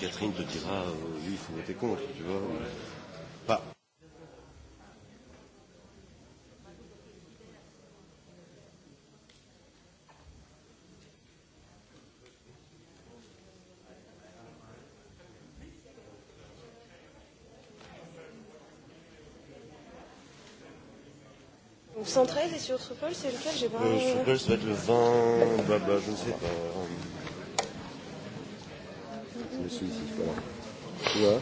Catherine te dira, euh, oui, il faut voter contre, tu vois. Pas. Donc 113 et sur Truffle, c'est lequel j'ai pas... Euh, Truffle, ça va être le 20, bah, bah, je ne sais pas je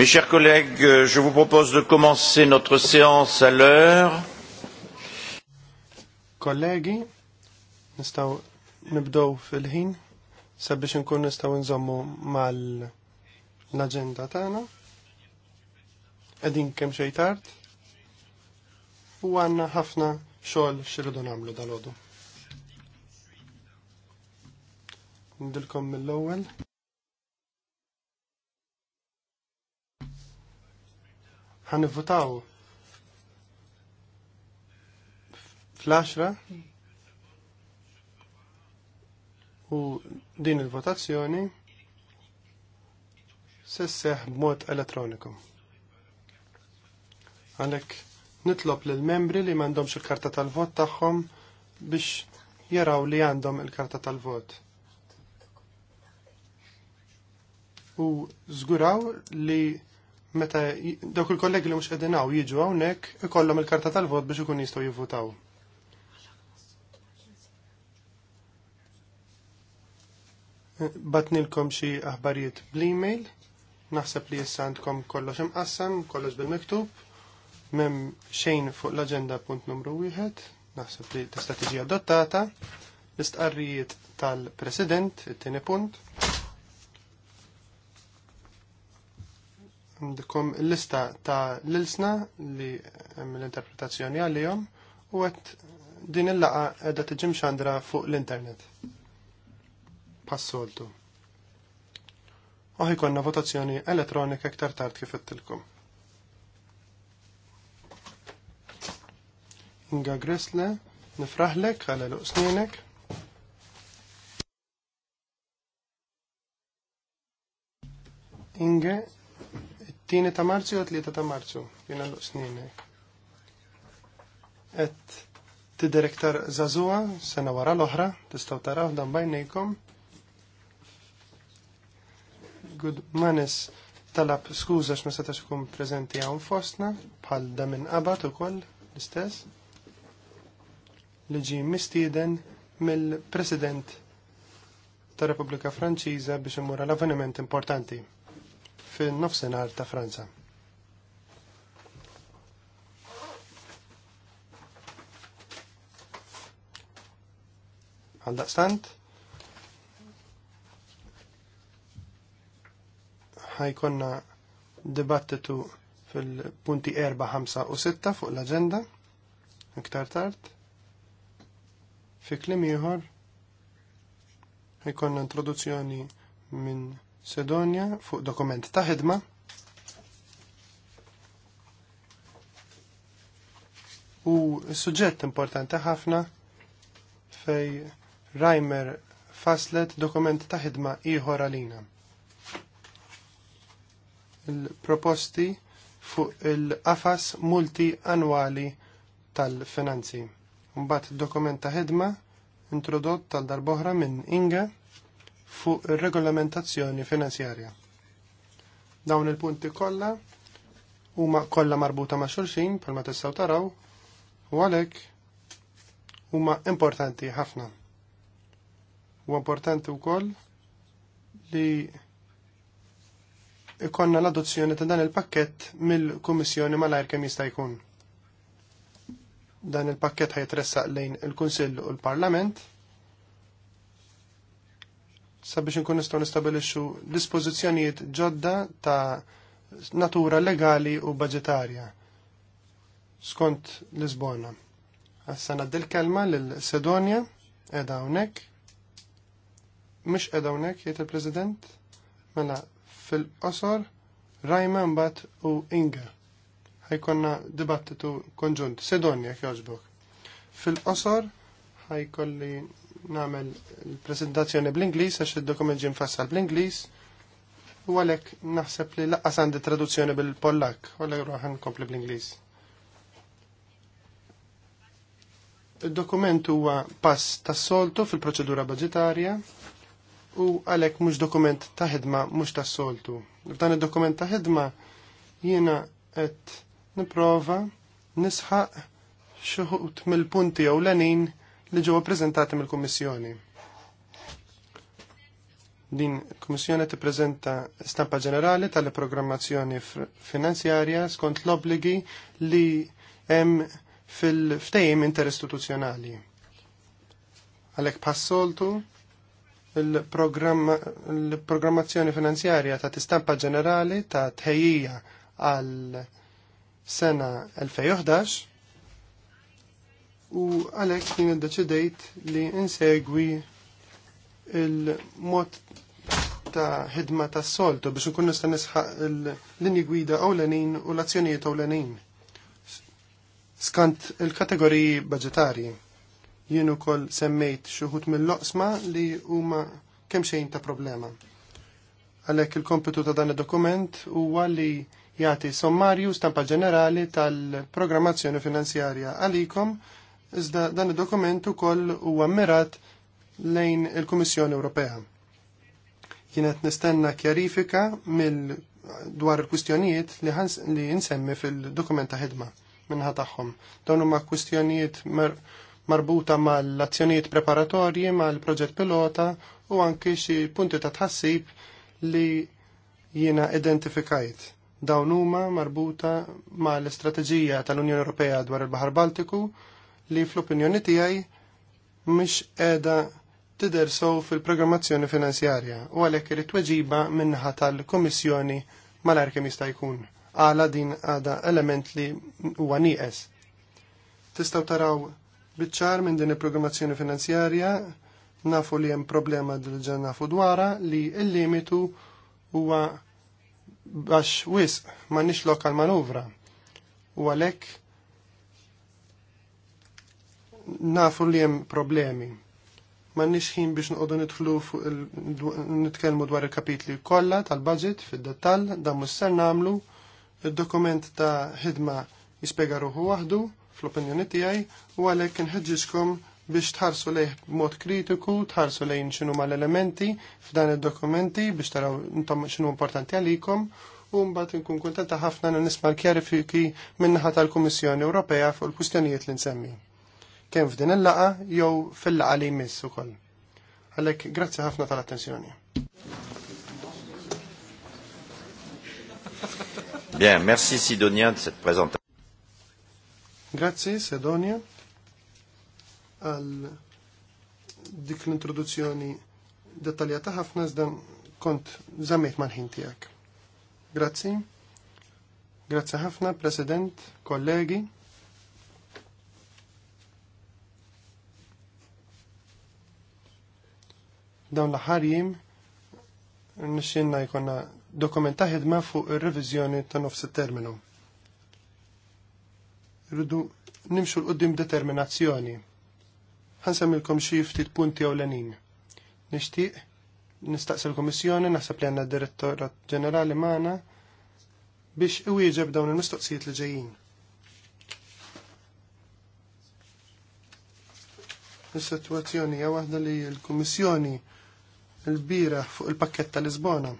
Mes chers collègues, euh, je vous propose de commencer notre séance à l'heure. Kollegi, nistaw nibdow fil-ħin sabiex nkun nistaw nżommu mal-agenda tagħna. Qegħdin kemm xejn tard u għandna ħafna xogħol xirridu nagħmlu dalodu. Ndilkom mill-ewwel. ħanivvutaw fl-10 u din il-votazzjoni se sseħħ b'mod elettroniku. Għalhekk nitlob lill membri li m'għandhomx il-karta tal-vot tagħhom biex jaraw li għandhom il-karta tal-vot. U żguraw li meta dawk il-kollegi li mhux qegħdin hawn jiġu hawnhekk ikollhom il-karta tal-vot biex ikun jistgħu jivvutaw. Batnilkom xi aħbarijiet bl-email, naħseb li issa għandkom kollox imqassam, kollox bil-miktub, m'hemm xejn fuq l-agenda punt numru wieħed, naħseb li tista' tiġi adottata, l-istqarrijiet tal-President, it-tieni punt, għandkom l-lista ta' l-ilsna li l-interpretazzjoni għalihom u għet din il-laqa edha tiġim xandra fuq l-internet. Passoltu. Oħi konna votazzjoni elettronika ktar tard kif ittilkom. Inga Grisle, nifraħlek għal l snienek. Inge, Tini ta' marzu u tlieta ta' marzu, jina l-sninek. Et t-direktar Zazua, sena wara l-oħra, tistgħu taraw dan bajnejkom. Good manis talab skuza x setax ikun prezenti hawn fostna, bħal da minn qabad u koll l-istess. Liġi mistiden mill-president ta' Repubblika Franċiża biex imur l-avveniment importanti fil-nofsenar ta' Franza. Għal daqstant? ħajkonna dibattitu fil-punti 4, 5 u 6 fuq l-agenda, iktar tard. Fi klim ieħor ħajkonna introduzzjoni minn Sedonja fuq dokument ta' ħidma. U suġġett importanti ħafna fej Reimer faslet dokument ta' ħidma ieħor għalina. Il-proposti fuq il-qafas multi annwali tal-finanzi. Mbagħad dokument ta' ħidma introdott tal-darboħra minn Inga fuq ir-regolamentazzjoni finanzjarja. Dawn il-punti kollha huma kollha marbuta ma' xulxin bħalma tistgħu taraw u għalhekk huma importanti ħafna. U importanti wkoll li ikonna l-adozzjoni ta' dan il-pakket mill-Kummissjoni malajr kemm jista' jkun. Dan il-pakket ħajtressaq lejn il-Kunsill u l-Parlament sabiex nkun nistgħu nistabilixxu dispożizzjonijiet ġodda ta' natura legali u budgetarja skont Lisbona. Issa naddi l-kelma lil Sedonja qiegħda hawnhekk. Mhux qiegħda hawnhekk jgħid il-President mela fil-qosor Rajma mbagħad u Inga. Ħajkonna dibattitu konġunt. Sedonja jogħġbok. Fil-qosor ħajkolli Namel il-presentazzjoni bl inglis għax id-dokument ġie mfassal bl-Ingliż u għalhekk naħseb li laqqas għandi traduzzjoni bil-Pollak u għalek ruħan nkompli bl-Ingliż. Il-dokument huwa pass tas-soltu fil-proċedura budgetarja u għalhekk mhux dokument ta' ħidma mhux tas-soltu. F'dan id-dokument ta' ħidma jiena qed nipprova nisħaq xuħut mill-punti ewlenin li ġew preżentati mill-Kummissjoni. Din il-Kummissjoni tippreżenta stampa ġenerali tal-programmazzjoni finanzjarja skont l-obbligi li hemm fil-ftehim interistituzzjonali. Għalhekk passoltu il-programmazzjoni finanzjarja ta' tistampa ġenerali ta' tħejjija għal sena 2011 u għalek jien iddeċidejt li insegwi il-mod ta' ħidma ta' soltu biex nkun nista' nisħaq l-linji gwida ewlenin u l-azzjonijiet ewlenin skant il-kategoriji budgetarji. Jien ukoll semmejt xi wħud mill-loqsma li huma kemm xejn ta' problema. Għalhekk il-kompitu ta' dan id-dokument huwa li jagħti sommarju stampa ġenerali tal-programmazzjoni finanzjarja għalikom iżda dan id-dokument ukoll huwa mirat lejn il-Kummissjoni Ewropea. Kienet nistenna kjarifika mill dwar il-kwistjonijiet li, li nsemmi fil-dokumenta ħidma minnħa tagħhom. Dawn huma kwistjonijiet mar marbuta mal-azzjonijiet preparatorji, mal-proġett pilota u anke xi punti ta' tħassib li jiena identifikajt. Dawn huma marbuta mal-istrateġija tal-Unjoni Ewropea dwar il-Baħar Baltiku, li fl-opinjoni tiegħi mhix qiegħda tidher fil-programmazzjoni finanzjarja u għalhekk t tweġiba minnaħa tal-Kummissjoni mal kemm jista' jkun. Għala din għada element li huwa nieqes. Tistgħu taraw biċċar minn din il-programmazzjoni finanzjarja nafu li hemm problema diġà nafu dwara li l-limitu huwa għax wisq nix lokal manuvra. U għalhekk nafu li hemm problemi. Ma ħin biex nqogħdu nidħlu nitkellmu dwar il-kapitli kollha tal-budget fid-dettall dan mhux namlu nagħmlu. dokument ta' ħidma jispjega ruħu waħdu fl-opinjoni tiegħi u għalhekk nħedġiskom biex tħarsu lejh b'mod kritiku, tħarsu lejn x'inhu mal-elementi f'dan id-dokumenti biex taraw intom x'inhu importanti għalikom u mbagħad inkun kuntenta ħafna nisma' l-kjarifiki min-naħa tal-Kummissjoni Ewropea fuq il-kwistjonijiet li nsemmi kemm f'din il-laqa jew fil-laqa li jmiss ukoll. Għalhekk grazzi ħafna tal-attenzjoni. Bien, merci Sidonia de cette présentation. Grazzi Sidonia għal dik l-introduzzjoni dettaljata ħafna iżda kont żammejt mal-ħin tiegħek. Grazzi. Grazzi ħafna, President, kollegi. Dawn l-ħarjim nixinna jkonna dokumenta ħidma fuq ir-reviżjoni ta' nofs terminu. Rridu nimxu l-qoddim determinazzjoni. Ħansemilkom xi ftit punti ewlenin. Nixtieq nistaqsi l-Kummissjoni naħseb li għanna direttorat Ġenerali maħna biex iwieġeb dawn il-mistoqsijiet li ġejjin. Is-sitwazzjoni hija waħda li l-Kummissjoni il-bira fuq il pakketta tal-Lisbona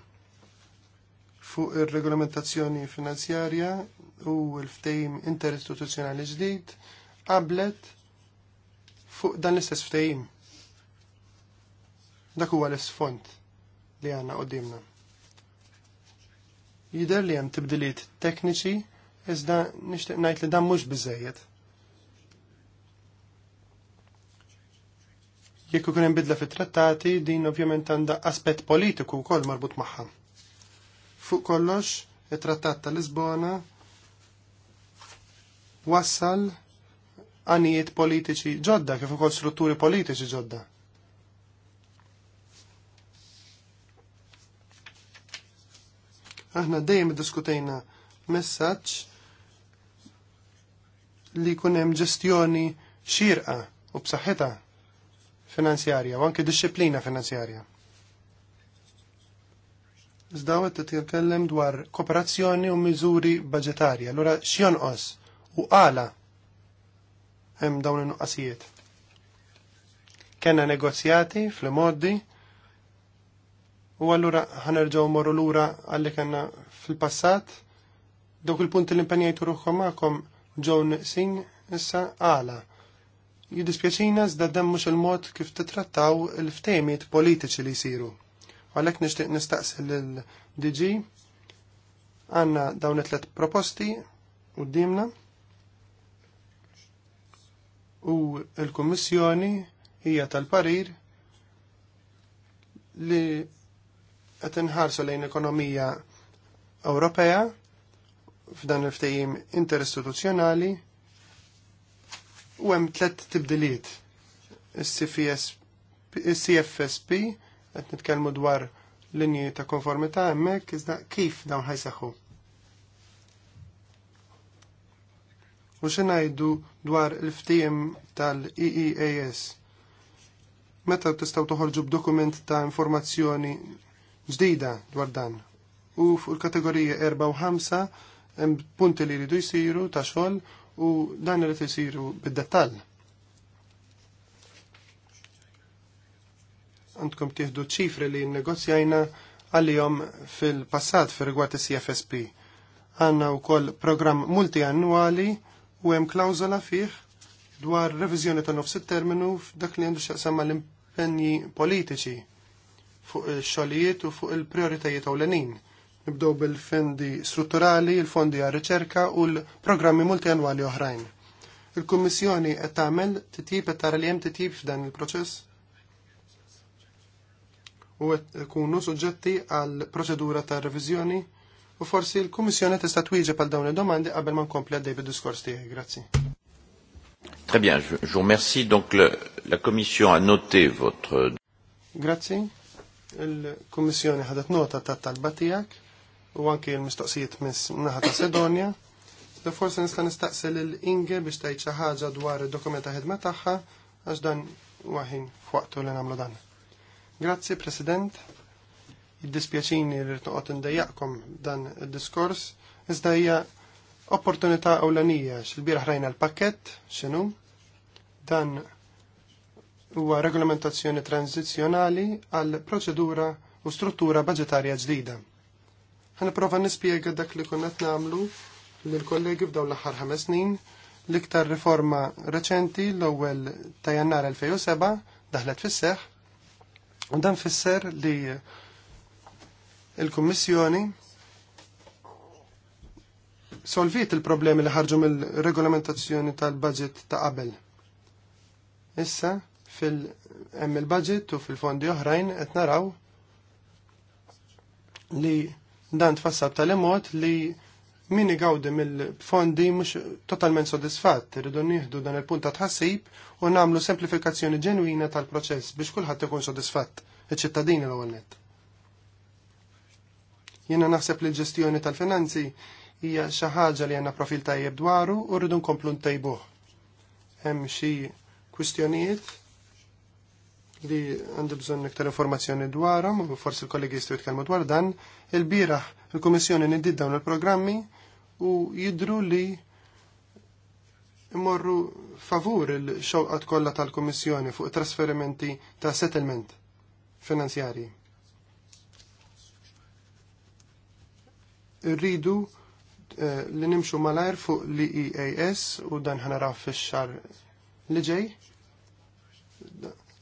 fuq ir-regolamentazzjoni finanzjarja u l-ftejm interistituzjonali ġdid qablet fuq dan l-istess ftejm. Dak huwa l-isfond li għanna dimna. Jider li hemm tibdiliet tekniċi iżda nixtieq ngħid li dan mhux biżejjed. Jekk ikun hemm bidla fit-trattati, din ovvjament għandha aspett politiku wkoll marbut magħha. Fuq kollox, it-Trattat ta' Lisbona wassal għanijiet politiċi ġodda kif ukoll strutturi politiċi ġodda. Aħna dejjem diskutejna messaġġ li jkun hemm ġestjoni xirqa u b'saħħitha finanzjarja u anke disċiplina finanzjarja. Iżda t titkellem dwar kooperazzjoni u miżuri budgetarja, allura x'jonqos u għala hemm dawn in-nuqqasijiet. Kenna negozjati fl-modi u allura ħanerġgħu morru lura għalli kellna fil-passat dawk il-punti l impenjajtu ruħkom magħkom ġew sin issa għala Jiddispjaċina iżda dan mhux il-mod kif titrattaw il ftemiet politiċi li jsiru. Għalhekk nixtieq nistaqsi l DG għanna dawn it-tlet proposti d-dimna, u l-Kummissjoni hija tal-parir li qed inħarsu lejn ekonomija Ewropea f'dan il-ftehim interistituzzjonali u hemm tliet tibdiliet. Is-CFSP qed nitkellmu dwar linji ta' konformità hemmhekk iżda kif dawn ħajsaħħu. U ngħidu dwar il-ftiem tal-EEAS? Meta tistgħu toħorġu b'dokument ta' informazzjoni ġdida dwar dan? U fuq il-kategorija 4 u 5 punti li jridu jsiru ta' xogħol u dan irid isiru bid-dettall. Għandkom tieħdu ċifri li negozjajna għalihom fil-passat fir rigward is-CFSP. Għandna wkoll programm multiannwali u hemm klawzola fih dwar reviżjoni ta' nofs terminu f'dak li għandu x'aqsam mal-impenji politiċi fuq il-xogħlijiet u fuq il-prioritajiet ewlenin Nibdow bil-fondi strutturali, il-fondi għal riċerka u l-programmi multianwali oħrajn. Il-Kummissjoni qed tagħmel titjib qed tara li hemm titjib f'dan il-proċess? U qed ikunu suġġetti għal proċedura ta' reviżjoni? U forsi l-Kummissjoni tista' twieġeb għal dawn id-domandi qabel ma nkompli għaddej bid-diskors tiegħi. Grazzi. Très bien, je, je vous remercie. Donc le, la Commission a noté votre... Grazie. Il-Kommissjoni ħadet nota ta' talba tiegħek u anki l-mistoqsijiet naħa ta' Sedonja. Da forse nista' nistaqsi lil Inge biex tgħid xi ħaġa dwar id dokumenta ħedma taħħa, tagħha għax dan waħin f'waqtu li nagħmlu dan. Grazzi President. Id-dispjaċini li rtoqgħod indejjaqkom dan id-diskors iżda hija opportunità ewlenija x'il-bieraħ rajna l-pakkett x'inhu dan huwa regolamentazzjoni tranzizjonali għal proċedura u struttura budgetarja ġdida. Ħanipprova nispjega dak li konna qed nagħmlu lill-kollegi f'dawn l-aħħar ħames snin l-iktar riforma reċenti l-ewwel ta' Jannar 2007 daħlet fis-seħħ u dan fisser li il-Kummissjoni solviet il-problemi li ħarġu mill-regolamentazzjoni tal-budget ta' qabel. Issa fil-hemm il-budget u fil-fondi oħrajn qed naraw li Dan tfassab tal-imot li min gawdi mill-fondi mhux totalment sodisfatt, rridu nieħdu dan il-punt ta' tħassib u nagħmlu semplifikazzjoni ġenwina tal-proċess biex kulħadd ikun sodisfatt, iċ-ċittadini l-ewwel Jena Jiena naħseb li l-ġestjoni tal-finanzi hija xi ħaġa li għandna profil tajjeb dwaru u rridu nkomplu ntejbuh. Hemm xi kwistjonijiet li għandu bżonn iktar informazzjoni dwarhom, u forsi l-kollegi jistgħu jitkellmu dwar dan, il-bieraħ il-Kummissjoni niddi dawn il-programmi u jidru li imorru favur il-xewqat kollha tal-Kummissjoni fuq trasferimenti ta' settlement finanzjarji. Irridu eh, li nimxu malajr fuq li EAS u dan ħanaraw fix-xar li ġej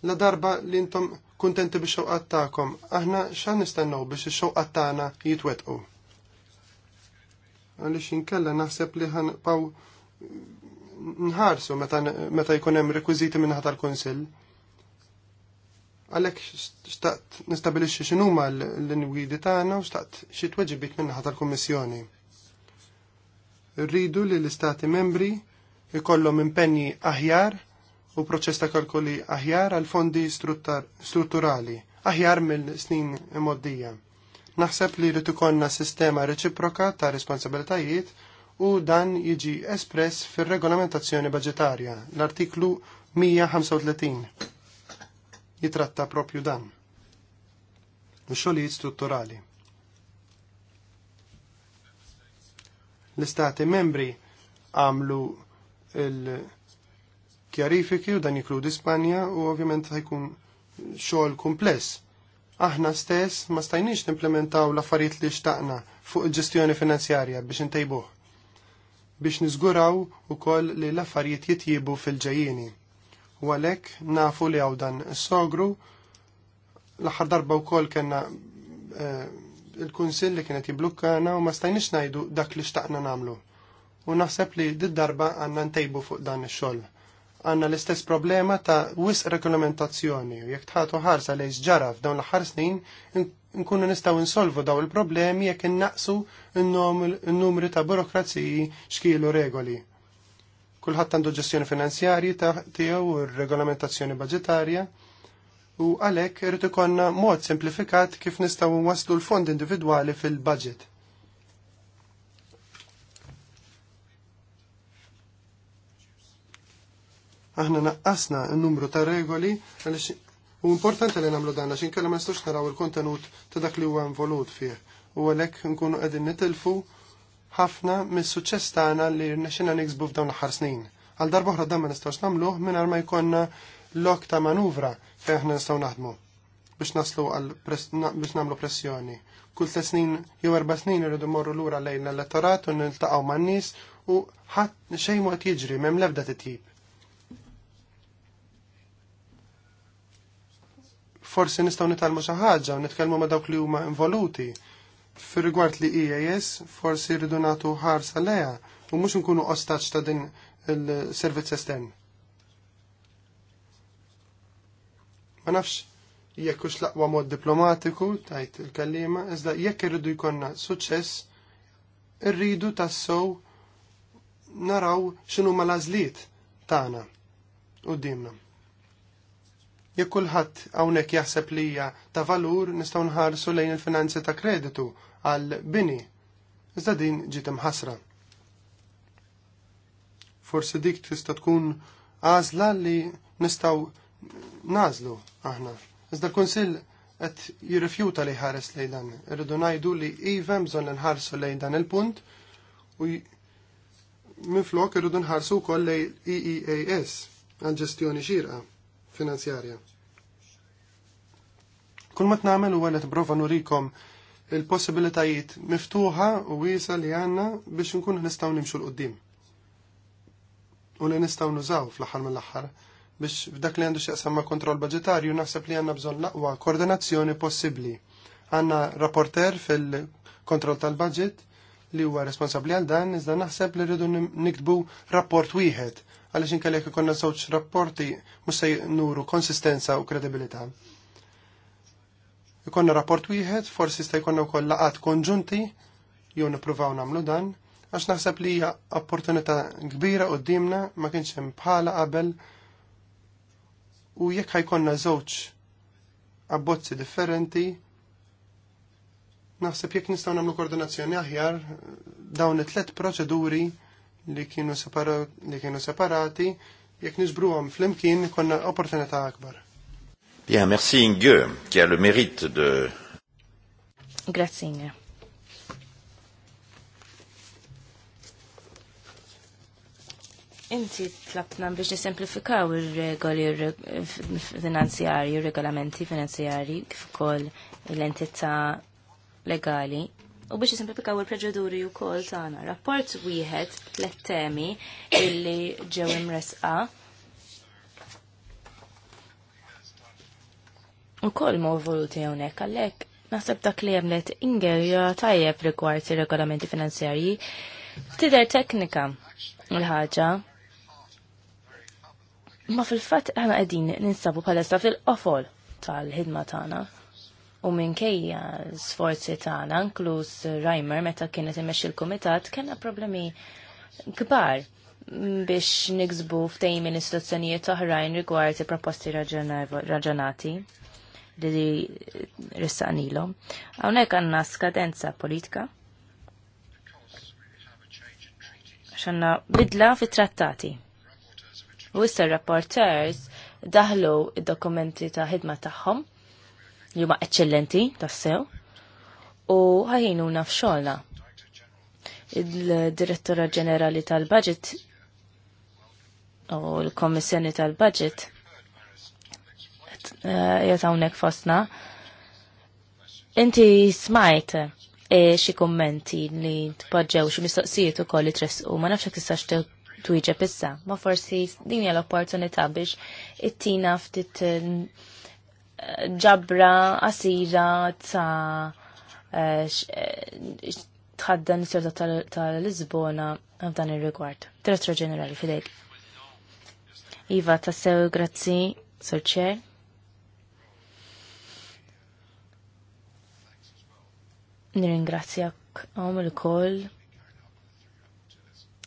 la darba li intom kuntenti biex xewqat tagħkom, aħna xa nistennew biex ix-xewqat tagħna jitwetqu. Għaliex inkella naħseb li paw nħarsu meta jkun hemm rekwiżiti minn tal-Kunsill. Għalhekk xtaqt nistabilixxi x'inhuma l-inwidi tagħna u xtaqt xi tweġibit minn tal-Kummissjoni. Rridu li l-Istati membri ikollhom impenji aħjar u proċess ta' kalkoli aħjar għal fondi strutturali, aħjar mill-snin moddija. Naħseb li rritu konna sistema reċiproka ta' responsabilitajiet u dan jiġi espress fil-regolamentazzjoni budgetarja, l-artiklu 135. Jitratta propju dan. Xolijiet strutturali. L-istati membri għamlu il- kjarifiki u dan jikludi Spanja u ovvjament ħajkun xogħol kumpless. Aħna stess ma stajniex nimplementaw l-affarijiet li xtaqna fuq il-ġestjoni finanzjarja biex intejbuh. Biex niżguraw ukoll li l-affarijiet jitjibu fil ġajjini U għalhekk nafu li għaw dan s sogru l-aħħar darba wkoll kellna eh, il kunsil li kienet jiblukkana u ma stajniex ngħidu dak li xtaqna nagħmlu. U naħseb li did-darba għandna ntejbu fuq dan ix-xogħol għanna l-istess problema ta' wis regolamentazzjoni u jekk tħatu ħarsa li ġara f'dawn l-ħar snin nkunu nistaw insolvu daw il-problemi jekk innaqsu n-numri ta' burokraziji xkielu regoli. Kulħadd għandu ġestjoni finanzjarji tiegħu u regolamentazzjoni budgetarja u għalhekk irid ikollna mod simplifikat kif nistgħu waslu l-fond individwali fil-budget. aħna naqqasna n-numru ta' regoli għaliex u importanti li nagħmlu danna xin kalla ma nistux naraw il-kontenut ta' dak li huwa involut fih. U għalhekk nkunu qegħdin nitilfu ħafna mis-suċċess tagħna li rnexxina niksbu f'dawn l-aħħar snin. Għal darba oħra dan ma nistgħux nagħmluh mingħajr ma jkollna lok ta' manuvra fejn aħna nistgħu naħdmu biex naslu għal biex namlu pressjoni. Kull ta' snin jew erba' snin irridu morru lura lejn l-elettorat u niltaqgħu man-nies u ħadd xejn mod jiġri m'hemm l-ebda titjib. forsi nistgħu nitalmu xi ħaġa u nitkellmu ma' dawk li huma involuti. Fir rigward li EAS forsi rridu nagħtu ħarsa leha u mhux inkunu ostaġġ ta' din il-servizz estern. Ma nafx jekk hux laqwa mod diplomatiku tajt il-kallima, iżda jekk irridu jkollna suċċess, irridu tassow naraw x'inhuma l-għażliet tagħna qudiemna. Jekk kulħadd hawnhekk jaħseb li hija ta' valur nistgħu nħarsu lejn il-finanzi ta' kreditu għal bini. Iżda din ġiet imħasra. Forsi dik tista' tkun għażla li nistgħu nażlu aħna. Iżda l-Kunsill qed jirrifjuta li ħares lejn dan. Irridu ngħidu li iva bżonn nħarsu lejn dan il-punt u minflok irridu nħarsu wkoll lejn EEAS għal ġestjoni xierqa finanzjarja. Kull ma t-namel u għalet brova nurikom il-possibilitajiet miftuħa u wisa li għanna biex nkun nistaw nimxu l-qoddim. U li nistaw nużaw fl ħar mill ħar biex f'dak li għandu xieqsam ma' kontrol budgetarju naħseb li għanna bżon laqwa koordinazzjoni possibli. Għanna rapporter fil-kontrol tal-budget li huwa responsabbli għal dan, iżda naħseb li rridu niktbu rapport wieħed għaliex inkellek ikollna żewġ rapporti mhux se nuru konsistenza u kredibilità. Ikonna rapport wieħed, forsi sta jkollna wkoll laqat konġunti jew nippruvaw nagħmlu dan, għax naħseb li hija opportunità kbira qudiemna ma kienx hemm bħala qabel u jekk ħajkonna żewġ abbozzi differenti Naħseb jekk nistgħu nagħmlu koordinazzjoni aħjar dawn it-tlet proċeduri li kienu, li kienu separati jekk niġbruhom flimkien konna opportunità akbar. Bien, merci Inge, qui a le mérite de... Grazie Inge. Inti tlabtna biex nisemplifikaw ir-regoli finanzjari, ir-regolamenti finanzjari kif ukoll l-entità legali u biex jisimplifikaw il preġeduri u kol tana. Rapport wieħed tlet temi illi ġew imresqa u kol ma voluti hawnhekk għalhekk naħseb dak li jemlet ingerja tajjeb rigward ir-regolamenti finanzjarji tider teknika l-ħaġa ma fil-fatt għana qegħdin ninsabu palesta fil-qofol tal-ħidma tagħna. U minkejja sforzi tagħna, inkluż Reimer meta kienet imexxi l-kumitat, kellna problemi kbar biex niksbu f'tejn minn istituzzjonijiet oħrajn rigward i proposti raġonati li rissaqnilhom. Hawnhekk għandna skadenza politika. X'għandna bidla fit-trattati. U issa rapporters daħlu id-dokumenti ta' ħidma tagħhom li huma eċċellenti tassew u ħajjinuna f'xogħolna. Il-Direttura Ġenerali tal-Budget u l-Kommissjoni tal-Budget eh, jgħet hawnhekk fostna. Inti smajt eh, xi kummenti li tpoġġew xi mistoqsijiet ukoll li tressqu ma nafx tistax twieġeb issa, ma forsi din hija l-opportunità biex ittina ftit eh, ġabra qasira ta' eh, eh, tħaddan s-sorta tal-Lisbona f'dan ir-rigward. Direttur ġenerali fidejk. Iva, tassew grazzi, sorċer. Nirringrazzjak għom il-koll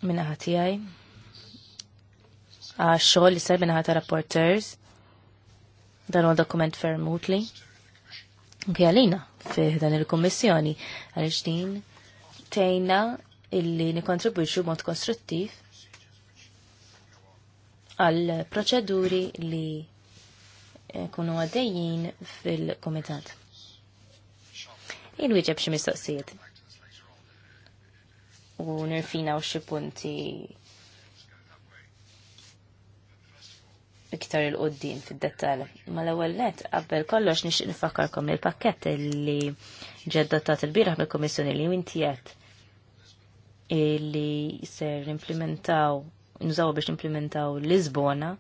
minna ħatijaj. Għax xogħol li ser minna ħata rapporters dan għal dokument fermutli. utli. għalina fih dan il-Kummissjoni għal din tejna illi nikontribuċu mod kostruttiv għal proċeduri li eh, kunu għaddejjin fil-komitat. Il-wieġeb xi mistoqsijiet. U nirfina u xi punti iktar il qoddin fid-dettal. Ma l-ewwel għabbel qabel kollox nixtieq nifakkarkom il-pakkett li ġeddottat il-bieraħ mill-Kummissjoni li inti qed li ser implementaw nużaw biex implementaw Lisbona.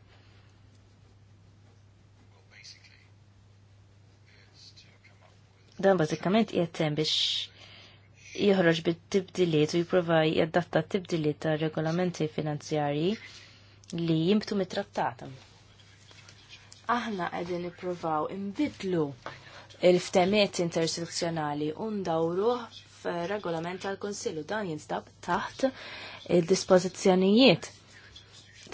Dan bażikament jettem biex joħroġ bit-tibdiliet u jipprova jaddatta t-tibdiliet ta' regolamenti finanzjarji li jimtu mit-trattata aħna qegħdin nippruvaw imbidlu il-ftemiet intersezzjonali u f f'regolament tal-Konsilju dan jinstab taħt il-dispożizzjonijiet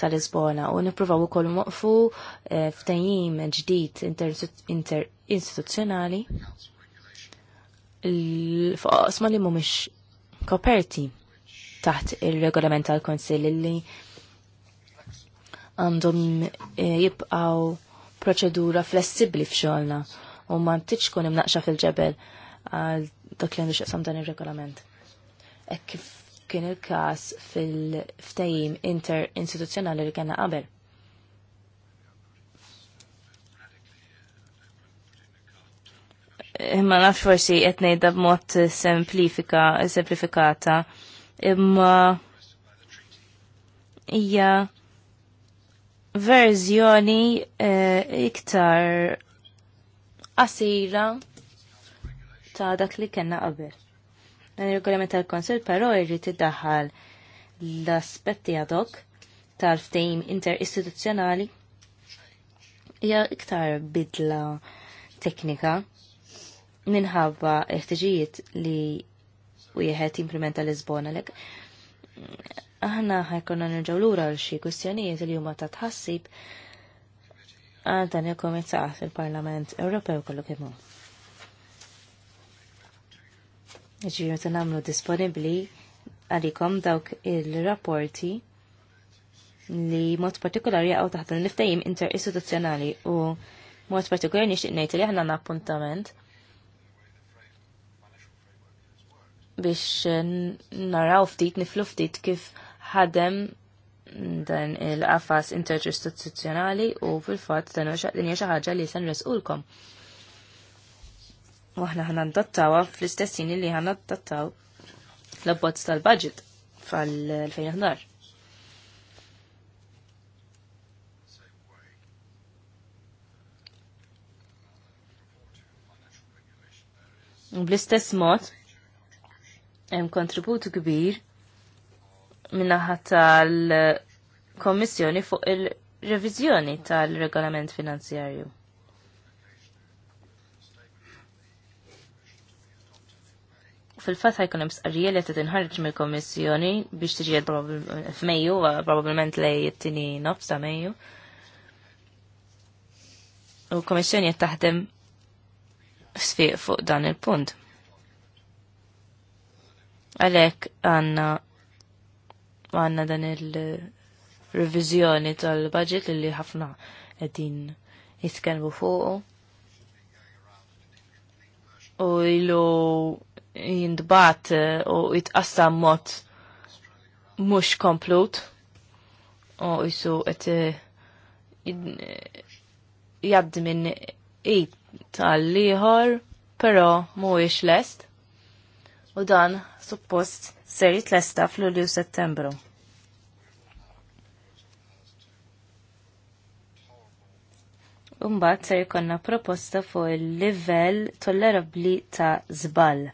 tal-Lisbona u nippruvaw ukoll moqfu eh, f'tejjim ġdid interinstituzzjonali l-faqsma li mhumiex koperti taħt il-regolament tal-Konsilju li għandhom eh, jibqaw proċedura flessibli f'xogħolna u ma ntitx tkun imnaqxa fil-ġebel għal dak li għandu xaqsam dan ir-regolament. Ek kif kien il-każ fil-ftajim interinstituzzjonali li kena qabel. imma nafx forsi qed da b'mod semplifika semplifikata imma hija verżjoni eh, iktar qasira ta' dak li kena qabel. Dan il-regolament tal-Konsil però irrid iddaħħal l-aspetti ad hoc tal-ftehim interistituzzjonali hija iktar bidla teknika minħabba ħtiġijiet li wieħed jimplementa Lisbona lek aħna ħajkonna nerġaw lura għal xi kwistjonijiet li huma ta' tħassib għal dan il-Komitat il-Parlament Ewropew kollu kemm hu. Ġiru ta' nagħmlu disponibbli għalikom dawk il-rapporti li mod partikolari għaw taħt l-niftajim interistituzzjonali u mod partikolari nixtieq ngħid li aħna appuntament biex naraw ftit niflu ftit kif ħadem dan il-qafas interġistituzzjonali u fil-fatt dan din xi ħaġa li se nresqulkom. U aħna ħana ndattawha fl-istess li ħana ndattaw l-abbozz tal-budget fal-2011. Bl-istess mod, hemm kontributu kbir minnaħa tal-Komissjoni fuq il-revizjoni tal-regolament finanzjarju. fil fatt ħajkun hemm sqarrija li qed inħarġ mill-Kommissjoni biex tiġi f'Mejju probabbilment lej it-tieni nofs ta' Mejju. U l-Kommissjoni qed taħdem sfiq fuq dan il-punt. Għalhekk għandna għanna dan il-revizjoni tal-budget li ħafna għedin jitkenbu fuq. U ilu jindbat u jitqassam mod mux komplut u jisu għet eh, jad minn id tal-liħor, pero mu lest. U dan suppost ser jitlesta fl Settembru. Umbat ser jkonna proposta fu il level tollerabli ta' zbal.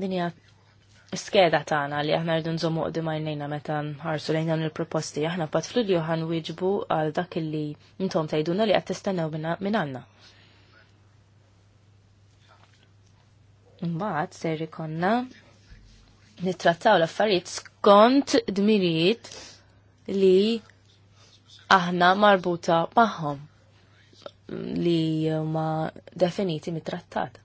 Dinja skeda tagħna li aħna rridu nżommu qdim għajnejna meta nħarsu lejn dawn il-proposti, aħna pat fl ħan wieġbu għal dak li intom tajduna li qed tistennew minn għandna. Imbagħad se konna nittrattaw l-affarijiet skont dmirijiet li aħna marbuta magħhom li ma definiti mit-trattat.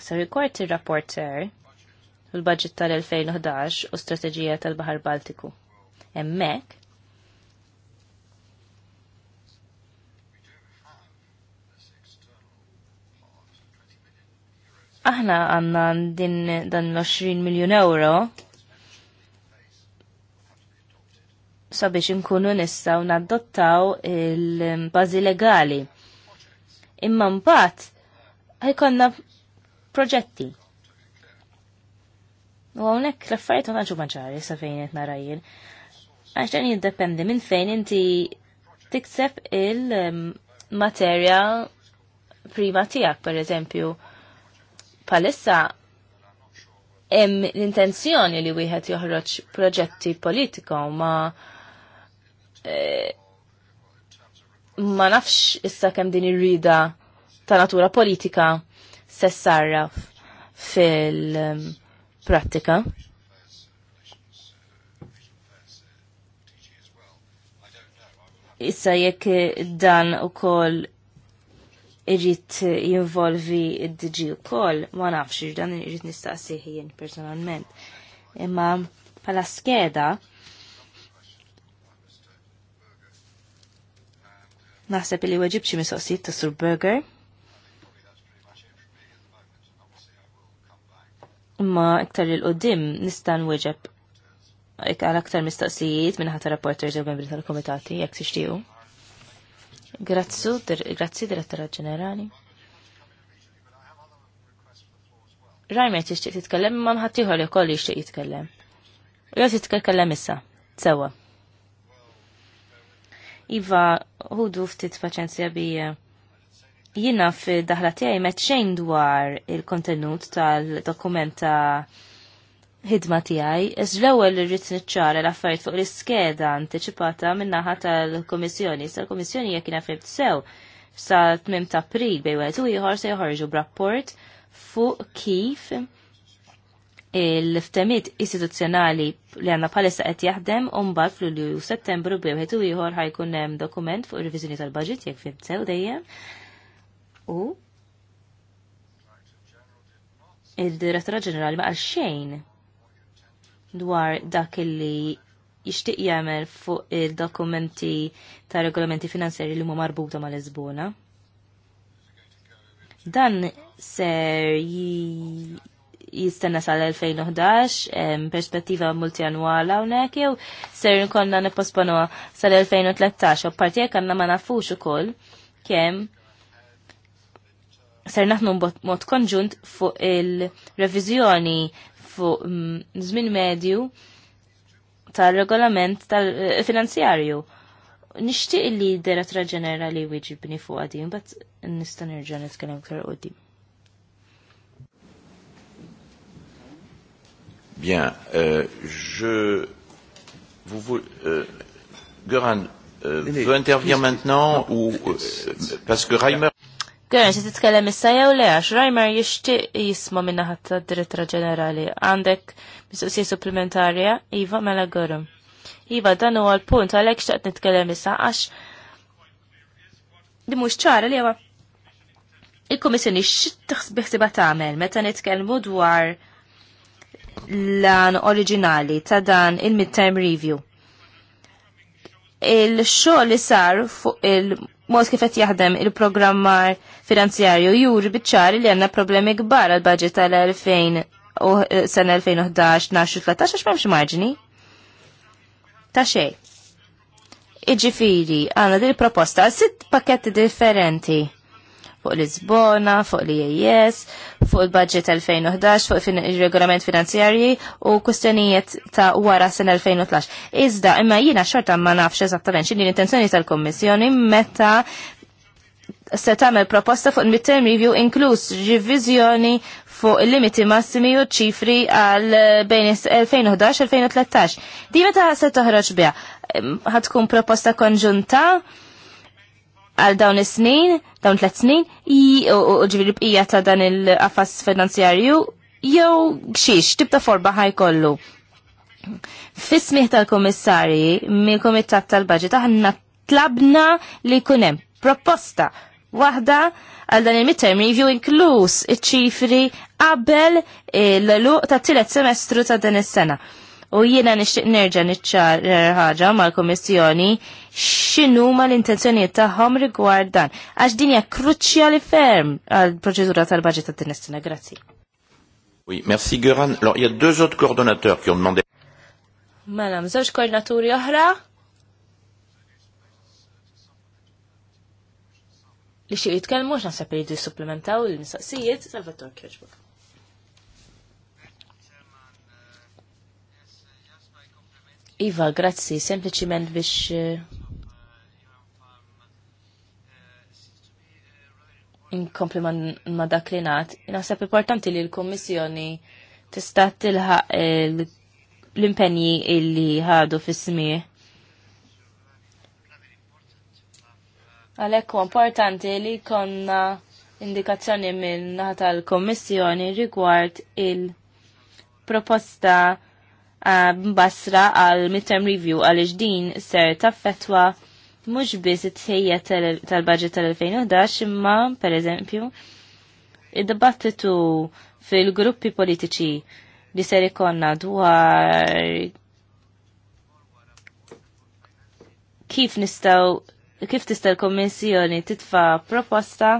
Sa rikort il-rapporter u l-budget tal-2011 u strategija tal-Bahar Baltiku. Emmek, aħna għanna din dan 20 miljon euro sabiex inkunu nistaw naddottaw il-bazi legali. Imma mbagħad ħajkonna proġetti. U għonek l-affarijiet ma tantx maċari sa fejn qed nara jien. Għax dan jiddependi minn fejn inti tikseb il-materja um, prima tiegħek pereżempju. Palissa hemm l-intenzjoni li wieħed joħroġ proġetti politiko ma e, ma nafx issa kemm din ir-rida ta' natura politika sessarra fil-prattika. Issa jekk dan u koll irrit jinvolvi id-DG u koll, ma nafx dan irrit nistaqsi jien personalment. Imma pala skeda, naħseb li weġibċi mistoqsijiet ta' Sur Burger. imma iktar il-qoddim nista' nwieġeb għal aktar mistoqsijiet minn ħata rapporters u membri tal-komitati jekk tixtiequ. Grazzu, grazzi direttora ġenerali. Rajmer jixtieq titkellem imma mħadd ieħor ukoll jixtieq jitkellem. Jew titkellem issa, sewa. Iva, ħudu ftit paċenzja bija jina f'daħla tiegħi met xejn dwar il-kontenut tal-dokumenta ħidma tiegħi, iż l-ewwel irrid l-affarijiet fuq l-iskeda antiċipata min-naħa tal-Kummissjoni. Sal-Kummissjoni jekk kien fimt sew sa tmim ta' April bej u ieħor se joħorġu b'rapport fuq kif il-ftemiet istituzzjonali li għanna palissa qed jaħdem u mbagħad fl-Lulju Settembru bejħed ieħor ħajkun hemm dokument fuq ir-reviżjoni tal-baġit jekk fim sew dejjem U il-direttora ġenerali ma qal xejn dwar dak li jixtieq jagħmel fuq il-dokumenti ta' regolamenti finanzjari li huma marbuta ma' Lisbona. Dan ser jistenna sal-2011 perspettiva multianwala unek jew ser nkonna nipposponu sal-2013 u partijek għanna ma nafux ukoll kemm ser naħnu mod konġunt fuq il-revizjoni fuq mm, żmien medju tal-regolament tal-finanzjarju. Eh, Nixtieq li d-direttra ġenerali wieġibni fuq għadim, bat nista' nerġa' nitkellem aktar qudiem. Bien, euh, je vous, vous euh, euh, veut intervenir maintenant ou euh, parce que Għana, se titkellem issa jew le għax Rajmar jishti jisma' minna d direttra ġenerali. Għandek mistoqsija supplementarja, Iva mela għurum. Iva, dan huwa l-punt għalhekk xtaqt nitkellem issa għax di mhux ċara li huwa il-Kummissjoni x'taħsbiħsiba tagħmel meta nitkellmu dwar l-an oriġinali ta' dan il-midterm review. Il-xogħol li sar fuq il- mod kif qed jaħdem il-programmar finanzjarju juri biċċar li għanna problemi kbar għal budget tal-2000 u eh, sena 2011, 12, 13 għax m'hemmx marġini. Ta' xejn. Iġifiri, għanna dil proposta għal sitt pakketti differenti fuq Lisbona, fuq l-IAS, fuq il-budget 2011, fuq il-regolament finanzjarji u kustjonijiet ta' wara sen 2013. Iżda, imma jina xorta ma nafx eżattament xini l-intenzjoni tal-Kommissjoni meta se tagħmel proposta fuq mid-term review inkluż riviżjoni fuq il-limiti massimi u ċifri għal bejn 2011-2013. Di meta se toħroġ biha? Ħatkun proposta konġunta? għal dawn is-snin, dawn tliet snin, u ġifieri bqija ta' dan il affas finanzjarju jew xiex tibta forba kollu. Fis-smieħ tal-Kummissarji mill-Kumitat tal-Baġit aħna tlabna li jkun hemm proposta waħda għal dan il-midterm review inkluż iċ-ċifri qabel l-luq ta' tielet semestru ta' din is-sena. U jiena nixtieq nerġa' niċċar eh, ħaġa mal-Kummissjoni xinu ma l-intenzjonijiet tagħhom rigward dan għax din hija kruċjali ferm għal proċedura tal-baġit tad tinestina Grazzi. Oui, merci Göran. Alors, il y a deux autres coordonnateurs qui ont demandé. Madame, mela, żewġ koordinaturi oħra li xie jitkellmu x'naħseb li jridu supplementaw il-mistaqsijiet Salvatore Kirchberg. Iva, grazzi, sempliciment biex eh, inkompli ma dak li nat, naħseb importanti li l-Kommissjoni tista' tilħaq eh, l-impenji illi ħadu fis-smieħ. Għalhekk importanti li konna indikazzjoni minn naħa tal-Kommissjoni rigward il-proposta eh, mbasra għal midterm review għal din ser taffetwa mhux biss it-tħejja tal-budget tal-2011 imma pereżempju id-dibattitu fil-gruppi politiċi li ser ikonna dwar kif nistaw kif tista' l-Kommissjoni titfa' proposta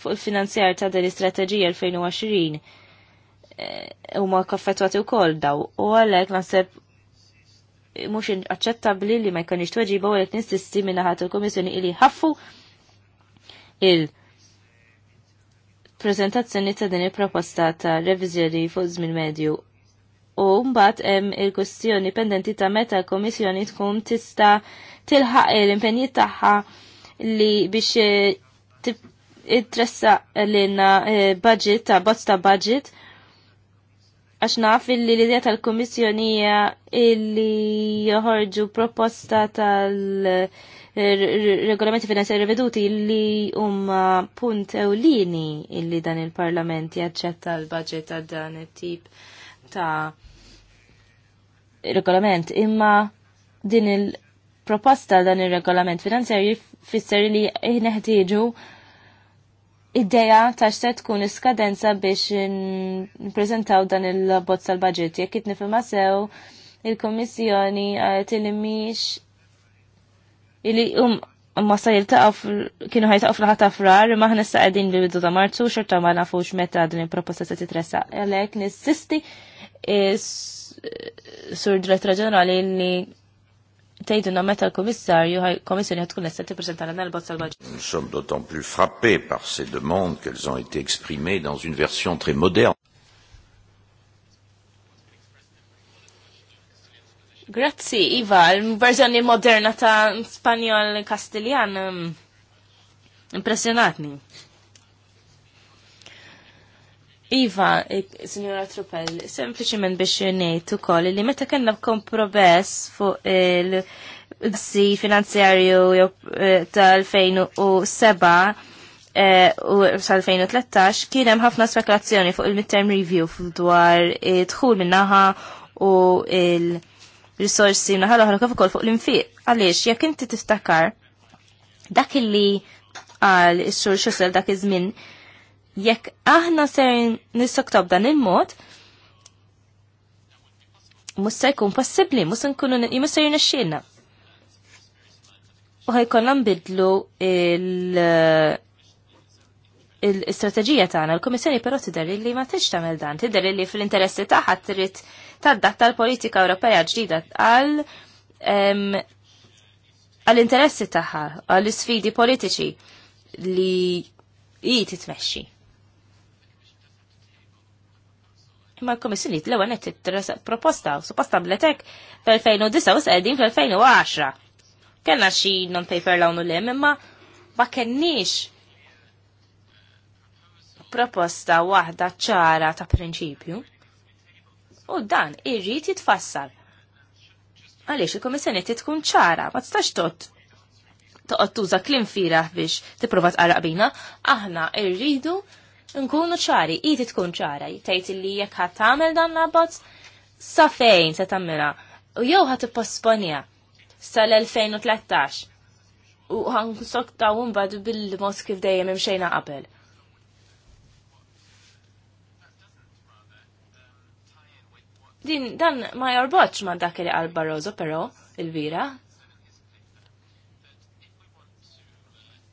fuq il-finanzjar ta' din l-istrateġija 2020 eh, huma u wkoll daw u għalhekk naħseb mhux aċċettabbli li ma jkunx tweġiba u qed ninsisti minn naħat il-Kummissjoni li ħaffu il prezentazzjoni ta' din il-proposta ta' reviżjoni fuq żmien medju u mbagħad hemm il-kwestjoni pendenti ta' meta l-Kummissjoni tkun tista' tilħaq l-impenji tagħha li biex it-tressa eh, l eh, budget ta' bozz ta' budget għax naf li l-idea tal-Komissjonija illi joħorġu proposta tal-regolamenti finanzjari veduti li huma punt ewlini illi dan il-Parlament jaċċetta l-budget ta' dan it-tip ta' regolament imma din il-proposta dan il-regolament finanzjari fisser li neħtieġu Id-deja ta' se tkun iskadenza biex n-prezentaw dan il bozza tal-budget. Jekk qed sew il-Kummissjoni tilimix illi um ma sa jiltaqgħu kienu ħajtaqgħu fl-ħadd ta' frar imma aħna issa qegħdin bil-bidu ta' Marzu xorta ma nafux meta din il-proposta se titressaq. Għalhekk nissisti sur Direttura Ġenerali li tejduna meta l-komissarju, komissjoni ħatkun lesta tippreżenta l l-bozz tal-budget. Nous sommes d'autant plus frappés par ces demandes qu'elles ont été exprimées dans une version très moderne. Grazzi, Iva, l-verżjoni moderna ta' Spanjol Kastiljan mm, impressionatni. Iva, eh, signora Truppel, sempliciment biex nejt u koll li meta kena kompromess fuq il-si finanzjarju eh, tal-2007 eh, u sal-2013 kien hemm ħafna spekulazzjoni fuq il-midterm review dwar dħul minnaħa u il-risorsi minnaħa l-oħra kif ukoll fuq l-infiq. Għaliex jekk inti tiftakar dak illi għal is-sur xusel dak iż-żmien Jekk aħna ser nissoktob dan il-mod, mus se jkun possibbli, mus nkunu mus se jirnexxielna. U ħajkon nambidlu il- strategija ta' tagħna l komissjoni però tidher li ma teċ tagħmel dan, tidher li fl-interessi tagħha trid taddatta l-politika Ewropea ġdida għal għall-interessi tagħha, għall-isfidi politiċi li hi meċċi ma' komissjoni l-ewwel qed proposta u supposta bletek fl-2009 u s-għedin fl-2010. Kellna xi non-paper lawn u imma ma kenniex proposta waħda ċara ta' prinċipju. U dan irrit jitfassal. Għaliex il-Komissjoni t tkun ċara, ma t-stax tot toqgħod tuża klim fira biex tipprova tqaraq bina, aħna rridu nkunu ċari, jiti tkun ċara, jtajt li jekk ħat tagħmel dan l-abbozz, sa fejn se tagħmilha u jew ħat sa sal-2013 u ħan sokta bad bil-mod kif dejjem imxejna qabel. Din dan ma jorboċ ma dak li għal Barroso però il-bira.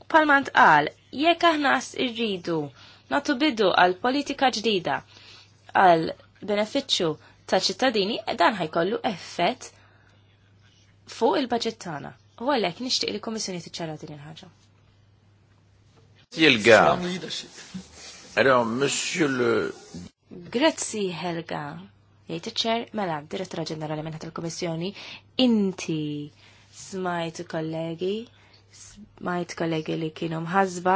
Palmant għal, jekk aħna irridu natu bidu għal politika ġdida għal beneficju ta' ċittadini dan ħajkollu effett fuq il-budget tagħna. U għalhekk nixtieq li kummissjoni tiċċara din il-ħaġa. Jilga. Grazzi Helga. Jgħid iċ-ċer mela direttura ġenerali minn tal-Kummissjoni, inti smajt kollegi, smajt kollegi li kienu mħazba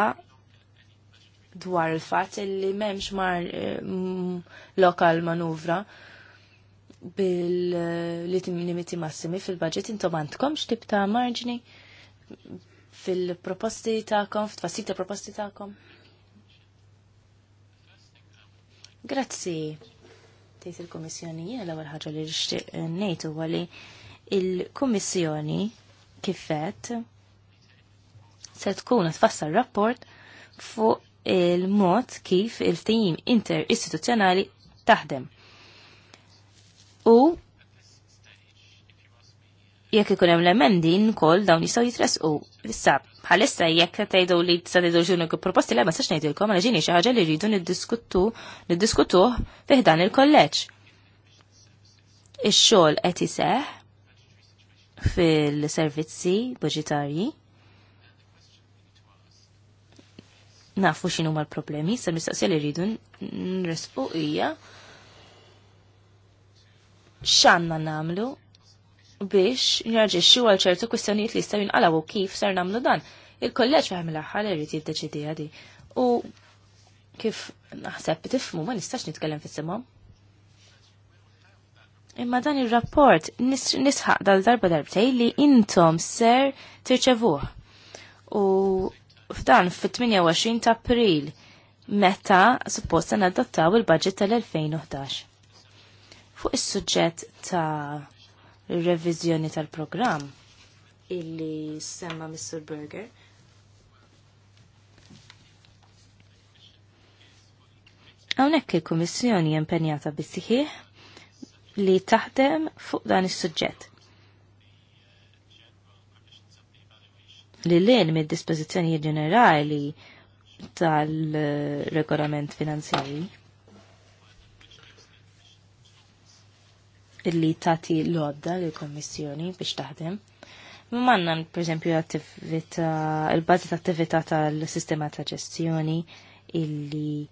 dwar il-fat li memx mar eh, lokal manuvra bil-limiti massimi fil-budget intom għandkom xtib ta' marġni fil-proposti ta'kom, fil ta' proposti ta'kom. Grazzi. Tejt il-Komissjoni jena l ħaġa li rixtieq nejtu għali il-Kummissjoni kifet se tkun tfassal rapport fuq il-mod kif il-ftejim inter-istituzzjonali taħdem. U jekk ikun hemm l-emendi nkoll dawn jistgħu jitresqu. Issa bħalissa jekk tgħidu li tista' tgħidu xi proposti lema ma sax ngħidilkom għal ġini xi ħaġa li rridu niddiskutu niddiskutuh fih dan il-kolleġġ. Ix-xogħol qed iseħħ fil-servizzi budġetarji nafu xinu l problemi sa mistaqsija li rridu nresqu hija x'għandna namlu biex nirġixxu għal ċertu kwistjonijiet li jistgħu jinqalgħu kif ser namlu dan. Il-kolleġġ fahim l-aħħar irid jiddeċidiha di. U kif naħseb tifmu ma nistax nitkellem fis-simhom. Imma dan il-rapport nisħaq dal darba darbtej li intom ser tirċevuh. U f'dan fit-28 ta' April meta suppost se nadottaw il-budget tal-2011. Fuq is-suġġett ta' revizjoni tal-programm illi semma Mr. Berger. Hawnhekk il-Kummissjoni impenjata bisħiħ li taħdem fuq dan is-suġġett. li l-in mid-dispozizjoni ġenerali tal-regolament finanzjari. illi tati l-odda li kommissjoni biex taħdem. Manna, per esempio, il bazzi ta' attività tal-sistema ta' ġestjoni illi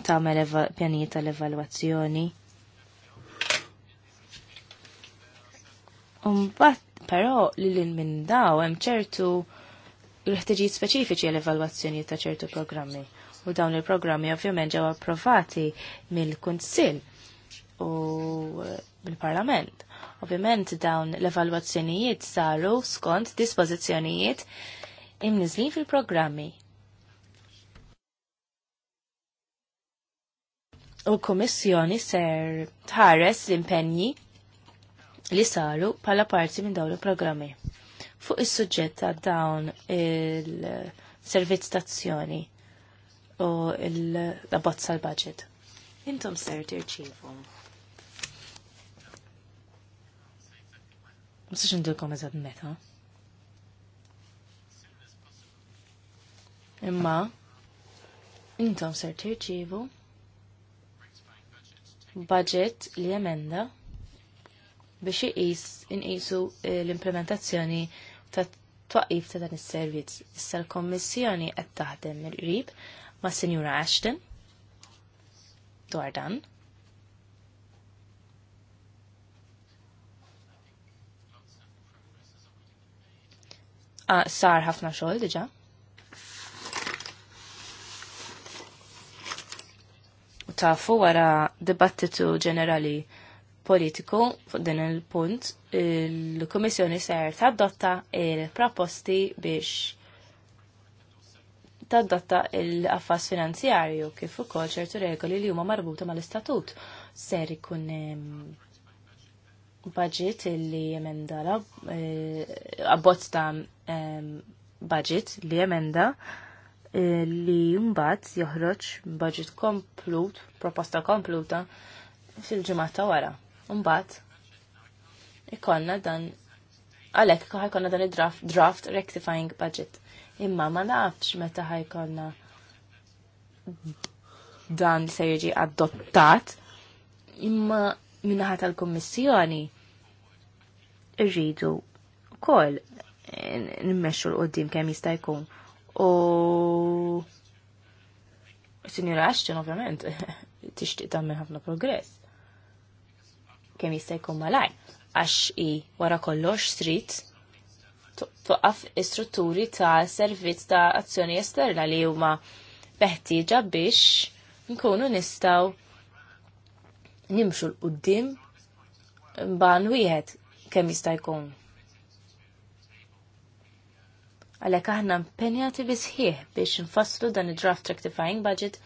tagħmel pjanijiet tal-evalwazzjoni. Umbat però li l minn daw hemm ċertu l-ħtiġijiet speċifiċi għal evalwazzjoni ta' ċertu programmi. U dawn il-programmi ovvjament ġew approvati mill-Kunsill u mill-Parlament. Ovvjament dawn l-evalwazzjonijiet saru skont dispożizzjonijiet imniżlin fil-programmi. U l ser tħares l-impenji li saru pala parti minn dawn il-programmi. Fuq is-suġġett ta' dawn il-servizz tazzjoni u l-abbozz l budget Intom ser tirċivu. Musax ndilkom eżad meta. Imma, intom ser tirċivu budget li emenda biex iqis inqisu eh, l-implementazzjoni ta' twaqif ta' dan is-servizz. Issa l-Kommissjoni qed taħdem mill-qrib ma' Sinjura Ashton dwar dan. Ah, sar ħafna xogħol diġà. tafu wara dibattitu ġenerali politiku fuq din il-punt, il-Kummissjoni ser tadotta il-proposti biex tadotta il-affas finanzjarju kif ukoll ċertu regoli li huma marbuta mal-istatut. Ser ikun budget li jemenda eh, abbozz ta' budget li jemenda eh, li jumbat joħroġ budget komplut, proposta kompluta fil-ġimata wara. Umbat, ikonna dan, għalek ħajkonna dan id draft draft rectifying budget. Imma ma nafx meta ħajkonna dan li se jiġi adottat, imma minnaħat tal-kommissjoni irridu kol eh, nimmexxu l-qoddim kemm jista' jkun. U Sinjura Ashton ovvjament tixtieq tagħmel ħafna progress kemm jista' jkun malajr għax i wara kollox street toqqaf istrutturi ta' servizz ta' azzjoni esterna li huma beħtieġa biex nkunu nistaw nimxu l-qoddim ban wieħed kemm jista' jkun. Għalhekk aħna impenjati bisħieħ biex nfasslu dan id-draft rectifying budget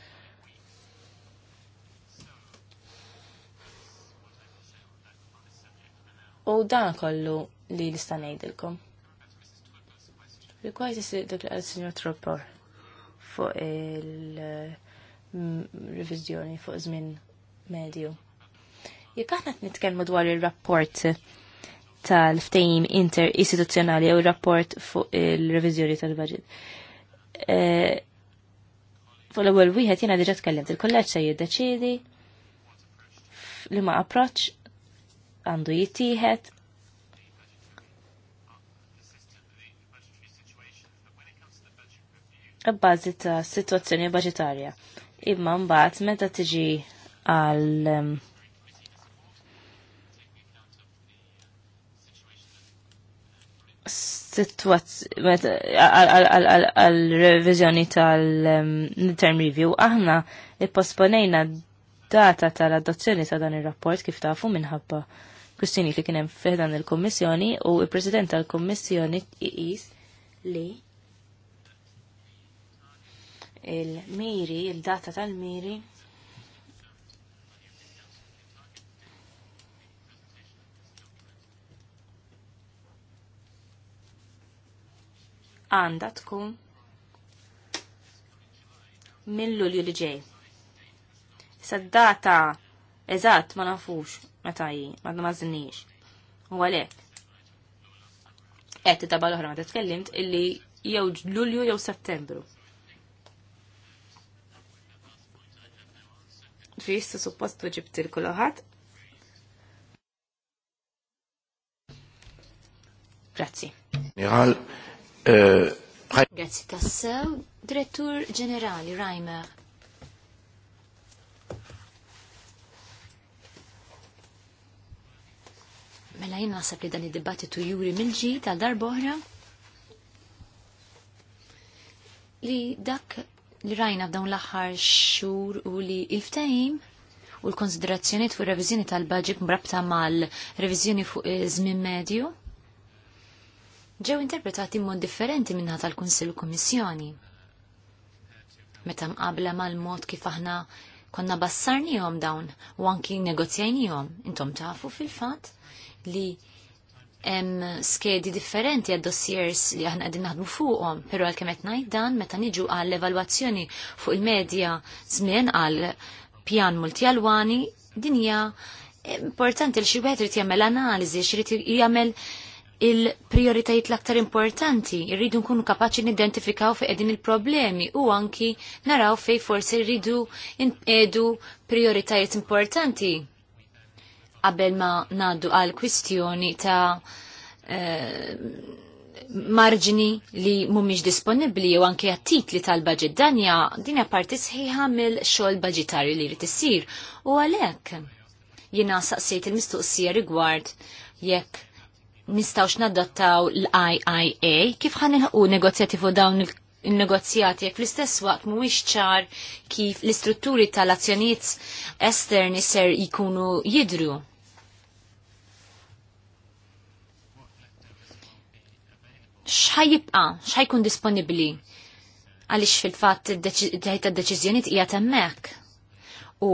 U dan kollu li l ngħidilkom. Rikwajt dik dak li qal Sinjor Tropor fuq il mm, revizjoni fuq żmien medju. Jekk aħna nitkellmu dwar ir-rapport tal-ftehim inter u il rapport fuq il revizjoni tal-budget. E, fuq l-ewwel wieħed jiena diġà kellem il-kolleġġ se jiddeċiedi li ma approċċ għandu jittieħed. Għabbazi ta' situazzjoni budgetarja. Imma mbagħad meta tiġi għal għal-revizjoni tal-term review, aħna posponejna data tal-adozzjoni ta' dan il-rapport kif tafu minħabba kwistjoni li kienem fedan il-Kommissjoni u il-President tal-Kommissjoni iqis li il-miri, il-data tal-miri għanda tkun mill-lulju li ġej. Sa data eżatt ma nafux meta hi għadna ma żinniex. U għalhekk qed taba l-oħra ma tkellimt illi jew Lulju jew Settembru. Fissa suppost ġibtir kulħadd. Grazzi. Eh, Grazzi tassew, direttur ġenerali Reimer. Mela jien naħseb li dan id-dibattitu juri mill-ġi tal darboħra li dak li rajna f'dawn l-aħħar xhur u li il-ftehim u l konsiderazzjoni fuq ir-reviżjoni tal-budget mrabta mal-reviżjoni fuq żmien medju ġew interpretati mod differenti minnha tal-Kunsill u Kummissjoni. Meta mqabla mal-mod kif aħna konna bassarnihom dawn u anki negozjajnihom, intom tafu fil-fatt li hemm skedi differenti għad dossiers li aħna qegħdin naħdmu fuqhom, però għal kemm qed ngħid dan meta niġu għall evalwazzjoni fuq il-medja żmien għal pjan multialwani, din hija importanti li xi wieħed irid jagħmel analiżi, xrid jagħmel il-prioritajiet l-aktar importanti, irridu nkunu kapaċi nidentifikaw fejn qegħdin il-problemi u anki naraw fejn forsi rridu nqedu prioritajiet importanti qabel ma naddu għal kwistjoni ta' eh, marġini li mhumiex disponibbli jew anke għattit titli tal-budget danja din parti sħiħa mill-xogħol budgetari li jrid issir. u għalhekk jiena saqsejt il-mistoqsija rigward jekk nistawx nadattaw l-IIA kif ħan u negozjati fuq dawn il-negozjati jekk fl-istess waqt mhuwiex ċar kif l-istrutturi tal-azzjonijiet esterni ser jikunu jidru. xħaj kun disponibli għalix fil-fat id-dajta d-deċizjoni t-ija temmek. U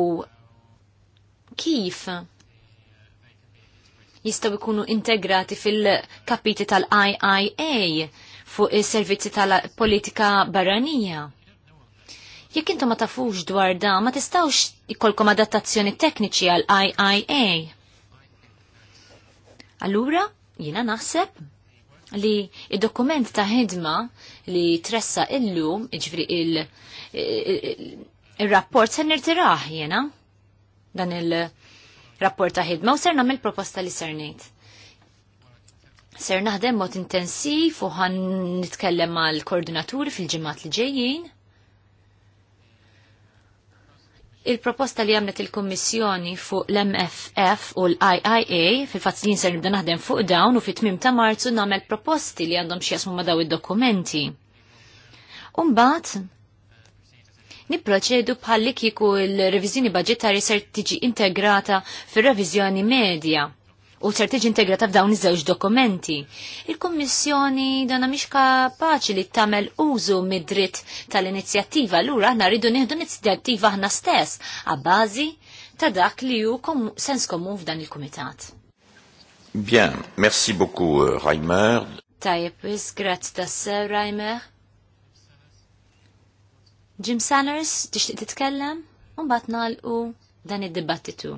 kif jistaw ikunu integrati fil-kapiti tal-IIA fuq is-servizzi tal-politika barranija. Jekk intom ma tafux dwar da, ma tistawx ikolkom adattazzjoni tekniċi għal IIA. Allura, jina naħseb li il-dokument ta' ħidma li tressa illum, iġvri il-rapport ser nirtiraħ jena, dan il-rapport ta' ħidma, u ser namil proposta li ser nejt. Ser naħdem mod intensiv u ħan nitkellem mal koordinaturi fil-ġemat li ġejjin, Il-proposta li għamlet il-Kommissjoni fuq l-MFF u l-IIA fil-fazzlin ser nibda naħdem fuq dawn u fit-tmim ta' marzu namel proposti li għandhom xjasmu ma' madaw id-dokumenti. Umbat, niproċedu bħalli kiku il revizjoni budgetari ser tiġi integrata fil-revizjoni medja u ser tiġi integrata f'dawn iż-żewġ dokumenti. Il-Kummissjoni dana mhix kapaċi li tagħmel użu mid-dritt tal-inizjattiva lura aħna rridu nieħdu inizjattiva aħna stess għabbażi ta' dak li hu kom sens komun f'dan il-kumitat. Bien, merci beaucoup, euh, Reimer. Tajjeb, grazz tas-sew, Reimer. Jim Sanners, tixtieq titkellem? Mbagħad nagħlqu dan id-dibattitu.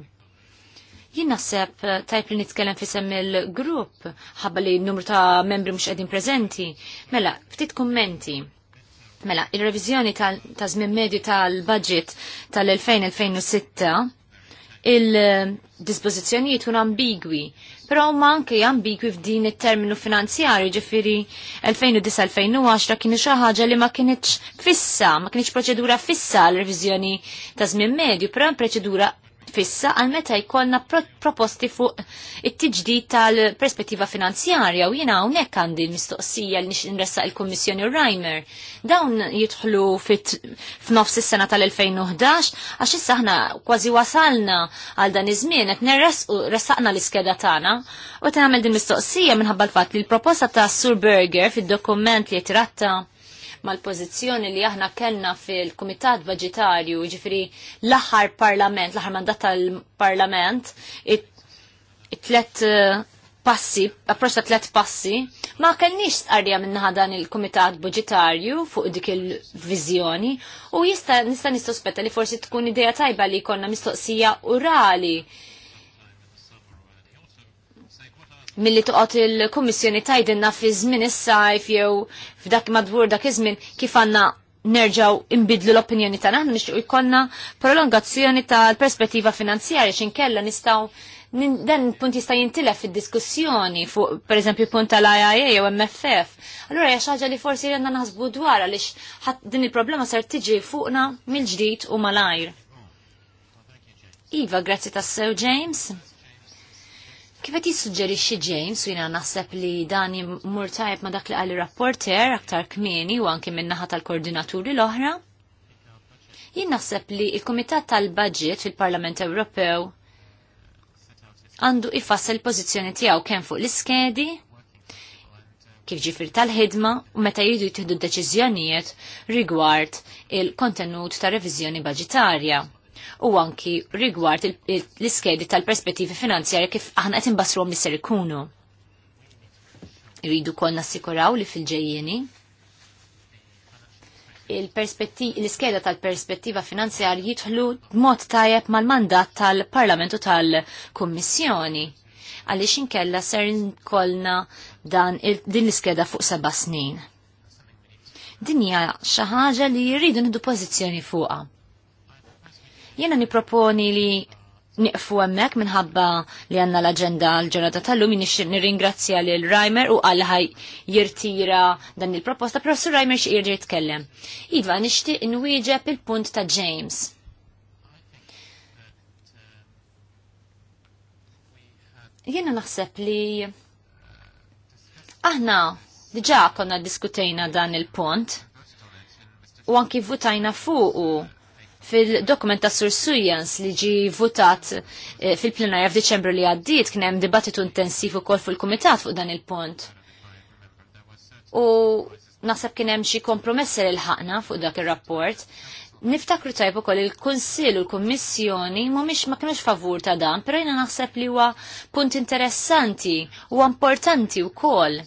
Jien naħseb eh, tajp li nitkellem fi semmi l grupp ħabba li n-numru ta' membri mhux qegħdin preżenti. Mela, ftit kummenti. Mela, il revizjoni ta' żmien medju tal-budget 2006 il-dispozizjonijiet kun ambigwi, però ma anke ambigwi f'din it-terminu finanzjari ġifiri 2009-2010 kienu xi ħaġa li ma kienieċ fissa, ma kienieċ proċedura fissa l-reviżjoni ta' żmien medju, però proċedura fissa għal meta jkollna proposti fuq it tiġdi tal-perspettiva finanzjarja u jina hawnhekk għandi l-mistoqsija li nressaq il-Kummissjoni Reimer. Dawn jidħlu f'nofs is-sena tal-2011 għax issa aħna kważi wasalna għal dan iż-żmien qed ressaqna l-iskeda tagħna u tagħmel din mistoqsija minħabba l-fatt li l-proposta ta' Sur Berger fid-dokument li jitratta mal-pozizjoni li aħna kellna fil-Kumitat Baġitarju, ġifri l-aħħar parlament, l-aħħar mandat tal-parlament, it-tlet eh, passi, approċċ tlet passi, ma kellniex stqarrija minnaħa dan il-Kumitat Budgetarju fuq dik il-viżjoni u jista' nista' nistospetta li forsi tkun idea tajba li jkollna mistoqsija urali milli toqgħod il-Kummissjoni tajdinna fi żmien is-sajf jew f'dak madwur dak iż-żmien kif għandna nerġaw imbidlu l-opinjoni tagħna aħna nixtieq ikollna prolongazzjoni tal-perspettiva finanzjarja kella nistgħu dan punt jista' jintilef fid-diskussjoni fuq pereżempju punt tal-IIA jew MFF. Allura hija xi li forsi għandna naħsbu dwar għaliex din il-problema ser tiġi fuqna mill-ġdid u malajr. Iva, grazzi tassew James. Kif qed jissuġġerixxi James u jiena naħseb li dan jmur tajjeb ma dak li qal rapporter aktar kmieni u anke min-naħa tal-koordinaturi l-oħra? Jien naħseb li il-Kumitat tal baġit fil-Parlament Ewropew għandu ifassel pożizzjoni tiegħu kemm fuq l-iskedi, kif ġifir tal-ħidma u meta jridu d deċiżjonijiet rigward il-kontenut ta' reviżjoni baġitarja u anki rigward l-iskedi tal-perspettivi finanzjarji kif aħna qed imbassru għom nisser ikunu. Rridu kol nassikuraw li fil ġejjeni l-iskeda tal-perspettiva finanzjari jidħlu mod tajjeb mal-mandat tal-Parlamentu tal-Kummissjoni għaliex inkella ser kolna dan din l-iskeda fuq seba' snin. Dinja xi ħaġa li jridu nidu pożizzjoni fuqha Jena niproponi li niqfu emmek minħabba li għanna l-agenda l-ġurnata tal-lum nirringrazzja li l-Rajmer u għalħaj jirtira dan il-proposta, pero su Rajmer xie jirġi jitkellem. Iva, nishti nwieġeb il-punt ta' James. Jena naħseb li aħna diġa konna diskutejna dan il-punt u anki votajna fuqu fil-dokument ta' Sur Sujans li ġi votat eh, fil-plenarja f'Diċembru li għaddiet kien hemm dibattitu intensiv ukoll fil-kumitat fuq dan il-punt. U naħseb kien hemm xi kompromessi li ħaqna fuq dak ir-rapport. Niftakru tajb ukoll il-Kunsill u l-Kummissjoni mhumiex ma kinux favur ta' dan, però jiena naħseb li huwa punt interessanti u importanti wkoll.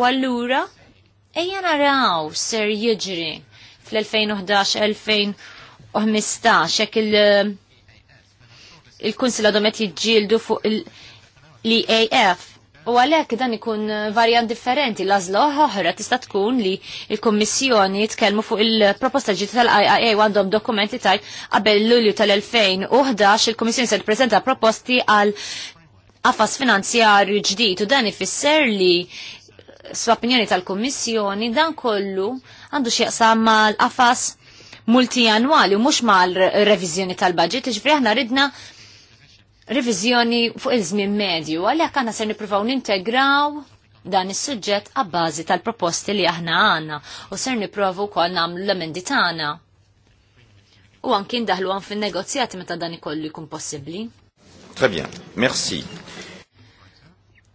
U allura ejja naraw ser jiġri fl-2011-2012 u 15 hekk il- eh, il-kunsil għadhom qed jiġġieldu fuq l-EAF. U għalhekk dan ikun eh, varjant differenti l-għażla oħra tista' tkun li l-Kummissjoni jitkellmu fuq il-proposta ġdida tal-IIA għandhom dokumenti tajt qabel Lulju tal-2011 il-Kummissjoni se tippreżenta proposti għal qafas finanzjarju ġdid u dan ifisser li eh, s-opinjoni tal-Kummissjoni dan kollu għandu xieqsam mal-qafas multijanwali u mhux mal reviżjoni tal-budget, iġbri aħna ridna revizjoni fuq iż-żmien medju, għalhekk aħna se nippruvaw nintegraw dan is-suġġett għabbażi tal-proposti li aħna għandna u ser niprofaw wkoll nagħmlu l-emendi tagħna. U għankin daħlu għan fin-negozjati meta dan ikollu jkun possibbli. Très bien, merci.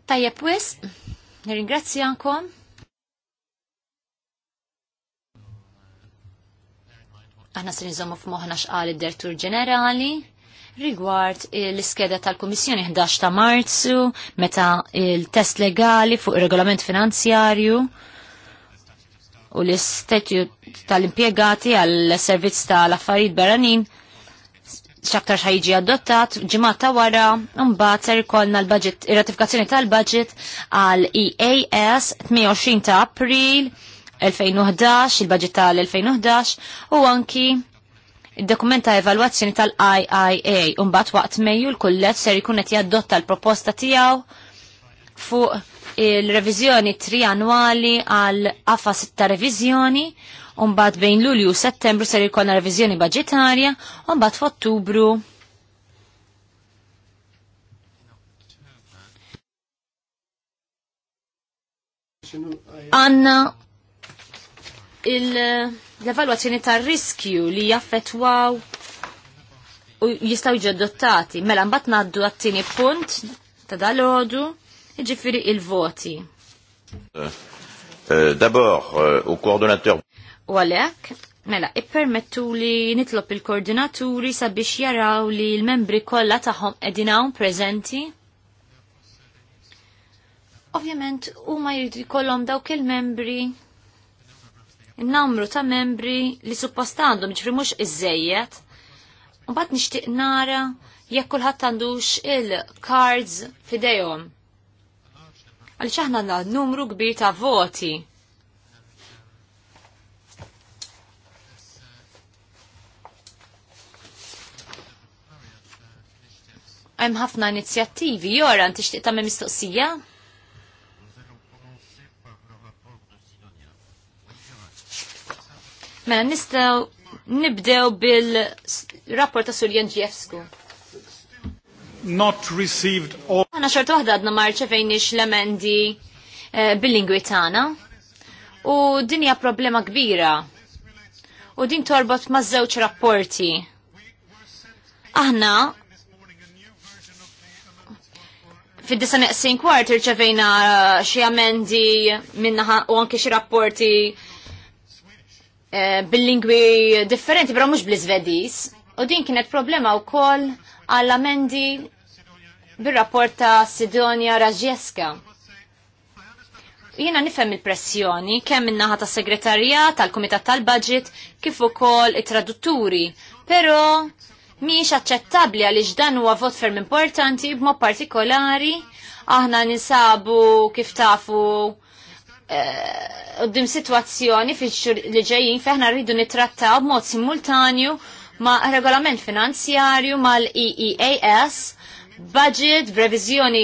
Tajjeb wis, nirringrazzjankom Aħna se nżommu f'moħħna x'qal id-Dertur Ġenerali rigward l-iskeda tal-Kummissjoni 11 ta' Marzu meta il-test legali fuq ir-regolament finanzjarju u l-istatut tal-impjegati għall-servizz tal-affarijiet barranin xaktar ħajġi adottat ġimata wara mbagħad ser ikollna l-budget ir-ratifikazzjoni tal-budget għal EAS 28 ta' April 2011, il-budget tal-2011 u anki id dokumenta ta' evalwazzjoni tal-IIA unbat waqt Mejju l kullet ser jkun qed jadotta l-proposta tiegħu fuq il-reviżjoni triannwali għal qafas ta' reviżjoni unbat bejn Lulju u Settembru ser jkollna reviżjoni budġetarja unbat f'Ottubru Għanna l-evalwazzjoni tar-riskju li jaffetwaw u jistaw jiġu adottati. Mela mbagħad ngħaddu għat-tieni punt ta' dal-ħodu, jiġifieri il-voti. Euh, Dabor euh, u koordinator U għalhekk, mela ippermettu li nitlob il-koordinaturi sabiex jaraw li l-membri kollha tagħhom qegħdin hawn preżenti. u huma jridu jkollhom dawk il-membri il numru ta' membri li suppost għandhom ġifri mhux iżejjed. U mbagħad nixtieq nara jekk kulħadd għandux il-cards f'idejhom. Għaliex aħna għandna numru kbir ta' voti. Hemm ħafna inizjattivi, jora tixtieq tagħmel mistoqsija? Mela nistgħu nibdew bil-rapport ta' Surjan Ġiefsku. Not received all. Għana xort waħda għadna marċa fejnix l-emendi eh, bil-lingwi tagħna. U din hija problema kbira. U din torbot ma' żewġ rapporti. Aħna fid-disa neqsin kwart irċevejna xi amendi minna u anke xi rapporti Eh, bil-lingwi differenti, pero mux bl-Svedis. U din kienet problema u kol għall-amendi bil-rapport ta' Sidonia Raġieska. Jiena nifhem il-pressjoni kemm minnaħa ta' segretarja tal-Kumitat tal-Budget kif ukoll it-tradutturi, però miex aċċettabbli għaliex dan huwa vot ferm importanti b'mod partikolari aħna ninsabu kif tafu għoddim situazzjoni fil-xur li ġejjin feħna rridu nitrattaw b'mod simultanju ma' regolament finanzjarju mal-EEAS, budget, revizjoni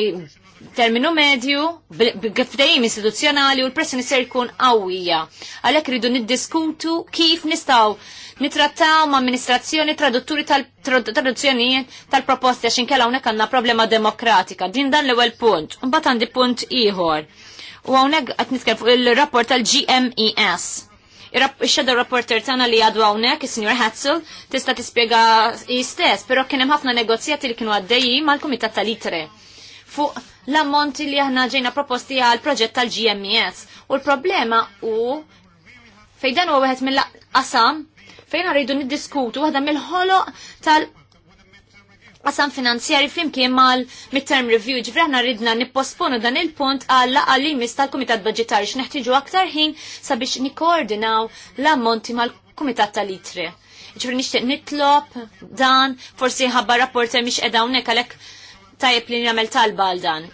terminu medju, b'għifdejim istituzzjonali u l-pressjoni ser jkun qawwija. Għalhekk rridu niddiskutu kif nistgħu nitrattaw ma' amministrazzjoni tradutturi tal-traduzzjonijiet tal-proposti għaxin kella hawnhekk għandna problema demokratika. Din dan l-ewwel punt. Mbagħad għandi punt ieħor U hawnhekk qed nitkellem fuq il-rapport tal-GMES. Ix-shadow rapporter tagħna li għadu hawnhekk, is-Sinjor Hatzel, tista' tispjega jistess, però kien hemm ħafna negozjati li kienu għaddejji mal komitat tal-Itre fuq l-ammonti li aħna ġejna proposti għal proġett tal-GMES. U l-problema u fejn dan huwa wieħed mill-qasam fejn rridu niddiskutu waħda mill-ħoloq tal- qasam finanzjari flimkien mal midterm review ġivraħna ridna nipposponu dan il-punt għalla għal limis tal-Kumitat Budgetari x'neħtiġu aktar ħin sabiex nikkoordinaw l-ammonti mal-Kumitat tal-Itri. Ġifri nixtieq nitlob dan, forsi ħabba rapporta miex edha hawnhekk għalek tajjeb li nagħmel talba għal dan.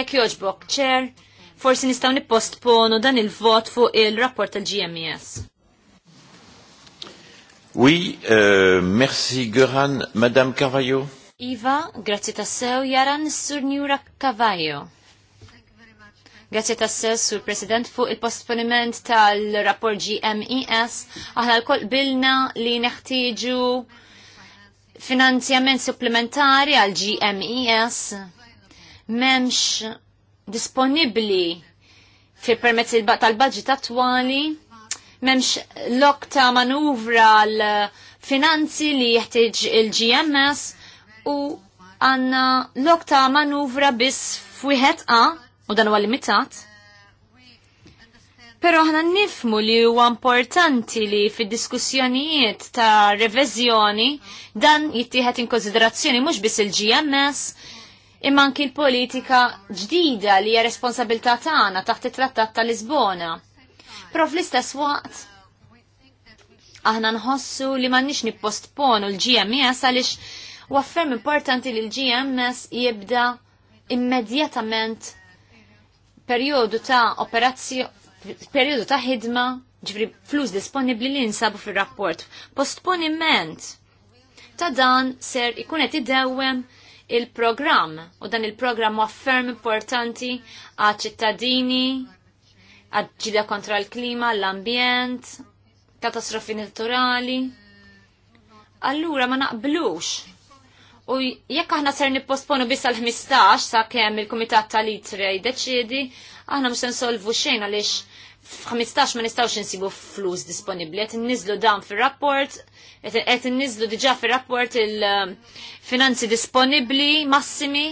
Jekk jogħġbok, ċer, forsi nistgħu nippostponu dan il-vot fuq il-rapport tal-GMES. Oui, euh, merci Göran. Madame Carvalho. Iva, grazie tassew, jaran sur Njura Carvalho. Grazie tassew sur President fuq il-postponiment tal-rapport GMES. Aħna l-koll bilna li neħtieġu finanzjament supplementari għal GMES memx disponibli fil permezz tal-budget attwali memx lok ta' manuvra l-finanzi li jeħtieġ il-GMS u għanna lok ta' manuvra biss f'wieħed A u dan huwa limitat. Pero ħna nifmu li huwa importanti li fid-diskussjonijiet ta' reviżjoni dan jittieħed in konsiderazzjoni mhux biss il-GMS imma anki l-politika ġdida li hija responsabilità tagħna taħt it-Trattat ta' Lisbona. Però fl-istess waqt aħna nħossu li m'għandniex nippostponu l-GMS għaliex waffermi importanti li l-GMS jibda immedjatament periodu ta' operazzjoni, periodu ta' ħidma, ġifri flus disponibli li nsabu fil-rapport. Postponiment ta' dan ser ikunet id-dewem il-programm u dan il-programm u ferm importanti għal ċittadini, għadġida kontra l-klima, l-ambjent, katastrofi naturali. Allura ma naqblux. U jekk aħna ser nipposponu biss għal 15 sa' kemm il-Kumitat tal-Itre jiddeċiedi, aħna mux nsolvu xejn għaliex f-15 ma nistawx insibu flus disponibbli. Qed inniżlu dan fir-rapport, qed inniżlu diġà fir-rapport il-finanzi eh, disponibbli massimi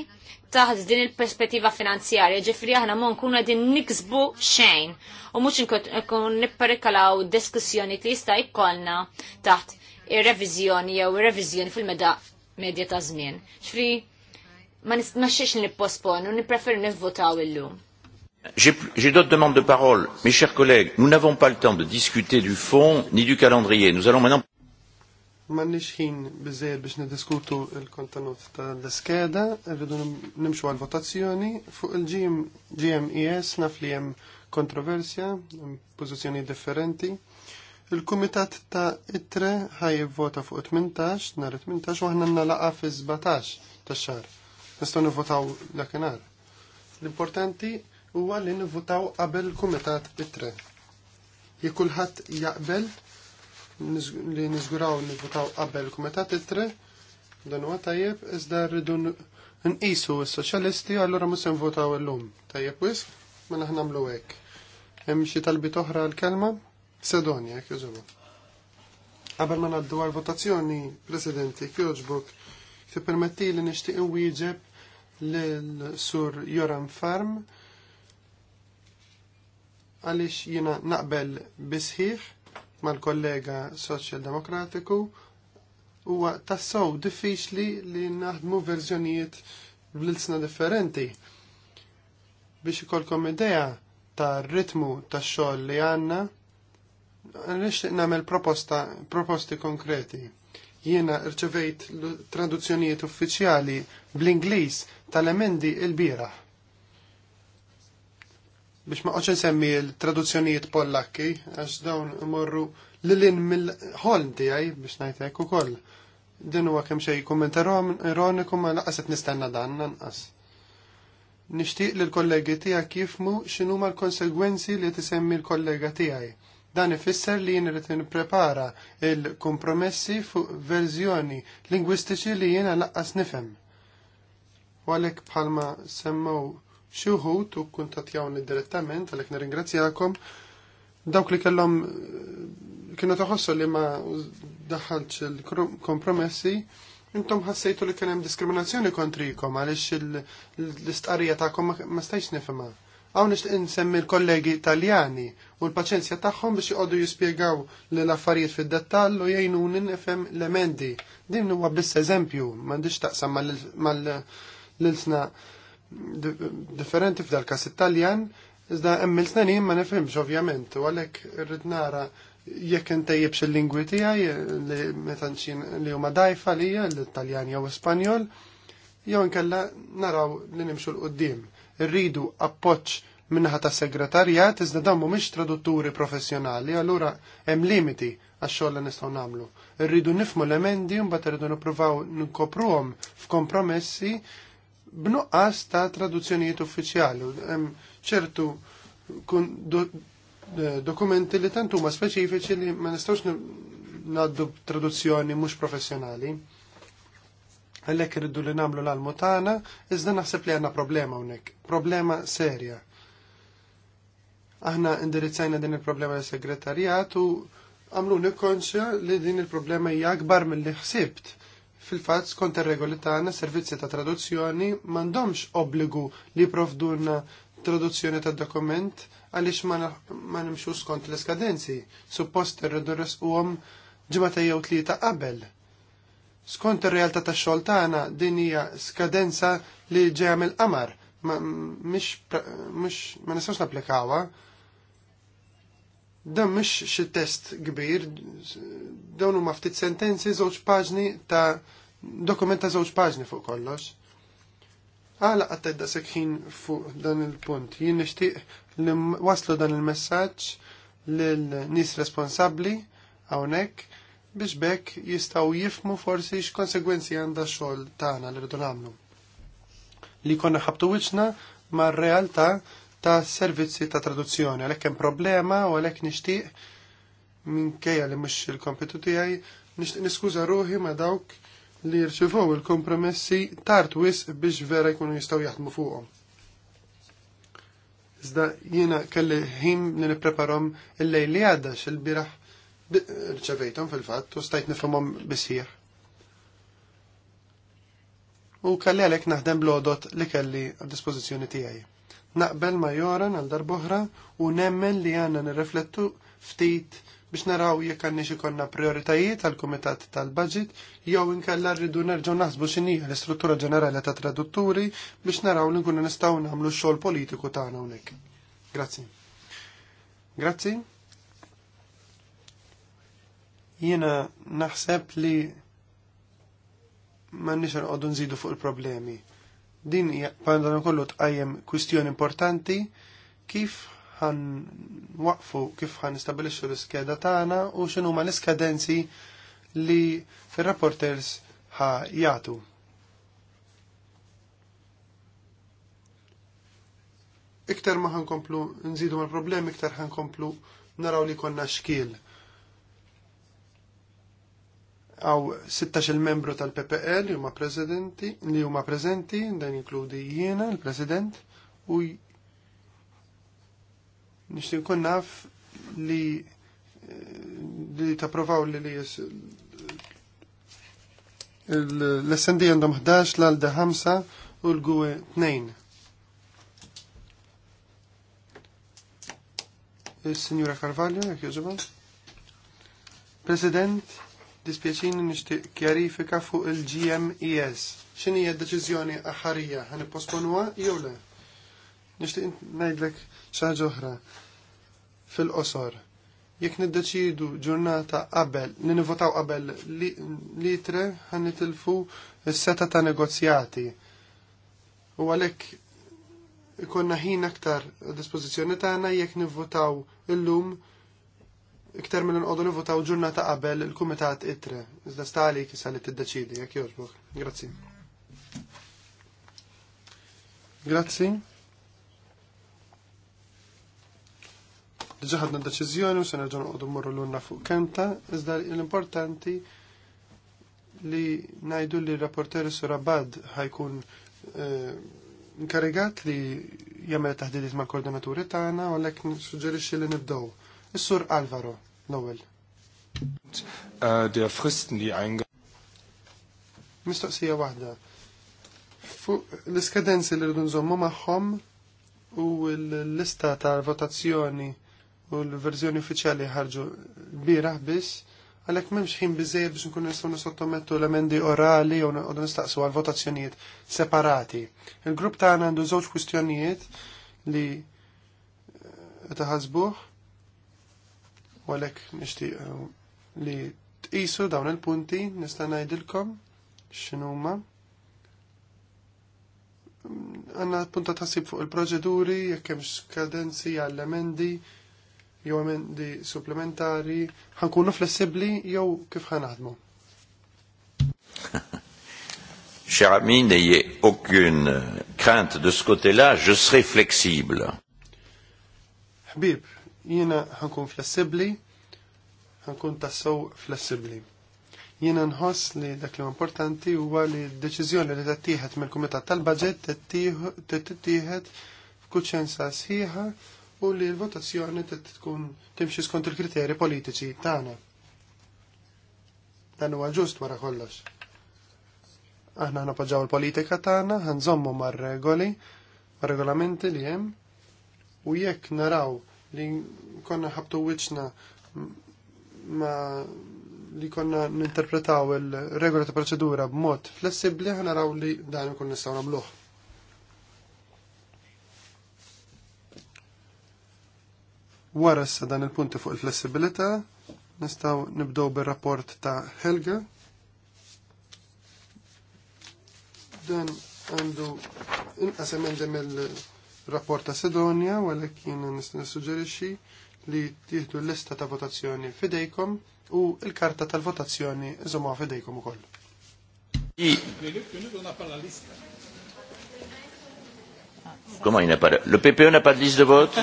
taħt din il-perspettiva finanzjarja, ġifri aħna mon kuna din niksbu xejn u mux nkun nipparikalaw diskussjoni li jista' jkollna taħt ir-reviżjoni jew ir-reviżjoni fil-meda medja ta' żmien. Ġifri ma nixxiex nipposponu, nipreferi nivvotaw illum. J'ai d'autres demandes de parole. Mes chers collègues, nous n'avons pas le temps de discuter du fond ni du calendrier. Nous allons maintenant m'għandniex ħin biżejjed biex niddiskutu l-kontenut tal-iskeda, rridu nimxu għal-votazzjoni fuq il-GMES naf li hemm kontroversja, pożizzjoni differenti. Il-Kumitat ta' Itre ħaj vota fuq 18, nhar 18 u aħna nalaqa fi 17 tax-xahar. Nistgħu nivvotaw dakinhar. L-importanti huwa li nivvotaw qabel kumitat Itre. Jekulħat kulħadd jaqbel li niżguraw nivutaw qabel kumeta titre, dan huwa tajjeb iżda rridu nqisu s-soċjalisti allura mhux se nvotaw illum. Tajjeb wisq ma mela aħna nagħmlu hekk. Hemm xi talbit oħra l-kelma? Sedonja jekk jużuha. Qabel ma ngħaddu għal votazzjoni Presidenti, ti permetti li nixtieq wieġeb lil-sur Joran Farm għaliex jiena naqbel bisħiħ mal-kollega Soċjal-Demokratiku huwa tassaw diffiċli li naħdmu verżjonijiet bl-ilsna differenti biex ikolkom idea ta' ritmu ta' xogħol li għandna nixtieq nagħmel proposta proposti konkreti. Jiena rċevejt traduzzjonijiet uffiċjali bl-Ingliż tal-emendi il-bieraħ biex ma qoċ semmi l-traduzzjonijiet pollakki, għax dawn morru l-lin mill ħoln tiegħi biex ngħidlek ukoll. Din huwa kemm xejn kumment ironiku ma laqas qed nistenna dan nanqas. Nixtieq li l-kollegi tiegħek jifmu x'inhuma l-konsegwenzi li tisemmi l-kollega tiegħi. Dan ifisser li jien irid nipprepara il-kompromessi fuq verżjoni lingwistiċi li jiena laqqas nifhem. U għalhekk bħalma semmew Xi wħud u kuntatjawni direttament għalhekk ingrazzjakom dawk li kellhom eh, kienu taħossu li ma daħħalx il-kompromessi intom ħassejtu li kien hemm diskriminazzjoni kontrikom għaliex l istqarija tagħkom ma stajx nifema. Għaw nix insemmi l-kollegi Italjani u l-paċenzja tagħhom biex jgħoddu jispjegaw li l-affarijiet fid-dettall u jgħinuni nifhem l-emendi. Din huwa biss eżempju m'għandix taqsam mal-lilsna differenti f'dal kas Italjan, iżda hemm il-snenin ma nifhimx ovvjament, u għalhekk irrid nara jekk intejjibx il-lingwi tiegħi li meta li huma dajfa li l-Italjan jew Spanjol, jew inkella naraw li nimxu l qudiem Irridu appoġġ minnaħa ta' segretarjat iżda dawn mhumiex tradutturi professjonali, allura hemm limiti għax-xogħol li nistgħu nagħmlu. Irridu nifmu l-emendi mbagħad irridu nippruvaw nkopruhom f'kompromessi b'nuqqas ta' traduzzjonijiet uffiċjali. Hemm ċertu dokumenti li tantu ma speċifiċi li ma nistgħux ngħaddu traduzzjoni mhux professjonali. Għalhekk irridu li nagħmlu l-almu tagħna, iżda naħseb li għandna problema hawnhekk, problema serja. Aħna indirizzajna din il-problema l-segretarjat u għamluni konxja li din il-problema hija akbar mill-li ħsibt fil-fatt skont ir-regoli tagħna servizzi ta' traduzzjoni m'għandhomx obbligu li jipprovduna traduzzjoni tad dokument għaliex ma nimxu skont l-iskadenzi, suppost irridu resquhom ġimgħa jew tlieta qabel. Skont ir-realtà tax-xogħol tagħna din hija skadenza li ġejja mill-qamar, mhux ma nistgħux napplikawha Dan mhux xi test kbir, dawn huma ftit sentenzi żewġ paġni ta' dokument ta' żewġ paġni fuq kollox. Għala għattaj da sekħin fuq dan il-punt. Jien nishtiq li waslu dan il-messagġ l-nis responsabli għawnek biex bekk jistaw jifmu forsi x-konsegwenzi għanda xol tana li rridu namlu. Li konna ħabtu wiċna ma' realtà ta' servizzi ta' traduzzjoni. Għalhekk hemm problema u għalhekk nixtieq minkejja li mhux il-kompetu tiegħi nixtieq niskuża ruħi ma' dawk li jirċivow il-kompromessi tard wis biex vera jkunu jistgħu jaħdmu fuqhom. Iżda jiena kelli ħin li nippreparhom il-lejl li għadda xil-biraħ rċevejthom fil-fatt u stajt nifhimhom bisħieħ. U kalli għalhekk naħdem blodot li kelli għad-dispożizzjoni tiegħi. Naqbel ma joran għal darboħra u nemmen li għanna nirreflettu ftit biex naraw jekk għandna ikonna prioritajiet għal kumitat tal-budget jew inkella rridu nerġgħu naħsbu x'inhi l-istruttura ġenerali ta' tradutturi biex naraw li nkunu nistgħu nagħmlu x-xogħol politiku tagħna hawnhekk. Grazzi. Grazzi. Jiena naħseb li m'għandniex nqogħdu nżidu fuq il-problemi Din dan kollu tqajjem kwistjoni importanti kif ħan waqfu kif ħan nistabilixxu l-iskeda tagħna u x'inhu ma l-iskadenzi li fir-rapporters ħa jagħtu. Iktar ma ħankomplu nżidu mal-problemi, iktar ħankomplu naraw li konna xkiel għaw 16 membru tal ppl li huma prezidenti, li huma prezenti, dan jinkludi jiena, il-president, u nishtin kun naf li eh, li ta' provaw li li jes l essendi għandhom 11, l-Alda 5 u l-Gwe 2. Il-Signora eh, Carvalho, jek jużuba? President, dispjaċini nixtieq kjarifika fuq il-GMES. X'inhi hija d-deċiżjoni aħħarija? Għan nipposponuha jew le? Nixtieq ngħidlek xi oħra fil-qosor. Jekk niddeċidu ġurnata qabel, li nivotaw qabel litre ħan nitilfu s-seta ta' negozjati. U għalhekk ikonna ħin aktar dispożizzjoni tagħna jekk nivvotaw illum lum iktar minn nqodu nivutaw ġurnata qabel il-Kumitat Itre. Iżda stali kisa li tiddeċidi, jekk jogħġbok. Grazzi. Grazzi. Diġa ħadna deċiżjoni u se nerġa' morru l-unna fuq kenta, iżda l-importanti li najdu li rapporteri Surabad ħajkun eh, nkarigat li jagħmel taħdidiet ma' koordinaturi tagħna u għalhekk nissuġġerixxi li nibdew. Is-Sur Alvaro l-ewwel. Äh, der fristen die einge. Mistoqsija waħda. Fuq l-iskadenzi li rridu nżommu magħhom u l-lista tal-votazzjoni u l-verżjoni uffiċjali ħarġu bieraħ biss għalek memx ħin bizzejr biex nkun nistaw nisottomettu l-emendi orali u nistaqsu għal votazzjonijiet separati. Il-grupp tagħna għandu żewġ kwistjonijiet li taħasbuh u għalek nixtieq eh, li tqisu dawn il-punti nista' ngħidilkom x'inhuma. Għanna punta tasib fuq il-proċeduri, jekk hemm skadenzi għall-emendi, jew emendi supplementari, ħankunu flessibbli jew kif ħanaħdmu. Cher ami, n'ayez aucune crainte de ce côté-là, je serai flexible. Habib, Jiena ħankun flessibli, ħankun tassow flessibli. Jiena nħoss li dak li importanti huwa li d-deċiżjoni li tittieħed mill-Kumitat tal-Baġġett tittieħed f'kuċenza sħiħa u li l-votazzjoni tkun timxi skont il-kriterji politiċi tagħna. Dan huwa ġust wara kollox. Aħna napoġġaw il-politika tagħna, ħanżommu mar-regoli, mar-regolamenti li hemm u jekk naraw li konna ħabtu wiċna ma li konna ninterpretaw il-regola ta' procedura b'mod flessibli ħana raw li dan kun nistaw nagħmluh. Wara issa dan il-punti fuq il-flessibilità nistgħu nibdew bir-rapport ta' Helga. Dan għandu inqasem emendem il- rapport ta' Sedonja, u għalek jien nissuġġerixxi li tiħdu l-lista ta' votazzjoni fidejkom u l-karta tal-votazzjoni iżomma fidejkom u koll. E il n'a pas de... Le PPE n'a pas de liste de vote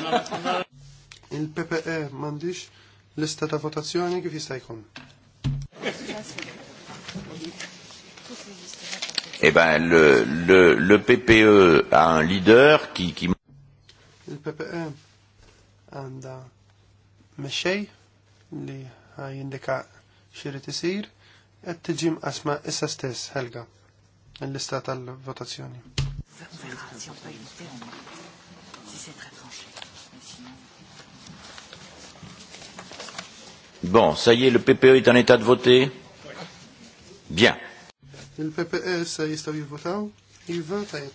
Il PPE mandish lista ta' votazzjoni kif jista' jkun. Eh ben, le, le, le PPE a un leader qui, qui Il-PPE għanda mexxej li għajindika xirrit isir qed tiġi mqasma issa stess Helga l-lista tal-votazzjoni. Bon, sa jie est, le PPE est en état de voter Bien. Il PPE, ça y est, ça y est, votaw. Il va, ça y est,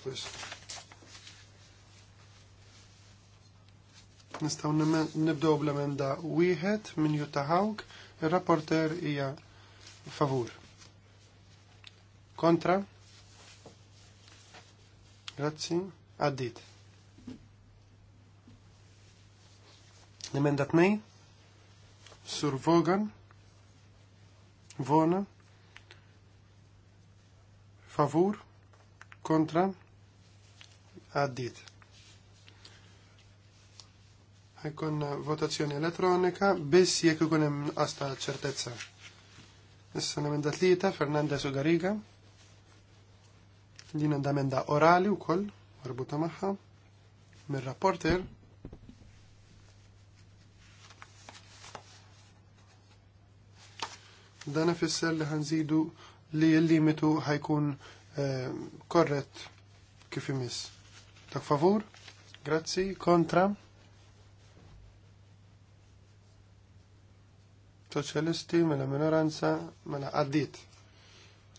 nistaw nibdow bl-emenda wieħed minn Jutta Hawk, il-rapporter hija favur. Kontra? Grazzi, għaddit. L-emenda 2, Sur Vogan, Vona, favur, kontra, għaddit ħajkun votazzjoni elettronika biss jekk ikun hemm nuqqas ċertezza. Issa l-emenda tlieta Fernandez u Gariga. Din emenda orali wkoll marbuta magħha mir-rapporter dan ifisser li ħanżidu li l-limitu ħajkun eh, korret kif imiss. Tak favur? Grazzi, kontra? soċjalisti mela minoranza mela għaddit.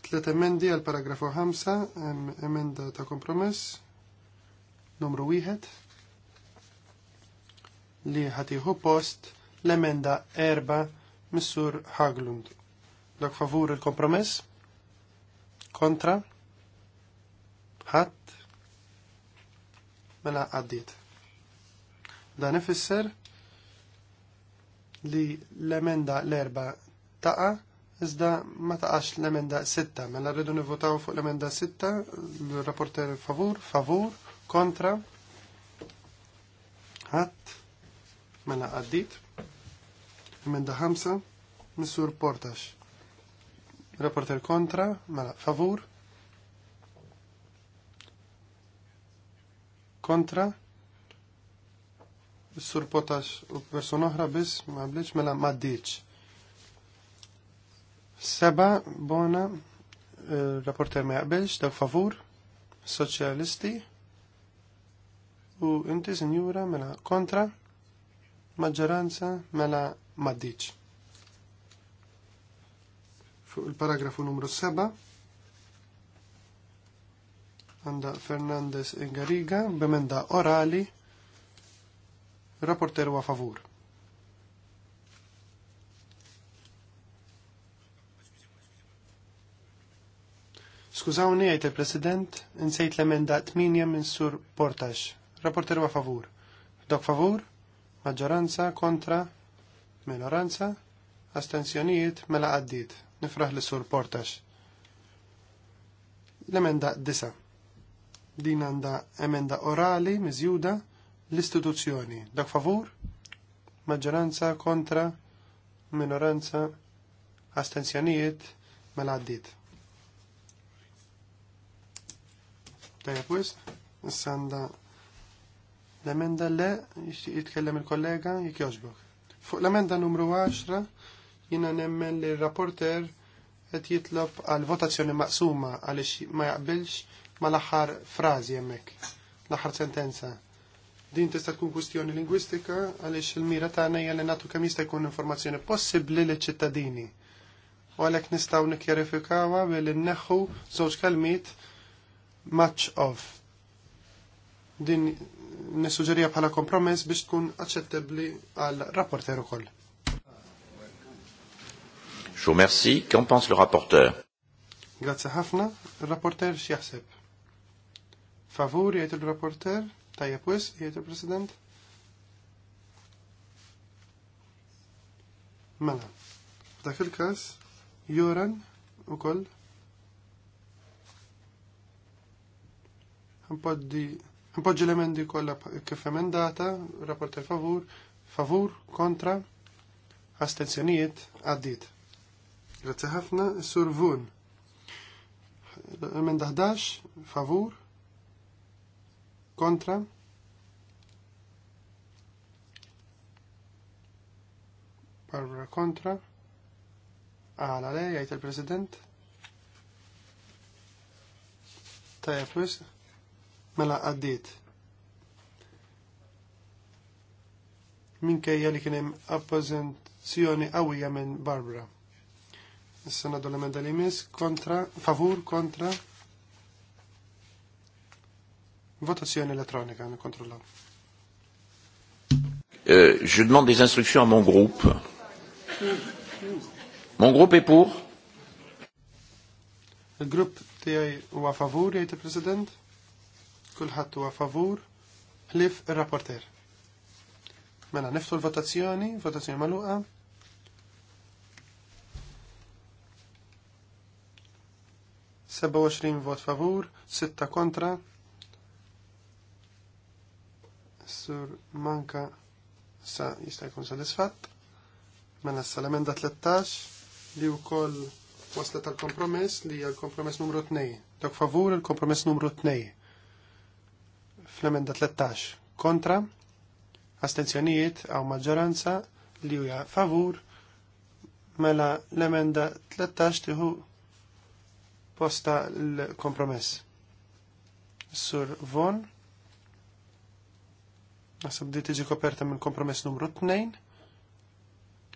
Tlet emendi għal paragrafu 5, emenda ta' kompromess, numru 1, li ħatiħu post l-emenda 4 Missur Haglund. Dak favur il-kompromess? Kontra? Ħadd? Mela għaddit. Dan ifisser li l-emenda l-erba taqa, iżda ma taqax l-emenda sitta, mela rridu nivvotaw fuq l-emenda sitta, l-rapporter favur, favur, kontra, ħadd, mela għaddit, emenda ħamsa, missur portax, rapporter kontra, mela favur, kontra, Sur Potax u persona oħra biss ma bliċ mela ma ddiċ. Seba bona eh, rapporter ma jaqbelx, dak favur soċjalisti u inti sinjura mela kontra maġġoranza mela ma ddiċ. Fuq il-paragrafu numru 7 għanda Fernandez Ingariga b'emenda orali Rapporter a favur. Skużawni għajt il-President, insejt l-emenda 8 minn sur Portax. Rapporter wa favur. Dok favur, maġġoranza, kontra, minoranza, Astenzjonijiet? mela għaddit. Nifraħ li sur Portax. L-emenda 9. Din għanda emenda orali, mizjuda, l-istituzzjoni. Dak favur, maġġoranza kontra, minoranza, astenzjonijiet, mela għaddit. Tajja pwis, s-sanda l-emenda le, jitkellem il-kollega, jik joġbok. Fuq l-emenda numru 10, jina nemmen li rapporter qed jitlob għal votazzjoni maqsuma għaliex ma jaqbilx ma l-aħħar frażi hemmhekk, l-aħħar sentenza Din tista' tkun kwistjoni lingwistika għaliex il-mira tagħna hija li nagħtu kemm jista' jkun informazzjoni possibbli liċ-ċittadini. U għalhekk nistgħu nikkjarifikawha billi nneħħu żewġ kalmiet match of. Din nissuġġerija bħala kompromess biex tkun aċċettabbli għal rapporter ukoll. Je merci. Qu'en pense le rapporteur Grazie ħafna. Il-rapporter x'jaħseb? Favur jgħid il-rapporter? Tajja pwis, jgħet president Mela, dak il-kas, Joran u koll. Għampoġġi l-emendi kolla kif emendata, rapporter favur, favur, kontra, astenzjonijiet, għaddit. Grazie ħafna, survun. Emenda 11, favur, Kontra? Barbara kontra. Għala le, jgħajt il-president. Tajja plus. Mela għaddit. Minkejja jali kienem appożizzjoni qawwija minn Barbara. Issa nadu l-emenda li kontra, favur, kontra, Votazzjoni elettronika nikkontrollaw. Euh, je demande des instructions à mon groupe. Mon groupe est pour Il-grupp tiegħi huwa à jgħid il-President. Kulħadd huwa favur. Ħlif ir-rapporter. Mela niftu l-votazzjoni, votazzjoni magħluqa. Seba' vot favur, sitta kontra, Sur manka sa jista' jkun sodisfatt. Mela s emenda 13 li wkoll waslet tal kompromess li hija l-kompromess numru 2. Dak favur il-kompromess numru 2. Fl-emenda 13. Kontra astenzjonijiet għaw maġġoranza li huja favur mela l-emenda 13 tieħu posta l-kompromess. Sur Von Nasib di tiġi koperta minn kompromess numru 2.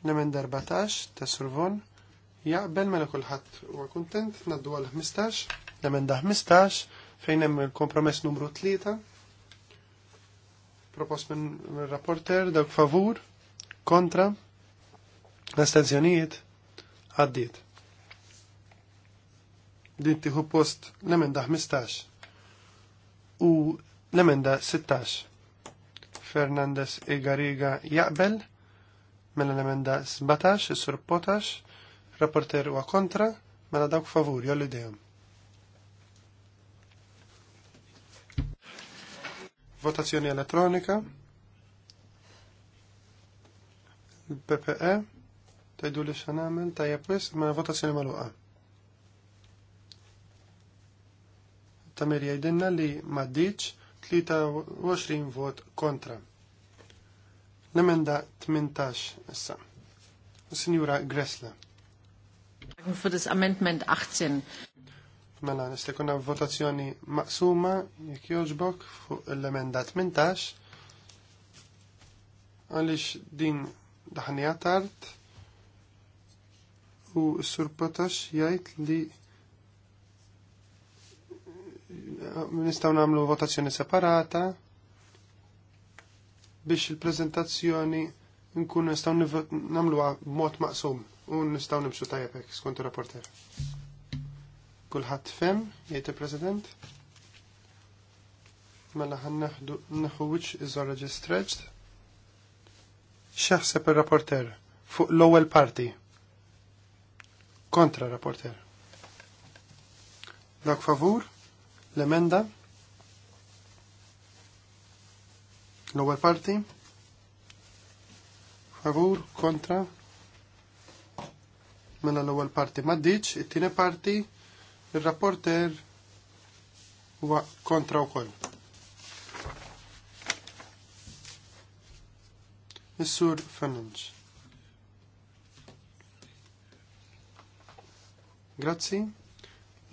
Nemenda 14 ta' Survon. Ja, bel mela kulħadd huwa kuntent naddu għal 15. da' 15 fejn hemm il-kompromess numru 3. Propost minn rapporter dawk favur, kontra, astenzjonijiet għaddiet. Din tiħu post l-emenda 15 u l-emenda 16. Fernandez Igariga jaqbel mela l-emenda 17, sur Potax, rapporter wa kontra, mela dawk favur jolli dejjem. Votazzjoni elettronika. Il-PPE tajdu li xanamel tajab wis ma mela votazzjoni maluqa. Tamir jgħidilna li ma 23 vot kontra. L-emenda 18 issa. Signora Gressle. Für das Amendment 18. Mela, nistekuna votazzjoni maqsuma, jek joġbok, fu l-emenda 18. Għalix din daħni għatart u s surpotax jajt li nistaw namlu votazzjoni separata biex il-prezentazzjoni nkun nistaw namlu mod maqsum u nistaw nimxu tajabek skont il-rapporter. Kulħadd fem, jgħid il-President. Mela ħan neħu which is already stretched. il-rapporter fuq l-ewwel parti. Kontra rapporter. Dak favur? L-emenda? L-ewwel parti? Favur, kontra? Mela l-ewwel parti m'għaddiċ, it-tieni parti ir-rapporter huwa kontra wkoll. Is-sur Fernandes. Grazzi.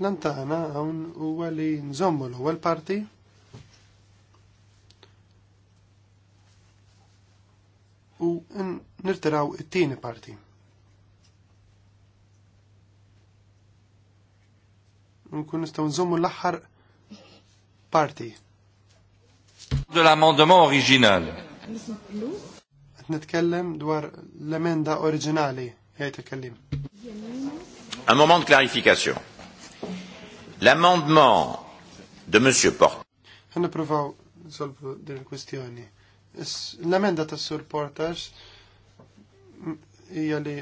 L-antana għawn u għalli nżommu l-ewwel parti u nirtiraw it tini parti. Nkun nistaw nżommu l-aħħar parti. De l-amendement original. Qed nitkellem dwar l-emenda originali, jgħid il-kellim. Un moment de clarification. L'amendement de Monsieur Porta. Għanna provaw nsolvu din il-kwistjoni. L-amenda ta' Sur Portax hija li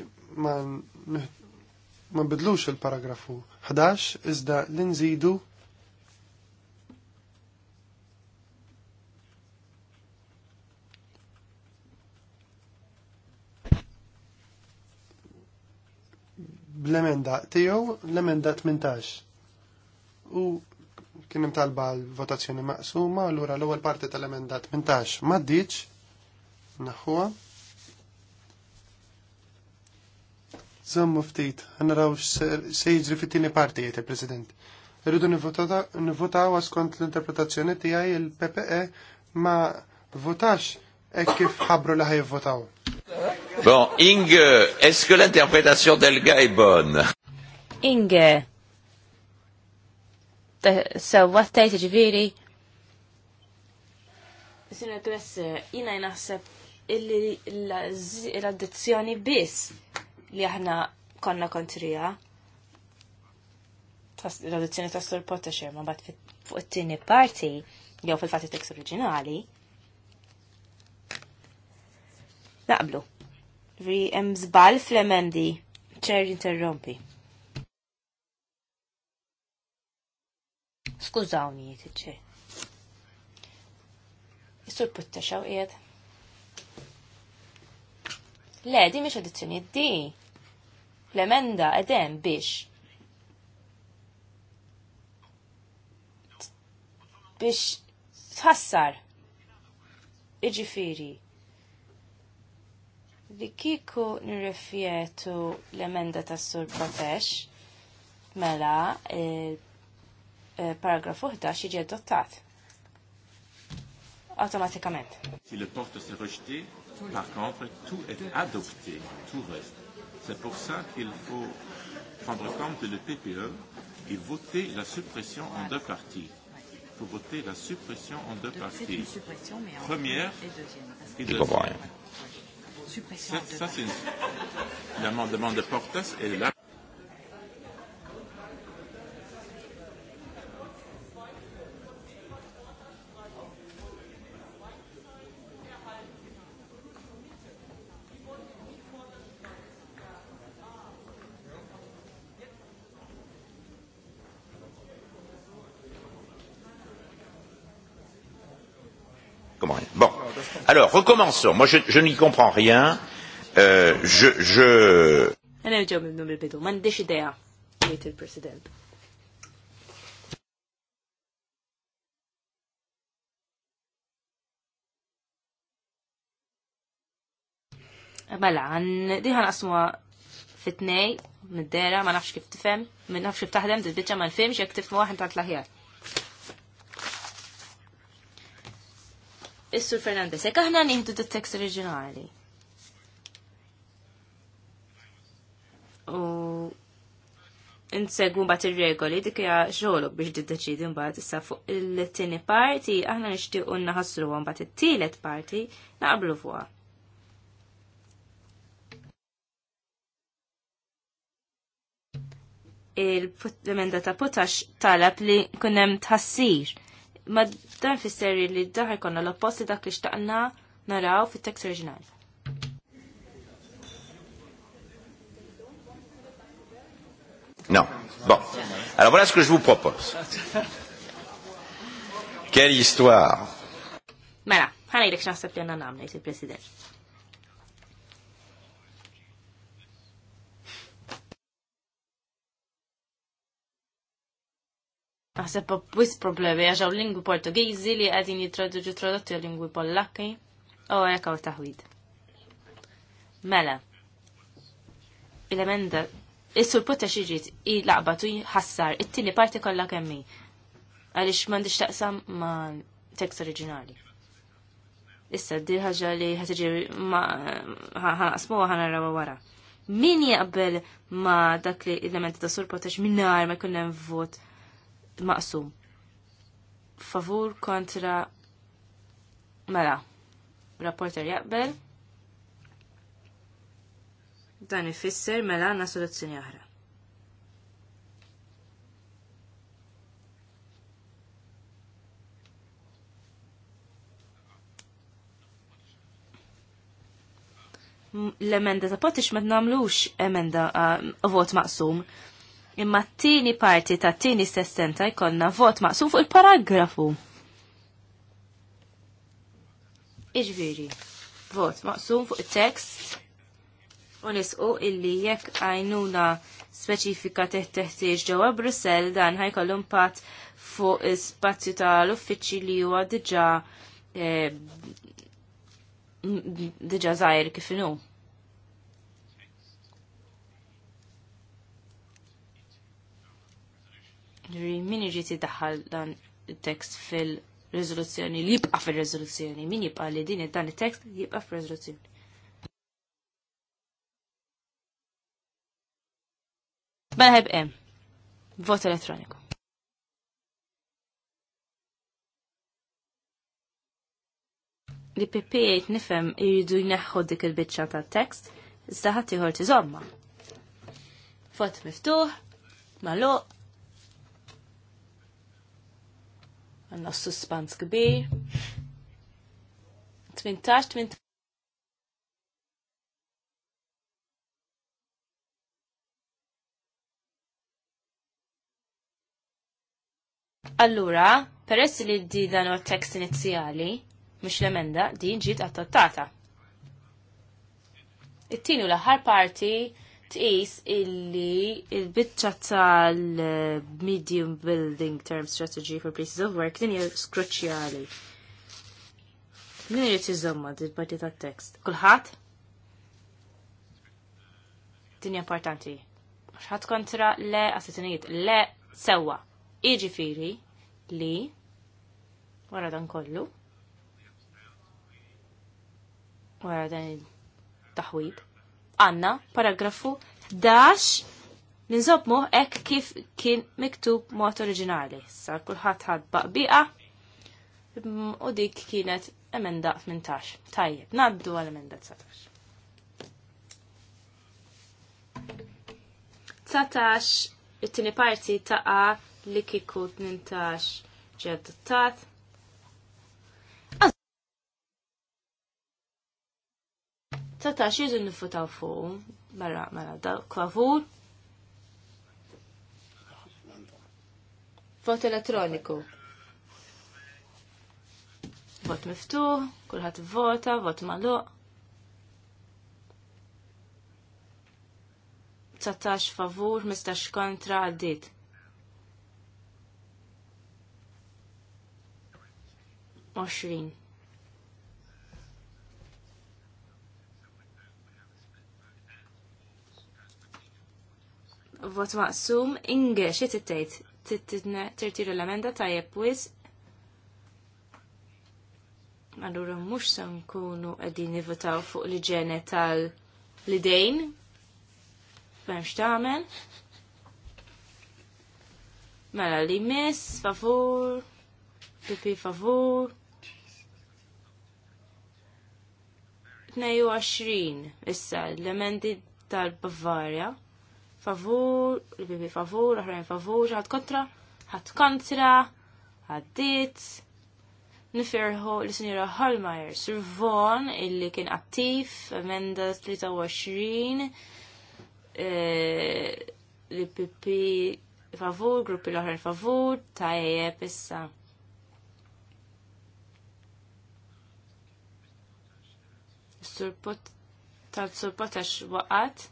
ma bidlux il-paragrafu 11 iżda l nżidu bl-emenda tiegħu l-emenda 18 u kien imtalba l-votazzjoni maqsuma allura l-ewwel parti tal-emenda 18 m'għaddiċ naħħuha. Żommu ftit, naraw se jiġri fit-tieni parti jgħid il-President. Irridu nivvotaw skont l-interpretazzjoni tiegħi il-PPE ma votax hekk kif ħabru li ħajvvotaw. Bon, Inge, est-ce que l'interprétation d'Elga est bonne? Inge, So sewwa tgħid ġifieri. Sina Gress, jiena naħseb illi l-addizzjoni biss li aħna konna kontrija. L-addizzjoni ta' Sur Potasher ma bat fuq it-tieni parti jew fil-fatti tekst oriġinali. Naqblu. Vi jem zbal fl-emendi ċer jinterrompi. Skużawni jitiċi. Jisur putta xaw qiegħed. Le, di mhix addizzjoni di. L-emenda edem biex biex tħassar. Iġifiri. Li kiku nirrifjetu l-emenda ta' sur Profesh, mela, paragrafu 11 jiġi adottat. Automatikament. Si le porte se rejeté, par contre, tout est adopté, tout reste. C'est pour ça qu'il faut prendre compte le PPE et voter la suppression en deux parties. Il faut voter la suppression en deux parties. Première et deuxième. Et deuxième. Ça, ça c'est une... l'amendement de Portas et là. Alors, recommençons. Moi, je, je n'y comprends rien. Euh, je... je... Mela, diħan asmuwa fitnej, mid ma nafx kif tifem, ma nafx kif taħdem, t-bidġa ma nfimx, jek tifmu Is-Sur Fernandez, jekk aħna nieħdu dit-tekst oriġinali. U nsegwu mbagħad ir-regoli dik hija xogħolok biex tiddeċidi mbagħad issa fuq il-tieni parti aħna nixtiequ naħassruha mbagħad it-tielet parti naqblu fuqha. il-emenda ta' putax talab li kunem tħassir Ma dan fisseri li daħi konna l-opposti dak li xtaqna naraw fit-tekst oriġinali. Non. Bon. Alors voilà ce que je vous propose. Quelle histoire. Mela, ħana jidek xnaħseb jenna namlejt il-President. naħseb wis problemi għaxaw lingwi Portugiżi li qegħdin jitraduġu tradotti għal lingwi Pollakki u jekaw taħwid. Mela, il-emenda, is-sur putta xieġit il-laqbatu jħassar it-tieni parti kollha kemmi għaliex m'għandix taqsam ma' tekst oriġinali. Issa, d ħaġa li ħatiġi ħanqasmuha ħanarawa wara. Min jaqbel ma' dak li l-elementi ta' surpotax minnar ma' jkun hemm vot maqsum. Favur kontra mela. Rapporter jaqbel. Dan ifisser mela na soluzzjoni oħra. l-emenda ta' potix ma namlux emenda ah, vot maqsum Imma t-tini parti ta' t-tini sessenta jkollna vot maqsum fuq il-paragrafu. Iġviri, vot maqsum fuq il-tekst u nisqu illi jekk għajnuna speċifika teħtieġ ġewwa Brussell dan ħajkollu impatt fuq ispazju tal-uffiċċji li huwa diġà eh, diġà żgħir kif inhu. min irrid daħal dan il-tekst fil-rezoluzzjoni li jibqa fil-rezoluzzjoni, min jibqa li din dan il-tekst jibqa fil-rezoluzzjoni. Mela em, vot elettroniku. Li PP jgħid nifhem iridu jneħħu dik il-biċċa tat-tekst, iżda ħadd ieħor tiżomma. Vot miftuħ, maluq, Għanna suspans kbir. 18, 20 Allura, peress li di dan u tekst inizjali, mux l-emenda, din ġit attattata. It-tini l-ħar parti tqis illi il-biċċa tal-medium building term strategy for places of work din hija skruċjali. Min irid iżomma din parti tat-text? Kulħadd? Din hija importanti. Ħadd kontra le assetinijiet le sewwa. Jiġifieri li wara dan kollu wara dan il taħwid għanna paragrafu 11 ninżobmu ek kif kien miktub mod oriġinali. Sa kulħadd ħad baqbiqa u dik kienet emenda 18. Tajjeb, naddu għal emenda 19. 19 it-tini parti taqa li kiku 18 ġed tat. Satax jidu nifutaw fuq, barra, mela, mela, da kwafur. Vot elettroniku. Vot miftuħ, kulħadd vota, vot magħluq. 19 favur, 15 kontra għaddit. Moxrin. vot maqsum inge xie tittejt tirtiru l-amenda tajjeb wis Allura mhux se nkunu qegħdin nivotaw fuq li ġene tal idejn f'hemmx tagħmel. Mela li miss, favur, pipi favur. 22 issa l-emendi tal-Bavarja favur, il-bibi favur, oħrajn favur, ħad kontra, ħad kontra, dit. Nifirħu l-Sinjora Hallmeyer, Survon, illi kien attiv, emenda 23, eh, l-PP favur, gruppi l-oħrajn favur, tajjeb pissa. Sur pot tal-sur potax waqat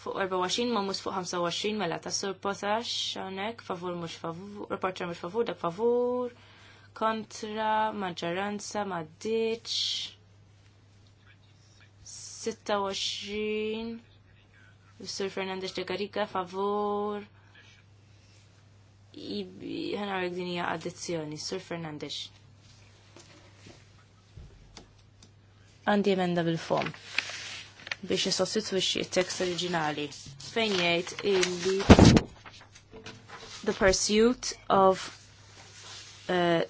fuq 24 ma mus fuq 25 mela ta' sur potax favur mhux favur, reporter mhux favur dak favur, kontra maġġoranza ma' diċ, 26 Sur Fernandez de Carica favur ħana għarek dinija addizzjoni, Sur Fernandez. Għandi emenda bil-fom biex jisostitwixi il tekst oriġinali fejn jgħid illi the pursuit of uh,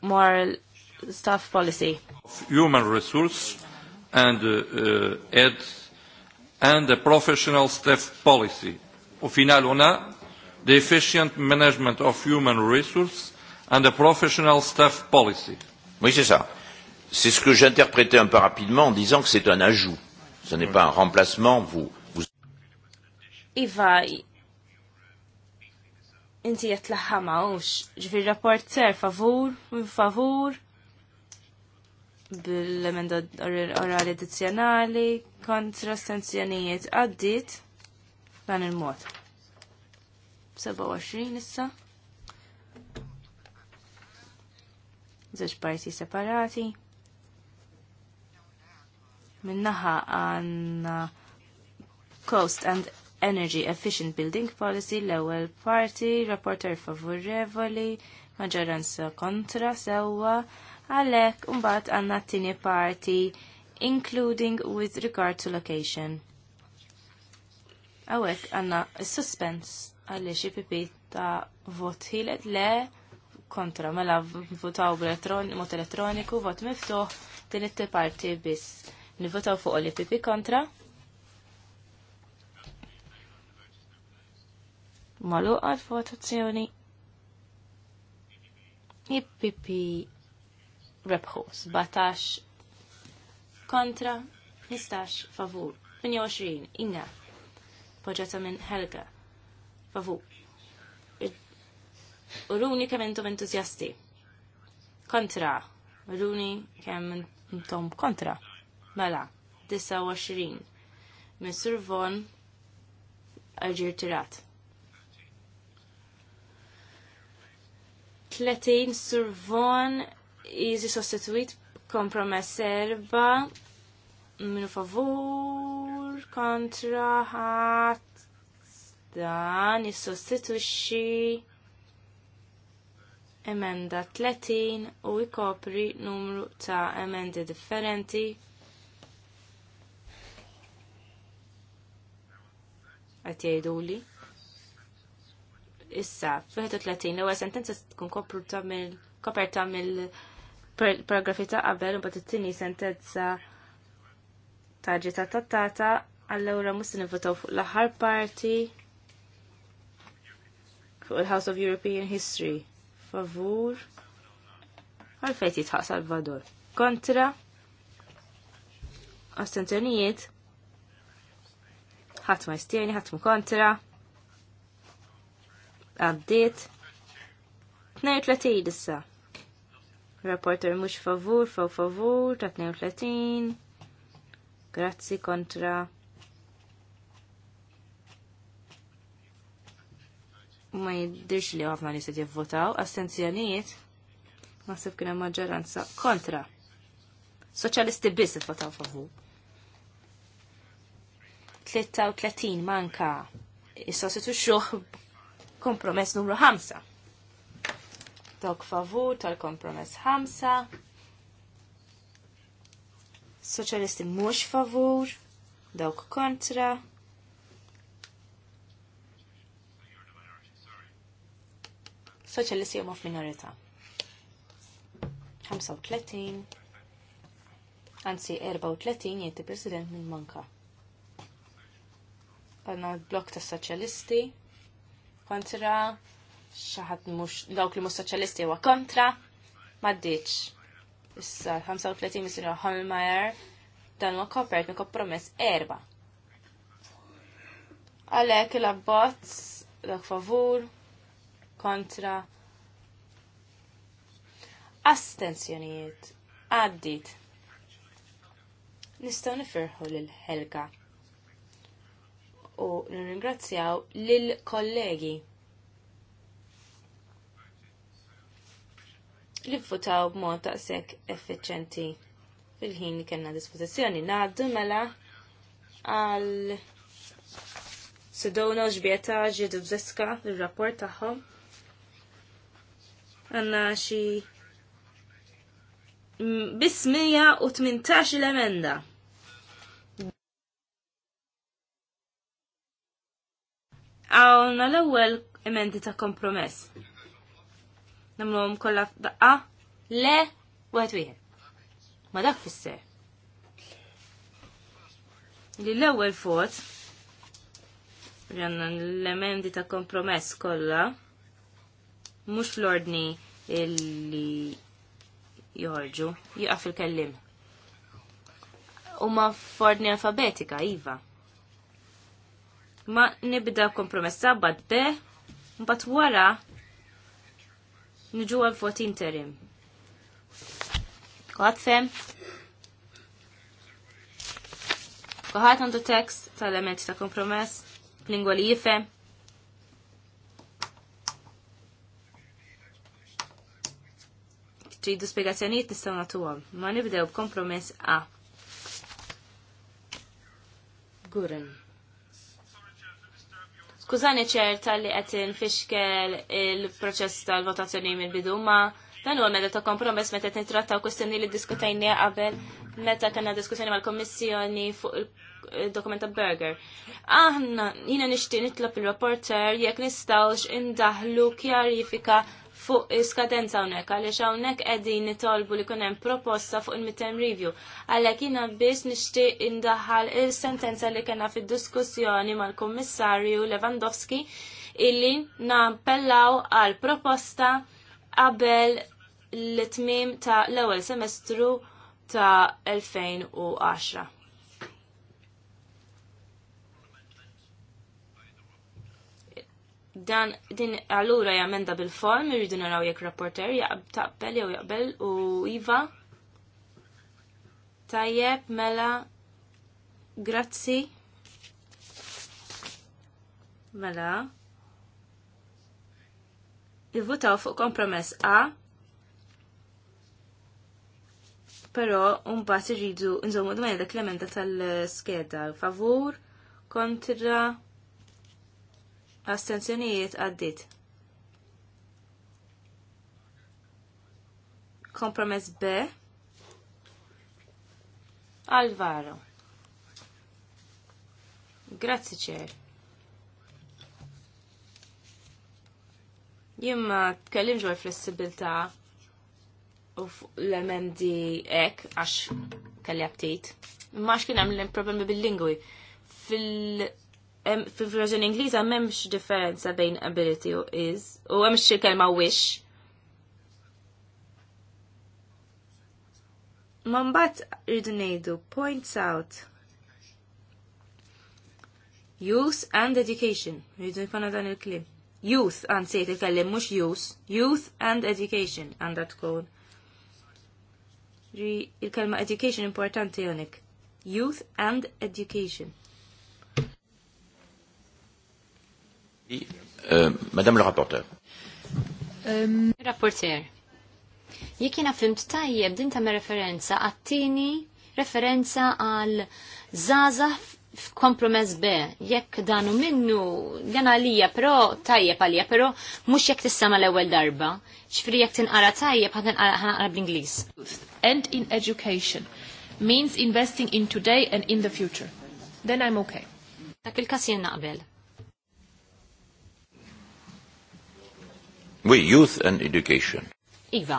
moral staff policy of human resource and uh, uh, ed and the professional staff policy. U final, una, the efficient management of human resource and the professional staff policy. Oui, c'est ça. C'est ce que j'interprétais un peu rapidement en disant que c'est un ajout. Ce n'est pas un remplacement, vous... vous... Iva, inti jett laħħama ux, rapport rapporter, favur, favur, bil-emenda orali addizjonali, kontra stanzjonijiet għaddit, dan il-mod. 27 issa. Zewġ parti separati. Minnaħa għanna Coast and Energy Efficient Building Policy l-ewwel parti, rapporter favorevoli, maġġoranza kontra sewwa, għalhekk imbagħad għandna t-tieni parti including with regard to location. Għawek għanna suspens għalli xipp ta' vot ħilet le kontra mela votaw b'mod elettroniku, vot miftuħ din it-parti biss. Nivotaw fuq li pipi kontra. Malu għad votazzjoni IPP rebħu 17 kontra 15 favur 28 inga poġetta minn Helga favur Uruni kemm intom entuzjasti kontra Uruni kemm intom kontra Mela, 29. Mr. Von għagġir tirat. 30 survon Von jizi sostituit kompromess erba minu favur kontra ħat dan jissostituxxi emenda 30 u jkopri numru ta' emendi differenti għat jgħiduli. Issa, f-31 l-ewwel sentenza tkun kopruta mill koperta mill paragrafi ta' qabel u bat it-tieni sentenza ta' ġita ta' allura mhux se nivvotaw fuq l-aħħar parti fuq il-House of European History. Favur. Għalfejn jitħaq Salvador. Kontra. Astenzjonijiet ħat ma jstieni, ħat ma kontra. Għaddit. 32 issa. Rapporter mhux favur, faw favur ta' 32. Grazzi kontra. Ma jiddirx li ħafna nies qed jivvotaw, astenzjonijiet naħseb kien hemm maġġoranza kontra. Soċjalisti biss ivvotaw favur. 33 manka il sostitu xuħ kompromess numru 5. Tok favur tal-kompromess 5. Soċjalisti mhux favur, dawk kontra. Soċjalisti huma f'minorità. 35 anzi 34 jgħid il-President minn manka għanna blok ta' soċjalisti kontra xaħat mux dawk li mux soċjalisti huwa kontra maddiċ. Issa 35 misra Holmeyer dan huwa kopert minn kompromess erba. Għalhekk il-abbozz dak favur kontra astensjonijiet għaddit. Nistaw nifirħu l Helga u nirringrazzjaw lill-kollegi li votaw b'mod taqsek effiċenti fil-ħin li kellna dispożizzjoni naddu mela għal Sedona ġbieta bżeska l rapport tagħhom. Għanna xi u tmintax l-emenda. Għawna l-ewwel emendi ta' kompromess. Namluhom kollha f'daqqa le għet wieħed. Ma dak fisser. Li l-ewwel fot rjanna l-emendi ta' kompromess kollha mhux fl-ordni illi joħorġu, jaqaf il-kellim. U ma fordni alfabetika, Iva ma nibda kompromessa bad be, mbagħad wara nġu għal vot interim. Kuħat fem? Kuħat għandu tekst ta' elementi ta' kompromess, lingwa li jifem. ċidu spiegazzjoniet nistaw natu għam. Ma nibdew b'kompromess A. Guren. Kużani ċerta li qed infixkel il-proċess tal-votazzjoni mill-bidu ma dan huwa meta ta' kompromess meta qed nittrattaw kwestjoni li diskutajni qabel meta kellna diskussjoni mal-Kommissjoni fuq il-dokumenta Burger. Aħna jiena nixtieq nitlob il-rapporter jekk nistgħux indaħlu kjarifika fuq skadenza hawnhekk għaliex hawnhekk qegħdin nitolbu li kunem hemm proposta fuq il-midterm review. Għalhekk jiena biss nixtieq indaħal il-sentenza li kena fid-diskussjoni mal-Kummissarju Lewandowski illi nampellaw għal proposta qabel l-tmim ta' l-ewwel semestru ta' 2010. Dan din allura jamenda bil-form, irridu naraw jekk rapporter jaqbel jew jaqbel u Iva. Tajjeb, mela, grazzi. Mela. Ivvutaw fuq kompromess A. Però mbagħad irridu nżommu dwar dak emenda tal-skeda. Favur, kontra, astenzjonijiet għaddit. Kompromess B. Alvaro. Grazzi ċer. Jimma tkellim ġo flessibilta u l-emendi ek, għax kelli aptit. Max kien għamil problemi bil-lingwi. Fil- fil-verżjoni Ingliża m'hemmx differenza bejn ability u is u hemm xi kelma wish. Ma mbagħad rridu ngħidu points out. Youth and education. Rridu jkollna dan il klim Youth għand se jitkellem mhux youth. Youth and education għandha tkun. Il-kelma education importanti għonek. Youth and education. Euh, madame le rapporteur. Euh, rapporteur. Jek jina fimt tajjeb din ta' referenza għattini referenza għal zaza kompromess B. Jekk danu minnu dan għalija, pero tajjeb għalija, pero mux jekk tissama l-ewel darba. ċfri jekk tinqara tajjeb ħanqara bl-Inglis. And in education means investing in today and in the future. Then I'm okay. Dak il-kas jen naqbel. We, youth and education. Iva,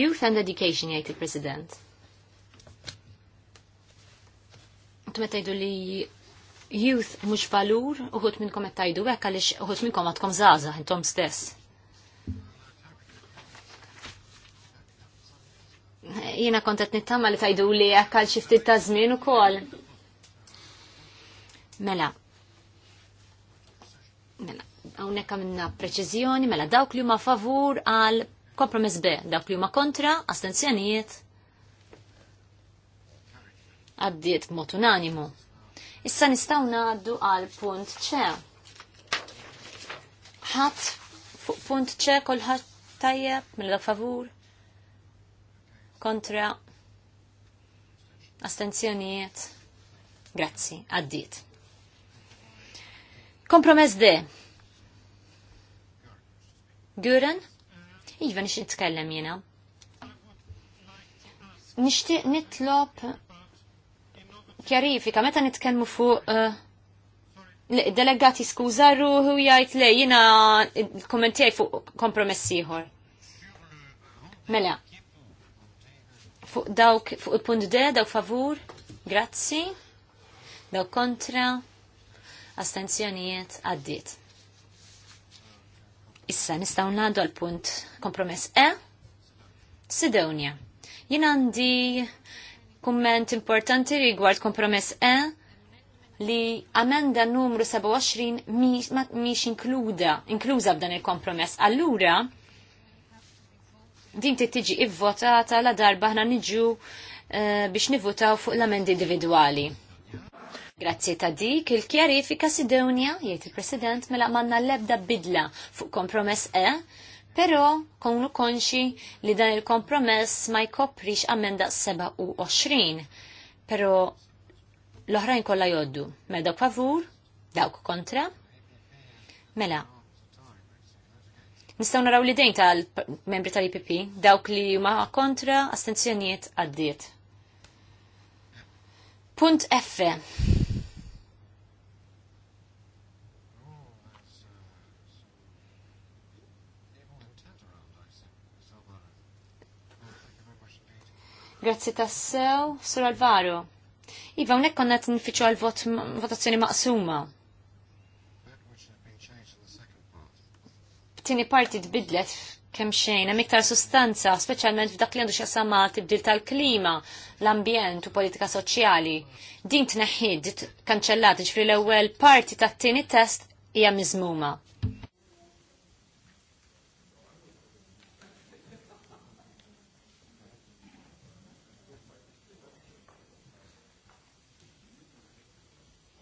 youth and education jajt il-President. Tmet li youth mux valur, uħut minnkom qed għek għalix għaliex uħut minnkom għadkom żgħażagħ intom stess. Jena kontet nittama li tajdu li għek għal xi ftit ta' u kol. Mela. Mela hawnhekk għamilna preċiżjoni mela dawk li huma favur għal kompromess B, dawk li huma kontra, astenzjonijiet. Għaddiet b'mod unanimu. Issa nistgħu ngħaddu għal punt C. Ħadd fuq punt C kulħadd tajjeb mela dawk favur. Kontra. Astenzjonijiet. Grazzi, għaddiet. Kompromess D. Guren? Iva nix nitkellem jena. Nishtiq nitlob kjarifika, meta nitkellmu fuq eh, delegati skużarru ruħu jajt le jiena kommentijaj fuq kompromessiħor. ieħor. Mela, fuq dawk fuq punt de, dawk favur, grazzi, dawk kontra, astenzjonijiet għaddiet. Issa nistaw nagħdu għal punt kompromess E. Sidonia. Jien għandi komment importanti rigward kompromess E li amenda numru 27 miex inkluda, inkluża b'dan il-kompromess. Allura, din tiġi ivvotata la darba ħna niġu eh, biex nivutaw fuq l-amendi individuali. Grazzi ta' dik il-kjarifika Sidonia, jgħid il-President, mela manna l-ebda bidla fuq kompromess E, pero konlu konxi li dan il-kompromess ma jkoprix amenda 27. Pero l-oħrajn kollha joddu, mela dawk favur, dawk kontra. Mela, Nistaw naraw li dejn tal-membri tal-IPP, dawk li huma kontra astenzjonijiet għaddiet. Punt F. Grazzi tassew, Sur Alvaro. Iva, unek konna t-nifiċu għal-votazzjoni maqsuma. B'tini parti tbidlet kem xejn, hemm iktar sustanza, speċjalment f'dak li għandu x'jasama tibdil tal-klima, l-ambjent u politika soċjali. Din tneħħid kanċellat ġifri l-ewwel parti tat-tieni test hija miżmuma.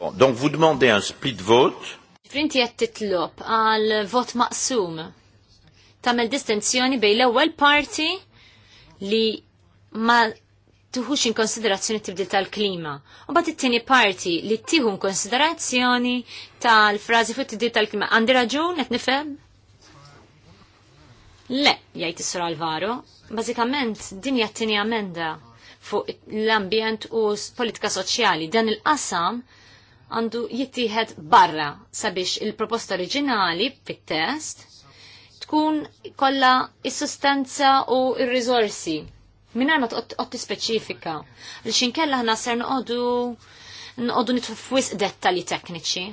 Bon, donc vous demandez un split vote. Frinti qed titlob għal vot maqsum. tagħmel distinzjoni bejn l-ewwel parti li ma tuħux in konsiderazzjoni tibdil tal-klima. U bat it-tieni parti li tieħu konsiderazzjoni tal-frażi fuq tibdil tal-klima. Għandi raġun qed nifhem? Le, jgħid is-sur Alvaro, bażikament din hija t-tieni amenda fuq l-ambjent u politika soċjali. Dan il-qasam għandu jittieħed barra sabiex il-proposta oriġinali fit-test tkun kollha is-sustanza u r-riżorsi Minna ma t li speċifika. L-xinkella ħna ser noqogħdu nqodu nitfu dettali tekniċi.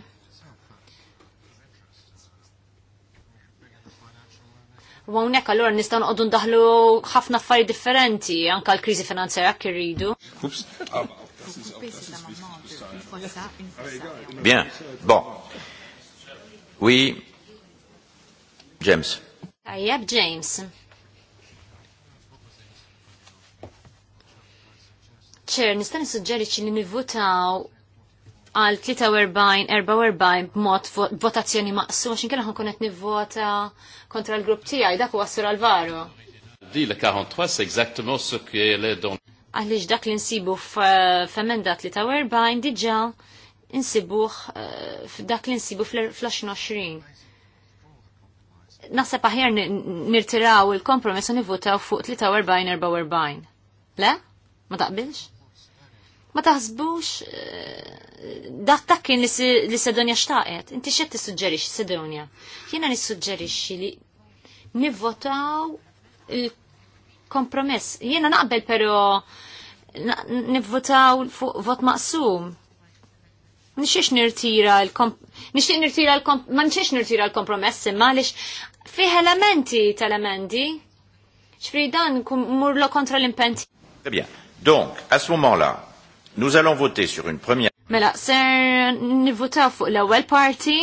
U hawnhekk allura nistgħu nqodu ndaħlu ħafna affarijiet differenti, anke l-krizi finanzjarja kirridu. Eh, Bien. Bon. Oui. James. Tajjeb James. ċer, nistan suġġerixi li nivvutaw għal 43-44 b'mod votazzjoni maqsu, għaxin kena ħankun qed nivvota kontra l-grupp tijaj, dak u għassur għal-varu. Dile 43 c'est exactement ce que les don għaliex dak li nsibu bajn diġa diġà insibuh eh, dak li nsibu fl-20. Naħseb aħjar nirtiraw il-kompromess u nivvotaw fuq 43-44. Le? Ma taqbilx? ma taħsbux eh, dak dak kien li Sedonja xtaqet. Inti xed tissuġġerix Sedonja? Jiena nissuġġerixxi li nivvotaw il-kompromess. Jiena naqbel però nivvotaw fuq vot maqsum. Nixiex nirtira l-kompromess, nirtira ma nixiex nirtira l-kompromess imma għaliex fih elementi tal-emendi. Ġifri dan murlo kontra l-impenti. Très bien. Donc, à ce moment-là, nous allons voter sur une première... Mela, ser nivvotaw fuq l-ewwel parti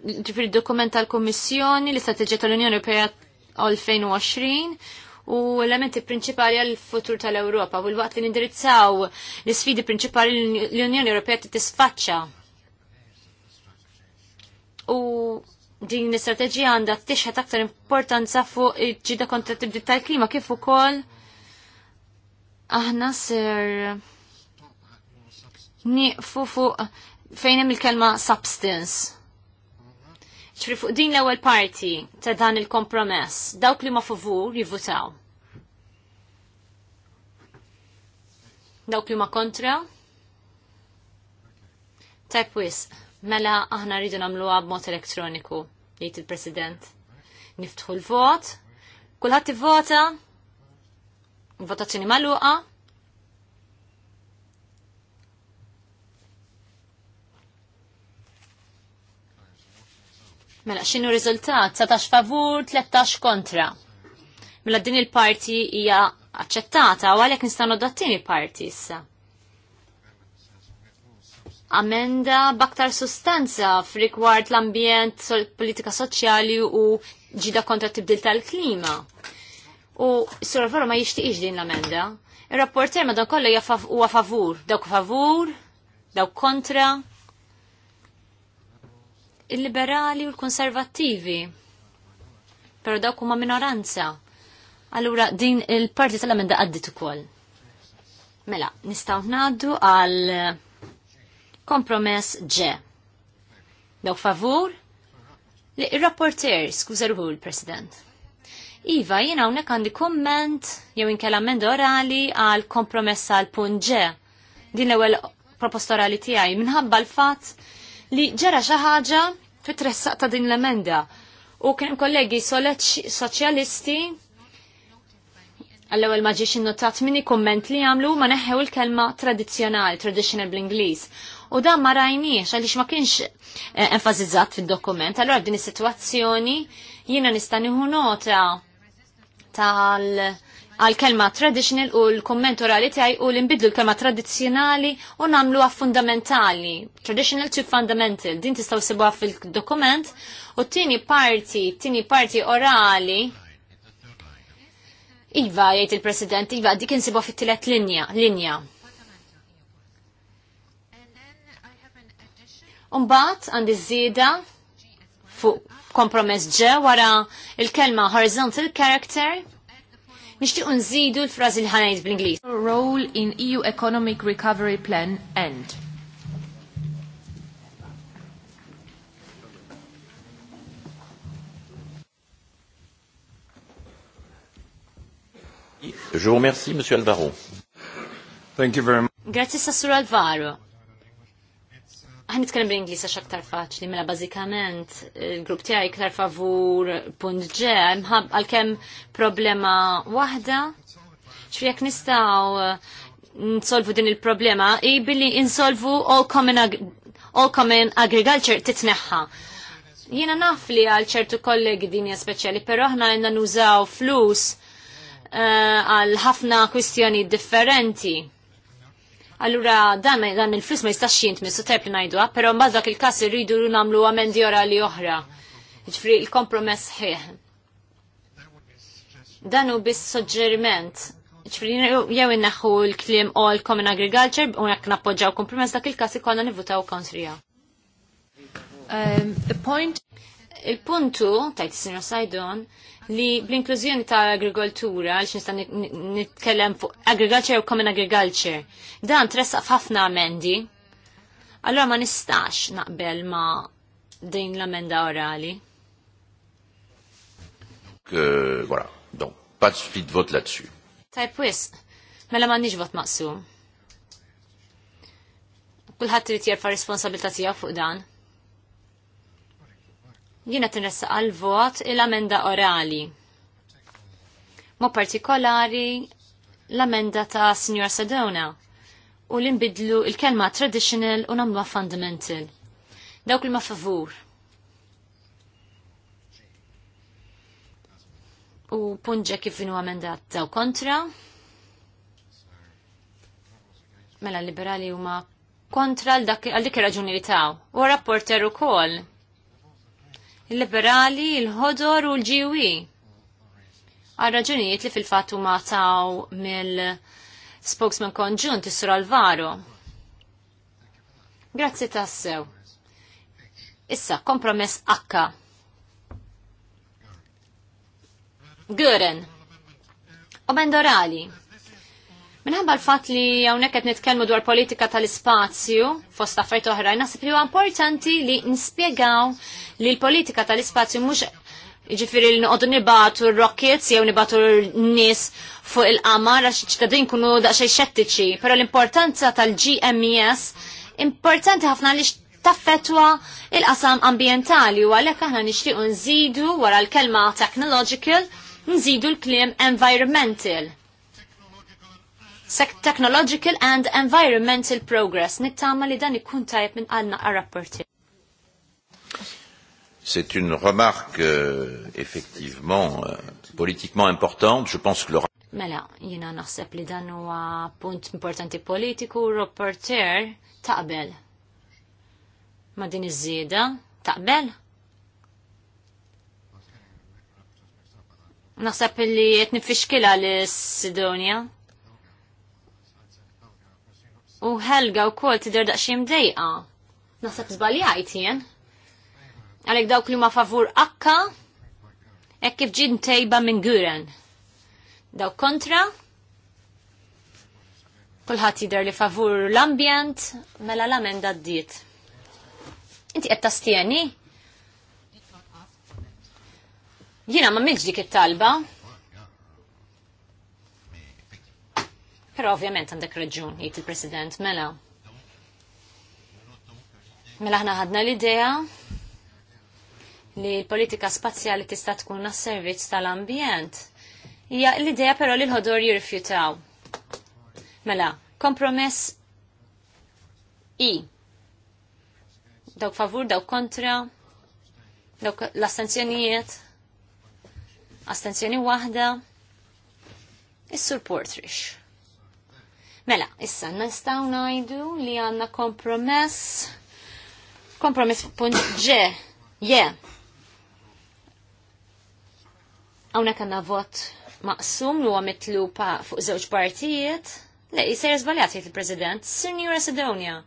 ġifri dokument tal-Kommissjoni l-Istrateġija tal-Unjoni Ewropea 2020 u elementi prinċipali għal futur tal-Ewropa u l-waqt li nindirizzaw l-sfidi prinċipali l-Unjoni Ewropea tisfaċċa. U din l-istrateġija għandha tixħet aktar importanza fuq ġida kontra tibdil tal-klima kif ukoll aħna ser nieqfu fuq fejn hemm il-kelma substance ċfri fuq din l-ewel parti ta' dan il-kompromess, dawk li ma favur jivvutaw. Dawk li ma kontra? Tajpwis, wis, mela aħna rridu għab b'mod elektroniku, jgħid il-President. Niftħu l-vot, kulħadd ivvota, votazzjoni magħluqa, Mela, xinu rizultat? 17 favur, 13 kontra. Mela din il-parti hija aċċettata u għalhekk nistgħu noddattini parti issa. Amenda baktar sustanza f'rigward l-ambjent, politika soċjali u ġida kontra tibdil tal-klima. U s-sura veru ma jixtieqx din l-amenda. Il-rapporter ma dan kollu huwa favur, dawk favur, dawk kontra, il-liberali u l-konservattivi. Pero dawk huma minoranza. Allura din il-parti tal-amenda għaddit ukoll. Mela, nistgħu ngħaddu għal kompromess ġe. Dawk favur? Li rapporter skuża ruħu l-President. Iva, jiena hawnhekk għandi komment, jew inkella amenda orali għal kompromess għal punt ġe. Din l ewwel proposta orali tiegħi minħabba l-fatt li ġara xi ħaġa fit-tressaq ta' din l-emenda. U kien kollegi soċjalisti għall-ewwel ma ġiex innotat minni komment li għamlu ma neħew il-kelma tradizzjonali, traditional bl-Ingliż. U dan ma rajniex għaliex ma kienx eh, enfasizzat fid-dokument. allura din is-sitwazzjoni jiena nista' nieħu nota tal għal-kelma traditional u l-komment orali tiegħi u l imbidlu l-kelma tradizzjonali u namlu għaf fundamentali. Traditional to fundamental. Din tistaw għaf fil-dokument u t-tini parti, t-tini parti orali. Iva, jgħid il-President, Iva, dik insibuha fit-tilet linja. linja. Umbat għandi żieda fuq kompromess ġe wara il-kelma horizontal character Nixtiequ nżidu l-frażi li ħanajt bl-Ingliż. Role in EU Economic Recovery Plan end. Je vous remercie, Monsieur Alvaro. Thank you very much. Grazie, Sassur Alvaro. Għan nitkellem bl-Inglis għax aktar faċli, mela bażikament il-grupp tiegħi iktar favur punt G, għalkemm problema waħda, ċfri jekk nistgħu eh, nsolvu din il-problema, i billi insolvu all common, all common agriculture titneħħa. Jiena naf li għal ċertu kollegi dinja speċjali, però aħna għandna nużaw flus eh, għal ħafna kwistjoni differenti Allura dan, dan il-flus ma jistax jint minn suterp li najdu, ah, pero mbagħad dak il-każ namlu nagħmlu amendi orali oħra. Ġifri il-kompromess ħieħ. Dan hu bis suġġeriment. Ġifri jew inneħħu l-kliem all common agriculture u hekk nappoġġaw kompromess dak il-każ ikonna nivutaw kontrija. Um, the point Il-puntu, tajt sinu sajdon, li bl-inklużjoni ta' agrikoltura, għal nistan nitkellem fuq agriculture u common agriculture, dan tressa ħafna amendi, allora ma nistax naqbel ma din l-amenda orali. Que, voilà, donc, pas de suite vote là-dessus. Tajb wis, mela ma nix vot maqsum. Kulħadd irid jerfa' responsabilta tiegħu fuq dan jiena tinressa għal-vot il-amenda orali. Mo partikolari l-amenda ta' Signor Sedona u li nbidlu il-kelma traditional u namlu fundamental. Dawk il ma favur. U punġa kif vinu amendat daw kontra. Mela liberali huma kontra għal dik raġuni li taw. U rapporter ukoll il-liberali, il-ħodor u l-ġiwi. Għal raġunijiet li fil-fatt huma taw mill-spokesman konġunt is-sur Alvaro. Grazzi tassew. Issa, kompromess akka. Gören. Omendorali. orali. Minħabba l-fat li hawnhekk qed nitkellmu dwar politika tal-ispazju fost affarijiet oħra, nasib li huwa importanti li nispjegaw li l-politika tal-ispazju mhux ġifiri li nqodu nibatu r-rockets jew nibatu n-nis fuq il-qamar għax ċittadin kunu daqxej xettiċi, pero l-importanza tal-GMES importanti ħafna li taffetwa il-qasam ambientali u għalhekk aħna nixtiequ nżidu wara l-kelma technological nżidu l-kliem environmental Technological and Environmental Progress. Nittama li dan ikkun tajb minn għanna għal-rapporti. C'est une remarque euh, effectivement euh, politiquement importante. Je pense que le Mela, jina naħseb li dan huwa punt importanti politiku, rapporter taqbel. Ma din iż-żieda, taqbel? Naħseb li qed nifixkilha l-Sidonja. U Helga u kol tider daqxim dejqa. Nasab zbaljajt jien. Għalek dawk li ma favur akka, ek kif ġin tejba minn guren. Daw kontra, kullħat jider li favur l-ambjent, mela l-amenda d Inti qed tastieni? Jiena ma minġ dik it-talba. Però ovvjament għandek raġun, jgħid il-President, mela. Mela ħna ħadna l-idea li l-politika spazjali tista' tkun għas-servizz tal-ambjent. Hija l-idea però li l-ħodor jirrifjutaw. Mela, kompromess i. Dawk favur, dawk kontra, dawk l-astenzjonijiet, astenzjoni waħda, is surportrix Mela, issa nistaw najdu li għanna kompromess, kompromess punt ġe, je. Għawna kanna vot maqsum li għamit lupa fuq zewġ partijiet, le zbaljat zbaljati il president Signora Sedonia.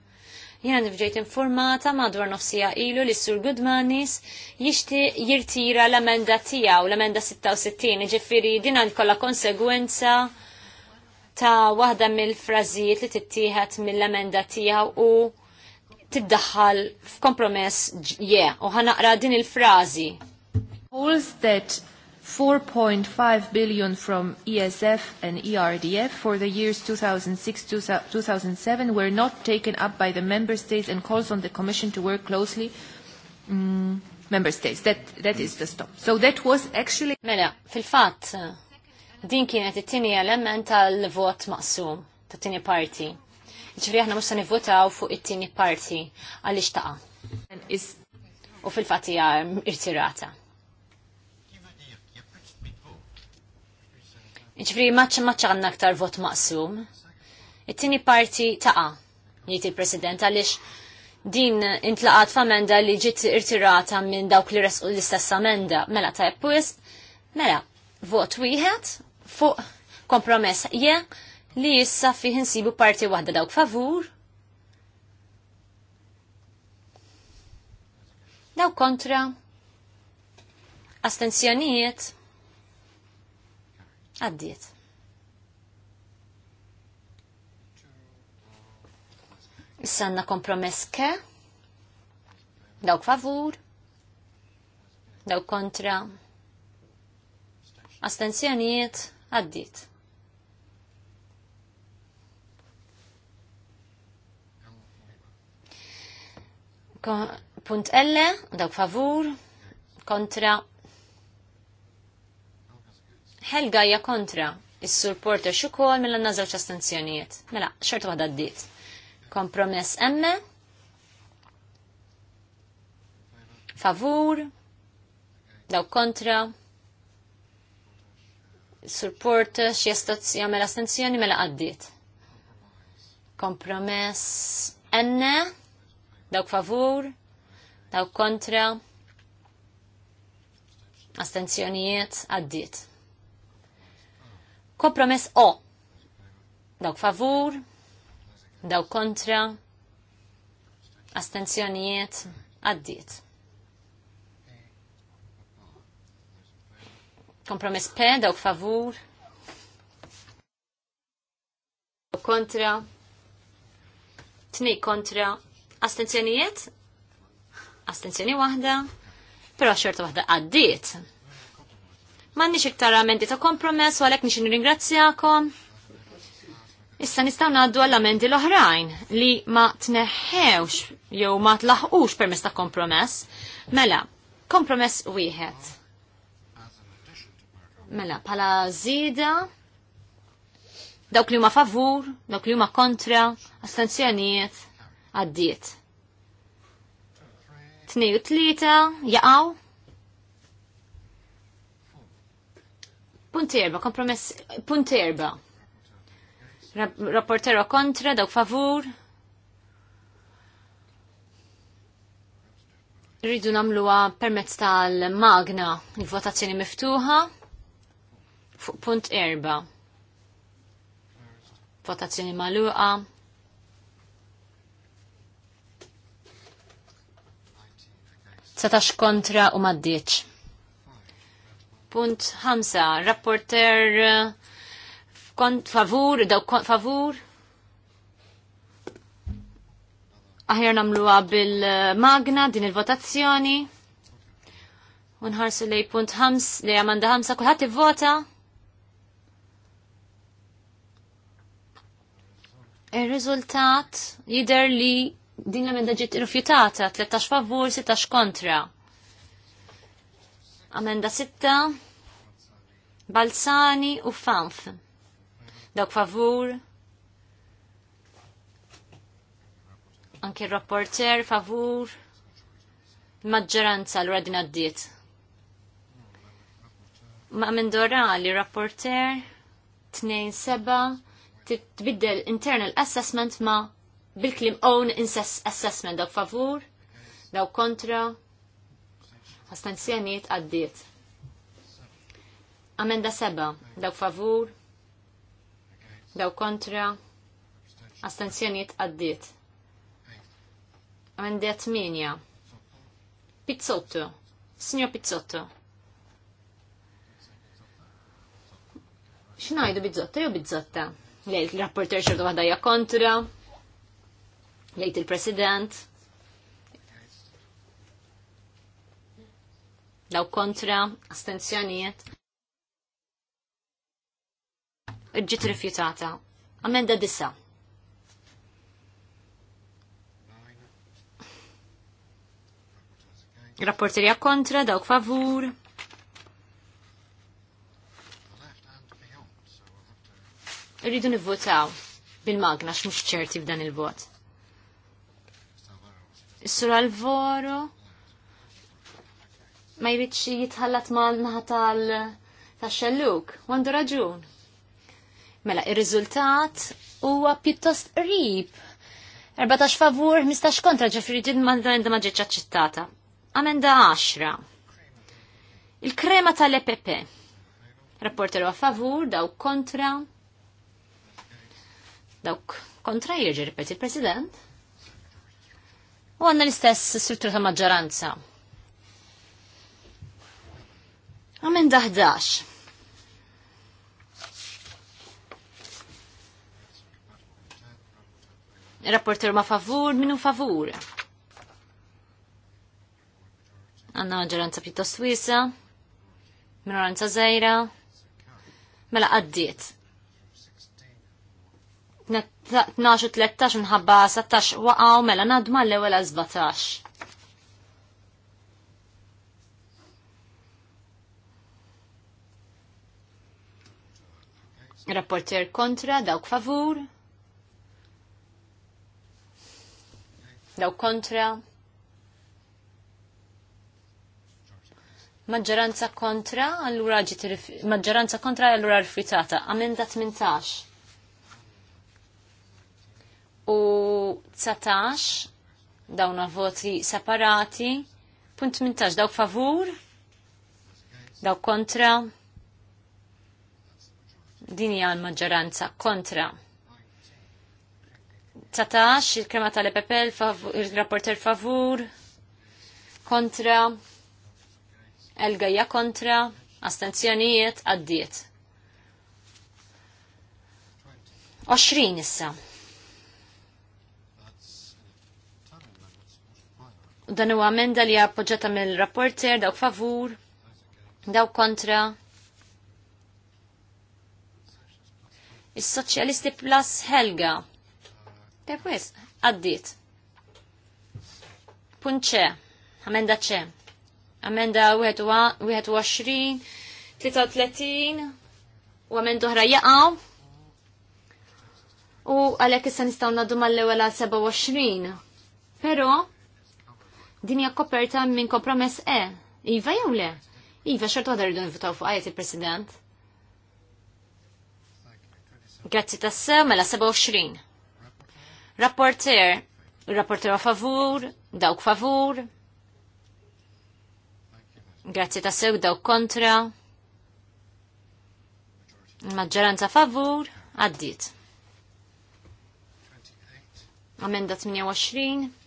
Jena nifġejt informata madwar nofsija ilu li Sur Goodmanis jishti jirtira l-amenda tijaw, l-amenda 66, ġifiri dinan kolla konsegwenza ta' waħda mill-frażijiet li tittieħed mill-emenda tiegħu u tiddaħħal f'kompromess je u ħanaqra din il-frażi. Holds that 4.5 billion from ESF and ERDF for the years 2006-2007 were not taken up by the member states and calls on the Commission to work closely mm, member states. That, that is the stop. So that was actually... Mela, fil-fat, Din kienet it-tieni element tal-vot maqsum, tat tini parti. Ġifri aħna mhux se nivvotaw fuq it-tieni parti għaliex taqa. U fil-fatt hija irtirata. Ġifri maċċa maċċa għanna aktar vot maqsum. It-tieni parti taqa, jiet il-President, għaliex din intlaqat f'amenda li ġiet irtirata minn dawk li resqu l-istess amenda. Mela ta' mela, vot wieħed fuq kompromess je li jissa fih insibu parti waħda dawk favur. Daw kontra. Astenzjonijiet. Għaddiet. Issanna kompromess ke? Dawk favur? Dawk kontra? Astenzjonijiet? għaddit. Punt L, dawk favur, kontra. Helga hija kontra, is supporter xukol mill mela nażel ċastanzjonijiet. Mela, xorta waħda għaddit. Kompromess M, favur, dawk kontra, xie x'jestat jagħmel astenzjoni mela għaddit. Kompromess enne, dawk favur, dawk kontra, astenzjonijiet għaddiet. Kompromess o, dawk favur, dawk kontra, astenzjonijiet għaddiet. Kompromess P, dawk favur. Kontra. Tni kontra. Astenzjonijiet? Astenzjoni wahda. Pero xorta wahda għaddiet. Manni iktar amendi ta' kompromess, u għalek nix nirringrazzjakom. Issa nistaw naddu għall-amendi l-oħrajn li ma tneħħewx jew ma tlaħqux permess ta' kompromess. Mela, kompromess wieħed. Mela, pala zida, dawk li huma favur, dawk li huma kontra, astenzjonijiet, għaddiet. Tnej u tlieta, jaqaw. Punt erba, kompromess, punt erba. Rapportero kontra, dawk favur. Rridu namluwa permezz tal-magna, il-votazzjoni miftuħa. Fuq punt erba. Votazzjoni maluqa. Satax kontra u maddiċ. Punt ħamsa. Rapporter kont favur, daw kont favur. Aħjar namluwa bil-magna din il-votazzjoni. Unħarsu lej punt ħams li għamanda ħamsa kullħat vota il-rizultat jider li din l-emenda ġiet irrifjutata 13 favur, 16 kontra. Amenda 6, Balzani u Fanf. Dawk favur. Anki il-rapporter favur. Maġġoranza l radin għaddiet. Ma' mendora li rapporter 2-7 tbiddel internal assessment ma bil-klim own assessment daw favur, daw kontra, astanzjoniet għaddiet. Amenda seba, daw favur, daw kontra, astanzjoniet għaddiet. Amenda tminja, Pizzotto, signor Pizzotto. Xinajdu bizzotto jew bizzotta? Lejt il-rapporter xorta għadda hija kontra. Lejt il-president. Daw kontra, astenzjonijiet. Ġiet rifjutata. Amenda disa. Rapporterja kontra, dawk favur. Irridu nivvotaw bil-magna x'mhux ċerti f'dan il-vot. Is-sur Alvoro ma jridx jitħallat mal-naħa tal-xelluk, għandu raġun. Mela, ir-riżultat huwa pjuttost qrib. 14 favur, 15 kontra ġifri ġid mandan ma ġietx aċċettata. Amenda 10. Il-krema tal-EPP. Rapporteru a favur, daw kontra, Dawk kontra jirġi ripeti il-President. U għanna l-istess struttura ta' maġġoranza. Għamen daħdax. Rapporter ma favur, minu favur. Għanna maġġoranza pjuttost wisa, minoranza zejra, mela għaddiet. 12 13 nħabba 16 waqaw mela nadma l-ewwel 17. Rapporter kontra, dawk favur. Dawk kontra. Maġġoranza kontra, allura ġiet maġġoranza kontra allura rifjutata. Amenda 18 u 19 dawna voti separati. Punt 18 dawk favur, dawk kontra. Din hija l-maġġoranza kontra. 19 il-krema tal-EPP il-rapporter favur, kontra, elgajja kontra, astenzjonijiet, għaddiet. 20 issa. Dan huwa amenda li appoġġata mill-rapporter dawk favur, dawk kontra. Is-soċjalisti plus Helga. Tekwis, għaddit. ċe, amenda ċe. Amenda 21, 33, u amenda oħra jaqaw. U għalek issa sanistaw naddu mal-ewel 27. Pero, din hija koperta minn kompromess E. Iva jew le? Iva xorta għadar rridu nifutaw fuq għajet il-President. Grazzi se, mela 27. Rapporter, rapporter a favur, dawk favur. Grazzi ta' sew dawk kontra. Maġġoranza favur, għaddit. Amenda 28.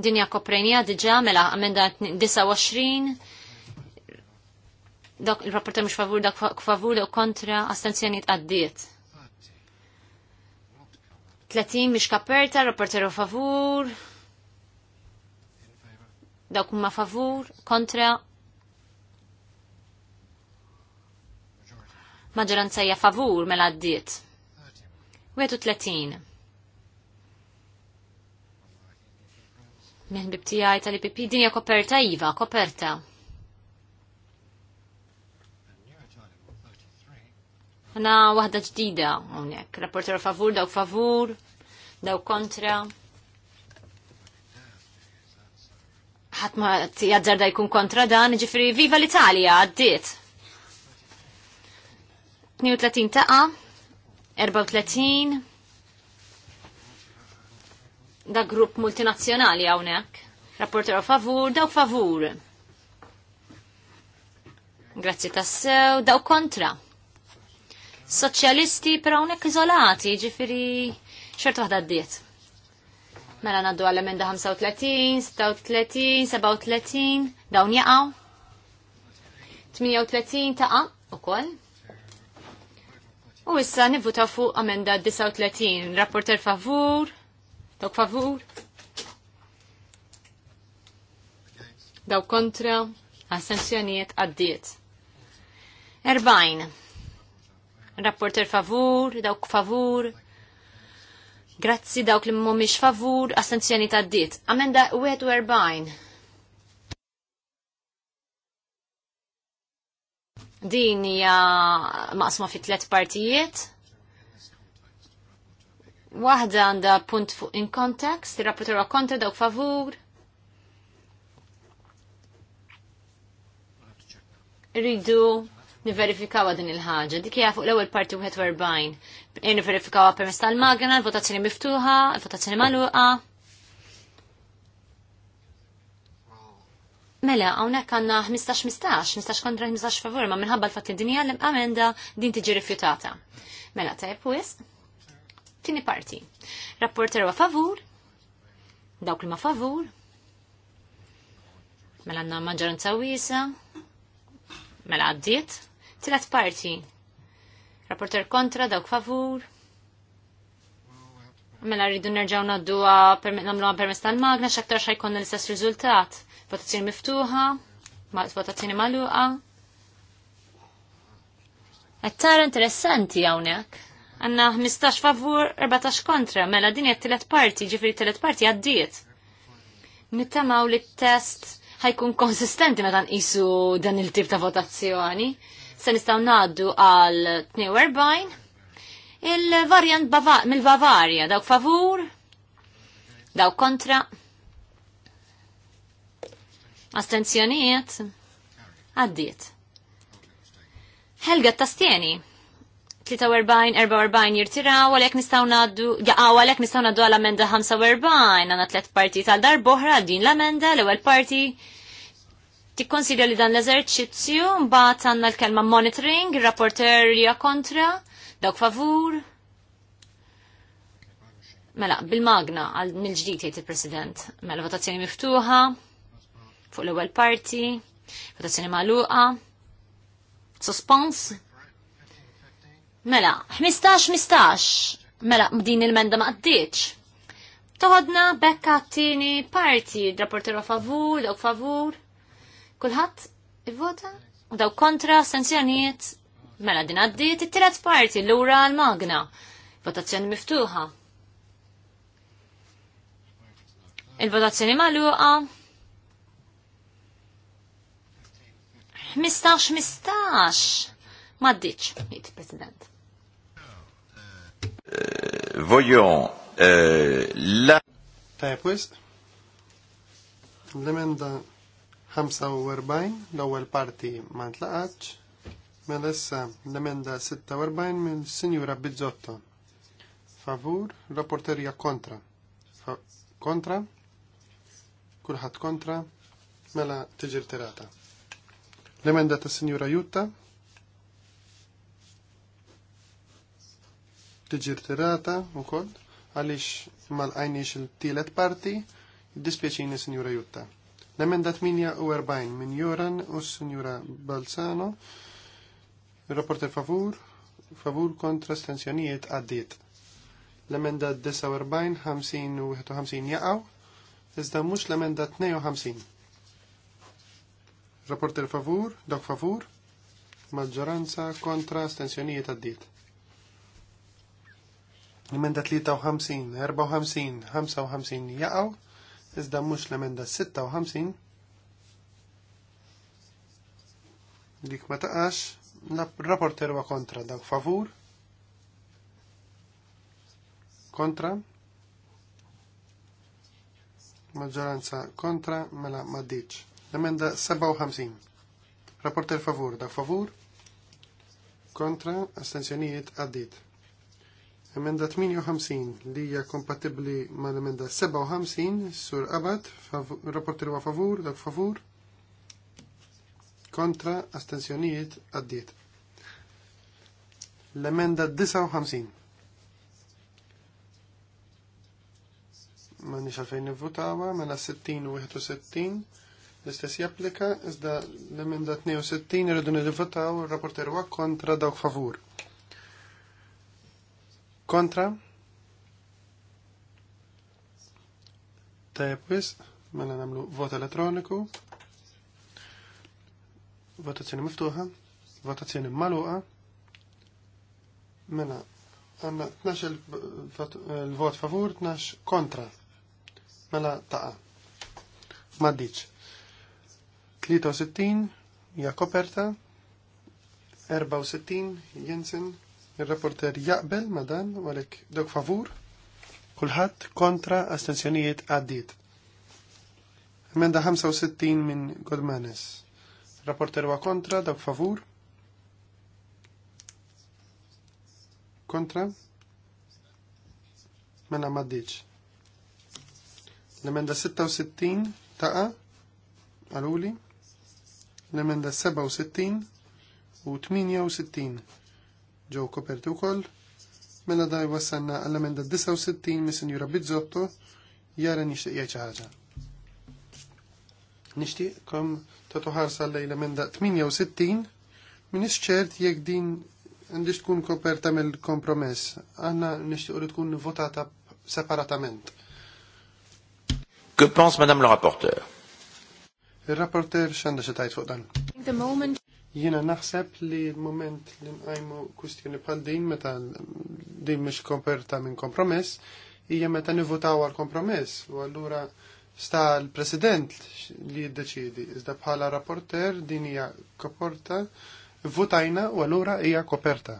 dinja koprenija diġa mela għamenda 29 dok il-rapporta mux favur dak favur u kontra astenzjoniet għaddiet. 30 mux kaperta, rapporter u favur, dak umma favur, kontra, maġoranza hija favur mela għaddiet. 30. minn bibtijaj tal-IPP dinja koperta iva, koperta. Għana wahda ġdida unek, rapporter favur, daw favur, daw kontra. ħatma jazzarda jkun kontra dan, ġifri viva l-Italja, għaddit. 32 taqa, 34, da grupp multinazzjonali hawnhekk. Rapporter favur, daw favur. Grazzi tassew, daw kontra. Soċjalisti per hawnhekk iżolati, ġifieri xorta waħda diet Mela naddu għal emenda 35, 36, 37, dawn jaqaw. 38 taqa u koll. U issa nivvutaw fuq amenda 39, rapporter favur, Dawk favur? Dawk kontra? Assenzjoniet għaddiet. Erbajn. Rapporter favur, dawk favur. Grazzi dawk li mhumiex favur, assenzjoni għaddiet. Amenda 41. Din hija maqsma fi tliet partijiet. Waħda għandha punt fuq in context, ir-rapportura kontra dawk favur. Ridu niverifikaw din il-ħaġa. Dik hija fuq l-ewwel parti 41. Ejn niverifikaw permezz tal-magna, l-votazzjoni miftuħa, l-votazzjoni magħluqa. Mela, hawnhekk għandna 15-15, 15 kontra 15 favur, ma minħabba l-fatt id dinja l-amenda din tiġi rifjutata. Mela, tajb wisq. Tini parti. Rapporter wa favur, dawk li ma favur, mela għanna maġġoranza wisa, mela għaddiet, tilat parti. Rapporter kontra, dawk favur, mela rridu nerġaw naddu namlu permess tal-magna, xaktar xajkonna l-istess rizultat. Votazzjoni miftuħa, votazzjoni maluqa. Għattara interessanti għawnek. Għanna 15 favur, 14 kontra, mela din jgħat telet parti, t telet parti għaddiet. Nittamaw li test ħajkun konsistenti meta nqisu dan il-tip ta' votazzjoni. Se nistgħu ngħaddu għal 42 il-varjant mill-Bavarja, dawk favur, dawk kontra. Astenzjonijiet, għaddiet. Helga tastieni. 43-44 jirtiraw, għalek nistaw naddu, jaqaw għalek nistaw naddu għal-amenda 45, għanna tlet parti tal-dar boħra din l-amenda, l-ewel parti tikkonsidja li dan l-eżerċizzju, mbagħad għandna l-kelma monitoring, rapporter ja kontra, dawk favur. Mela, bil-magna għal nil ġdid jgħid il-President. Mela votazzjoni miftuħa fuq l-ewwel parti, votazzjoni magħluqa, suspense, Mela, 15-15. Mela, din il-menda ma qaddiċ. Toħodna bekka t-tini parti, rapportero favur, dawk favur. Kulħadd ivvota? U dawk kontra, sanzjonijiet. Mela, din għaddiet it-tielet parti, l-ura l-magna. Votazzjoni miftuħa. Il-votazzjoni magħluqa. 15-15. Maddiċ, jit, President voyons euh, la... Tajpwis, l-emenda 45, l parti ma ntlaqatx, mela issa l-emenda 46 mill sinjura Bizzotta. Favur, rapporterija kontra. Fa kontra, kulħadd kontra, mela tiġir tirata. L-emenda ta' Signora Jutta, tiġi rtirata wkoll għaliex mal lqajniex il-tielet parti dispieċini senjura Jutta. L-emenda 48 minn Joran u Sinjura Balzano Rapporter favur, favur kontra stenzjonijiet għaddit. L-emenda 49, u 51 jaqaw, iżda mux l-emenda 52. Rapporter favur, dok favur, maġġoranza kontra stenzjonijiet għaddit. Emenda 53, 54, 55 jaqaw, iżda mhux l-emenda 56. Dik ma taqax, rapporter wa kontra dak favur. Kontra. Maġġoranza kontra mela ma diċ. L-emenda 57. Rapporter favur, dak favur. Kontra, astensjonijiet għaddit. Emenda 58 li hija kompatibbli mal-emenda 57 sur qabad, rapporti huwa favur, dak favur, kontra astensjonijiet għaddiet. L-emenda 59. Ma nix għalfejn nivvutawa, mela 60 u 61. L-istess japplika, iżda l-emenda 62 irridu nivvutaw, il-rapporti huwa kontra dawk favur. Kontra? Tajab wis, mela namlu vot elektroniku. Votazzjoni miftuħa, votazzjoni maluqa. Mela, għanna 12 il-vot favur, 12 kontra. Mela taqa. Maddiċ. 63 ja koperta, 64 Jensen, Il-rapporter jaqbel ma dan għalek dok favur, kulħadd kontra astenzjonijiet għaddit. Emenda 65 minn Godmanes. Rapporter wa kontra, dok favur. Kontra. Mena maddiċ. L-emenda 66 taqa għaluli. L-emenda 67 u 68 ġew koperti wkoll. Mela daj wassanna għall-emenda 69 mis sinjura Bizzotto jara nixtieq jgħid xi ħaġa. Nixtieqkom ta' tuħarsa lejn emenda 68 minix ċert jekk din għandix tkun koperta mill-kompromess. Għanna nixtieq li tkun votata separatament. Que pense Madame le rapporteur? Il-rapporteur xanda xetajt fuq dan. The moment Jiena naħseb li l-moment li nqajmu kustjoni bħal din meta din mhix koperta minn kompromess hija meta nivutaw għal kompromess u allura sta l-president li jiddeċidi. Iżda bħala rapporter din hija koperta votajna u allura hija koperta.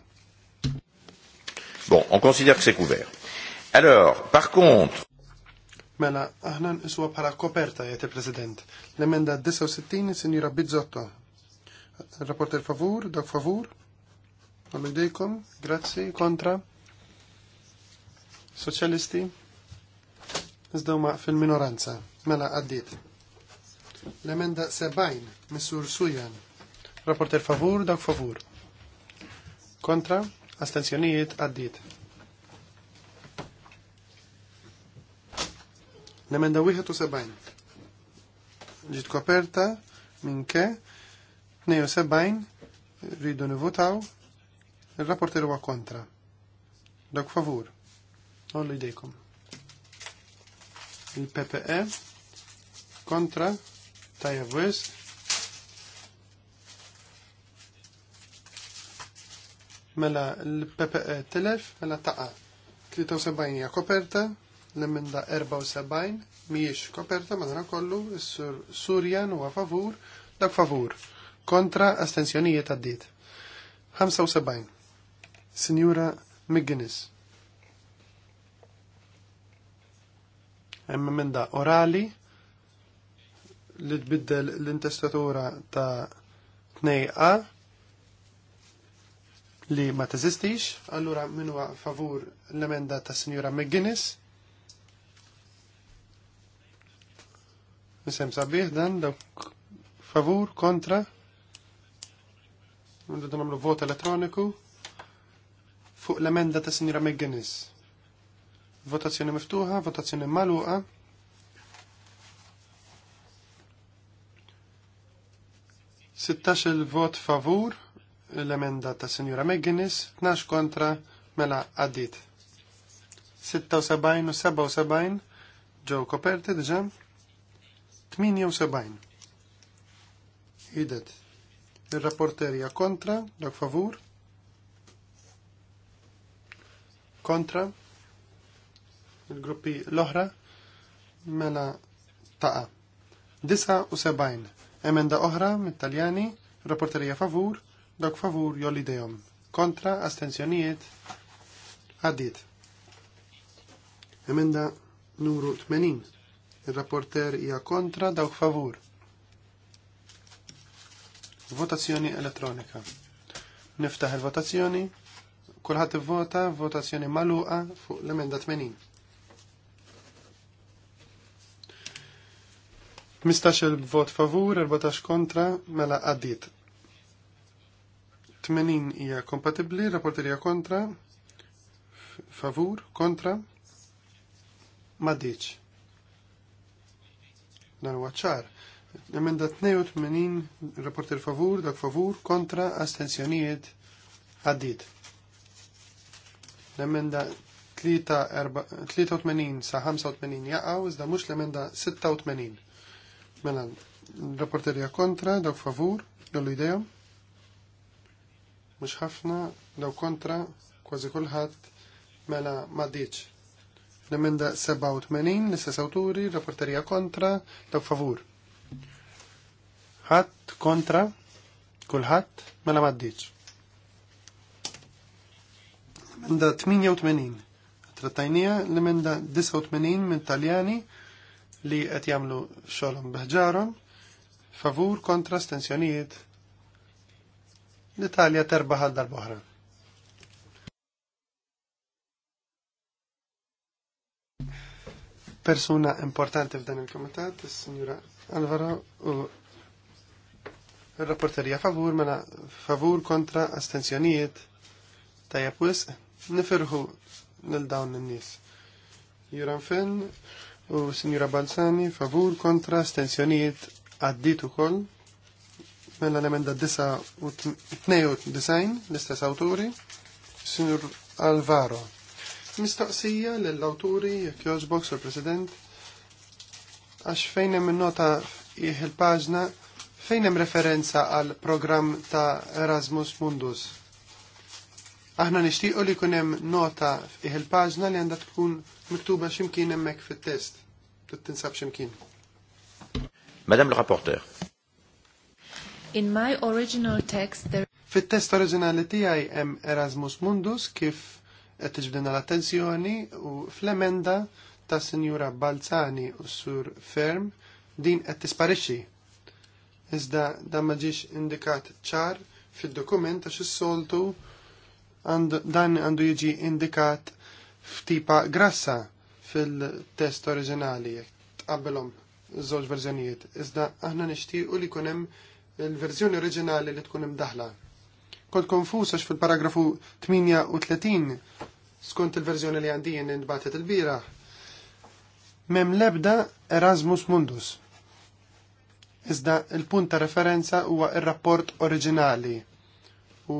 Bon, on considère que c'est couvert. Alors, par contre... Mela, aħna nqiswa bħala koperta jgħet il-President. L-emenda 69 sinjura Bizzotto Rapporter favur, dak favur. Għallu idejkom, grazzi, kontra. Soċjalisti. Nizdaw ma' fil-minoranza. Mela għaddit. L-emenda sebajn, Missur Sujan. Rapporter favur, dak favur. Kontra, astenzjonijiet għaddit. L-emenda 71. Ġit koperta minke, 72 rridu nivutaw il-rapporter huwa kontra. Dak favur. Ollu jdejkom. Il-PPE kontra tajja wis. Mela l-PPE telef, mela taqa. 73 hija koperta, l-emenda 74 mhijiex koperta madana kollu, is-sur Surjan huwa favur, dak favur kontra astensjonijiet għaddit. 75. Signora McGuinness. Hemm emenda orali li tbiddel l-intestatura ta' 2A li ma teżistix, allura minwa favur l-emenda ta' Signora McGuinness. Nisem sabiħ dan, dawk favur, kontra, Nridu nagħmlu vot elettroniku fuq l-emenda ta' Sinjura McGuinness. Votazzjoni miftuħa, votazzjoni maluqa. Sittax il-vot favur l-emenda ta' Sinjura McGuinness, tnax kontra mela għaddit. 76 u 77 ġew koperti diġà 78. Idet. Il-rapporterja kontra, dak favur. Kontra. Il-gruppi l-oħra. Mela taqa. sebajn. Emenda oħra mit-Taljani. Rapporterija favur. Dak favur jolli dejom. Kontra, astenzjonijiet. Għaddit. Emenda numru 80. Il-rapporter hija kontra, dawk favur. Votazzjoni elettronika. Niftaħ il-votazzjoni. Kulħadd ivvota, votazzjoni magħluqa fuq l-emenda 80. Mistax il-vot favur, 14 kontra, mela għaddit. 80 hija kompatibbli, rapporterija kontra, favur, kontra, ma diċ. Dan huwa ċar. Emenda 82, rapporter favur, dak favur, kontra, astensjonijiet, għaddit. L-emenda 83 sa 85 jaqaw, iżda mux l-emenda 86. Mela, rapporterja kontra, dak favur, jollu idejom. Mux ħafna, daw kontra, kważi kullħat, mela maddiċ. L-emenda 87, l-istess awturi, rapporterija kontra, dak favur ħadd kontra kulħadd mela m'għaddiċ. Emenda 88 trattajnija l-emenda 89 minn Taljani li qed jagħmlu xogħolhom beħġarhom favur kontra stensjonijiet l-Italja terba għal darbohra. Persuna importanti f'dan il-komitat, il-Sinjura Alvaro u Il-rapporterija favur mela favur kontra astenzjonijiet tajab wisq nifirħu lil dawn n nies Juran Finn u Signora Balsani favur kontra astenzjonijiet għadditu ukoll mela l-emenda 92 l-istess awturi Signor Alvaro. Mistoqsija l-awturi jekk jogħġbok sur President għax fejn hemm nota il-paġna fejn hemm referenza għal programm ta' Erasmus Mundus. Aħna nixtiequ li jkun hemm nota fih il-paġna li għandha tkun miktuba x'imkien hemmhekk fit-test. Tinsab x'imkien. Madame le rapporteur. In my original text there Fit-test oriġinali tiegħi hemm Erasmus Mundus kif qed tiġbdilna l-attenzjoni u fl-emenda ta' Sinjura Balzani u Sur Ferm din qed tisparixxi iżda dan ma ġiex indikat ċar fid-dokument għax is-soltu dan għandu jiġi indikat f'tipa grassa fil-test oriġinali tqabbilhom żewġ verżjonijiet. Iżda aħna nixtiequ li jkun hemm il-verżjoni oriġinali li tkun imdaħla. Kont konfuż għax fil-paragrafu 38 skont il-verżjoni li għandi jien nbatet il-bira. Mem lebda Erasmus Mundus iżda il-punt ta' referenza huwa ir-rapport oriġinali u